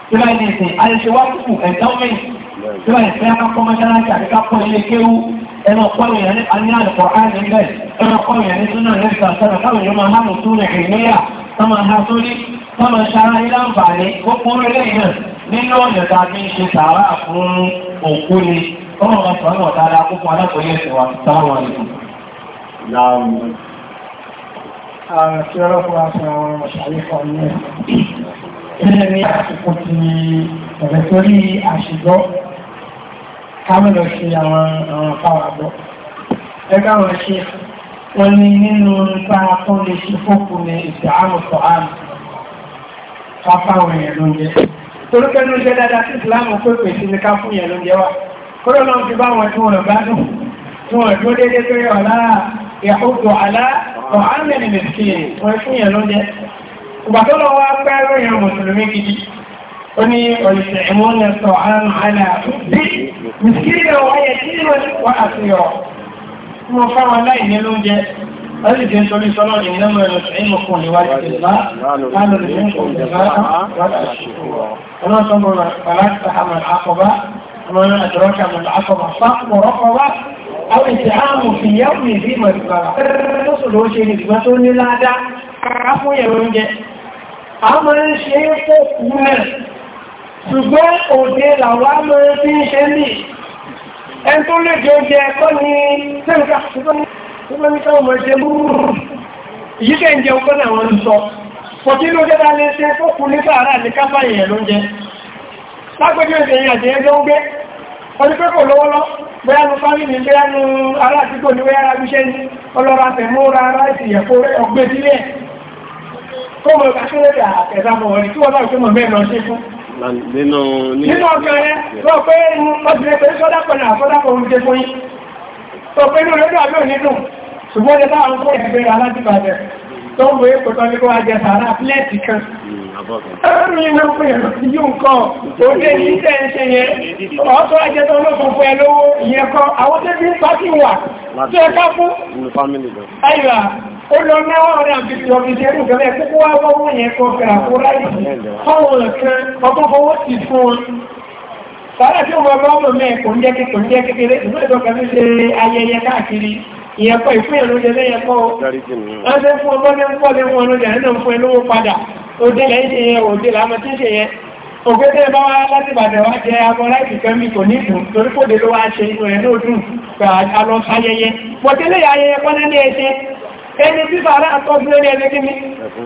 tí bá ní ìsìn àìṣe wá kúkú ẹ̀dánmìn tí bá ìfẹ́ akọ́kọ́ mọ́ṣáláṣí àbí ká pọ̀ ilé kéwú ẹnà pọ̀lù yẹn ní alẹ́ àlùkò áìlì bẹ́ẹ̀ ẹnà pọ̀lù yẹn ní súnà lẹ́sà sọ́nà káwọn yóò máa hánù súnà ìmíyà sọ́mà ha sórí sọ́mọ ṣára ilá ń bà ní gbogbo ilé náà nínú ọ̀nà tá a fi ń ṣe sàárà fún òkú ni ọmọ wọn sọ náà dáadáa púpọ̀ alákòóyè sí wa sáwọn ìlú. láàmú àti ọlọ́pàá àti àwọn ọmọṣàlẹ́kọ̀ọ́ ní ẹ̀sìn ní àsìkò ti ọ̀rẹ́ torí àṣìgbọ́ kámẹ́lọ sí àwọn àwọn fáwàbọ̀ ẹgbẹ́ àwọn ṣe wọ́n ní nínú nípa tó lè ṣe fókù ní ìdáhùn sọ̀hánù ká fáwọn èèyàn ló ń jẹ torí pẹ́ẹ́nu jẹ́ dáadáa sí ìsìláàmù pé pè sí ni ká fún èèyàn ló ń jẹ wá kóró náà ti bá wọn tí wọn bá dùn tí wọn dúró déédéé pé ọ̀la ìyàkóso àlá ọ̀hánlẹ̀ni mẹ̀sìkì wọn fún èèyàn ló ń jẹ ìgbà tó lọ wá pẹ́ ròyìn mùsùlùmí gidi wọ́n fún ọ ló ń jẹ أجد أن تقول صلى الله عليه وسلم نطعمكم لوجه الله لا نرجوكم جزاء ولا شكورا ولا صبر فلا اقتحم العقبة وما أدراك من العقبة صحب رقبة أو إتعام في يوم ذي مذبرة تصل وجه نسبة للعداء عفو يرونج أما شيء تكون ṣùgbọ́n òde làwá mọ́ tí ń ṣe ní ẹn tó lè jẹ́ ẹ̀kọ́ ni sẹ́ǹkà ṣùgbọ́n tó bá ní káwọn máa ṣe búrúrú yìí kẹ́ ń jẹ ọgbọ́n náà wọ́n ń sọ pọ̀tí ló jẹ́ dáa lè ṣe fókù ní sàárà ní kápá èèyàn ló jẹ lágbẹ́jọ́ ìṣẹ̀yìn àti ẹjọ́ ń gbé ọdún pé kò lọ́wọ́lọ́ bóyá nu fámì ní bóyá nu ará àdúgbò ní bóyá ara bíṣẹ́ ní ọlọ́ra tẹ̀múra ara ìsìyẹ̀fó ọgbẹ́ sílẹ̀ tó mọ̀ ìgbàsílẹ̀ àtẹ̀sámọ̀ wọ̀nyí tí wọ́n bá ìṣẹ́mọ̀ bẹ́ẹ̀ lọ sí fún nínú ọjọ́ rẹ̀ lọ pé ọdún ẹgbẹ̀rẹ́ sọ́dápọ̀ inú rẹ̀ dàbí òní dùn ṣùgbọ́n jẹ́ táwọn tó ẹgbẹ́ alájúbàjẹ́ tó ń wòye pẹ̀tọ́ ní kó wá jẹ sàárà plẹ́ẹ̀tì kan ẹ̀rùn iná pé yóò kọ́ orí èyí tẹ́ ń ṣe yẹn ọ̀tọ́ ajẹ́tọ́ olóògùn fún ẹ lówó ìyẹn kọ́ àwọn tó bí pàtí wà tó ẹ ká fún ayà ó lọ mẹ́wọ́n rẹ̀ àbìtì ọ̀gbìtì ẹ̀rù gẹ́gẹ́ púpọ̀ wá wọ́wọ́ yẹn kọ́ fẹ́ra fún ráyì fọ́wọ́ kan ọgbọ́n fọwọ́ sì fún wọn sàárà tí ó wọ́n mọ́ ọmọ mẹ́ kò ń jẹ́ kékeré ìlú ẹ̀dọ́ kan ní ṣe ayẹyẹ káàkiri ìyẹ̀kọ́ ìfún ìrúnjẹ lẹ́yẹ̀kọ́ ọdún fún ọgbọ́dún pọ̀ lé wọn lójà nínú fún ẹlówó padà òdé lẹ́yìn ṣe yẹn òdé lámọ́ tí ṣe yẹn ògbédé bá wá láti bàtẹ̀ wá jẹ agbọ́n láìpì kẹ́mí kò ní dùn torí kò dé ló wá ṣe inú ẹ̀ ló dùn alọ́ ayẹyẹ pọ̀tẹ́lẹ̀ ayẹyẹ pọ́nẹ́ ní ẹṣẹ́ ẹni tí bàrá àtọ́jú lórí ẹni kí ni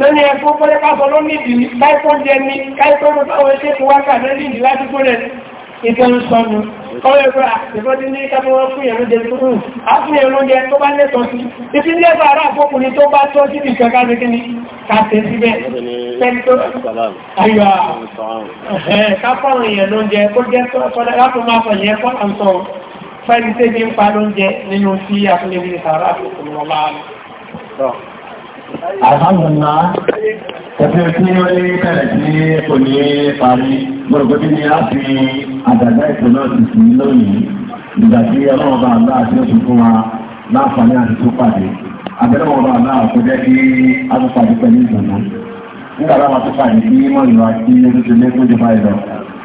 lórí ẹ̀kọ́ pọ́lẹ́pàá sọ ló nídìí káìkó jẹ ni káìkó ló táwọn ẹṣẹ́ ti wá kà lórí ìdí láti gbọ́dẹ̀ ìkẹ́ ń sọnù ọwọ́ ẹgbẹ́ àtìfọ́dí ní káfíwọ́ fún ẹ̀rọ jẹ tó hùn á fún ẹ̀rọ jẹ tó bá lẹ́tọ̀ sí ìfí ní ẹgbẹ́ ará àpókùnrin tó bá tọ́ sí ìṣẹ́ ká lókè ní kàtẹ́ síbẹ̀ pẹ́ntó ayọ̀ káfọ́rùn èèyàn ló ń jẹ kó jẹ́ tọ́lá láti máa fọ̀ yẹn kọ́ àǹtọ̀ fẹ́ni tẹ́bí Alhamdulillah, ẹ̀fẹ́ tí ó ní bẹ̀rẹ̀ tí kò ní parí, gbọ́rọ̀gbọ́dé ni a fi àdàdá ètò náà ti sí lónìí, ìgbà tí ọlọ́ọ̀bá àgbà tí ó ti fún wa láàfàní àti tó pàdé. Àbẹ́lọ́ọ̀bá àgbà kò jẹ́ kí a tó pàdé pẹ̀lú ìdùnnú. Nígbà láwọn tó pàdé kí mọ̀lú àti ojúṣe lẹ́kún jù báyìí lọ.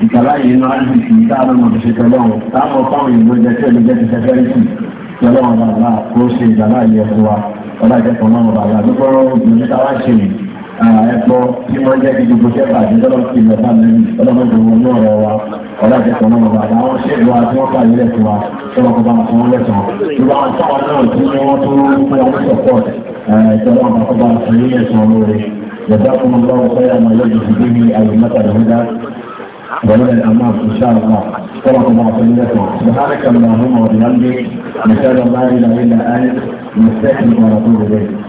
Ìkàlá yìí náà ń fi dáàbò mọ̀ ṣe tọ́lọ́run, táwọn fáwọn ìlú jẹ́ tí ẹ̀lú jẹ́ ti sẹ́fẹ́rìsì, tọ́lọ́run àgbà kó ṣe ọba ìjẹ́kọ̀ọ́ máa ń bà wá lọ́pọ̀ obìnrin tá a wá ṣe ẹ̀kọ́ tí wọ́n jẹ́ kí gbogbo ṣẹ́fà àti ọlọ́sì lọ́ba lẹ́yìn ọlọ́mọdé wọn ní ọ̀rọ̀ wa ọba ìjẹ́kọ̀ọ́ máa ń bà wá àwọn ṣẹ́ẹ̀lú wa tí wọ́n kà nílẹ̀ fún wa tí wọ́n kọ́ bá wọn fún wọn lẹ́sàn-án ìwà àtàwọn náà tí wọ́n tó fún wọn support ìjọba àpapọ̀ àti ilé ẹ̀sán lóore yàtọ̀ fún ọlọ́wọ́ sọ́yà máa yọjú sí ومن الأمام إن شاء الله صلى الله عليه سبحانك اللهم وبحمدك نشهد أن لا إله إلا أنت نستحي ونتوب إليك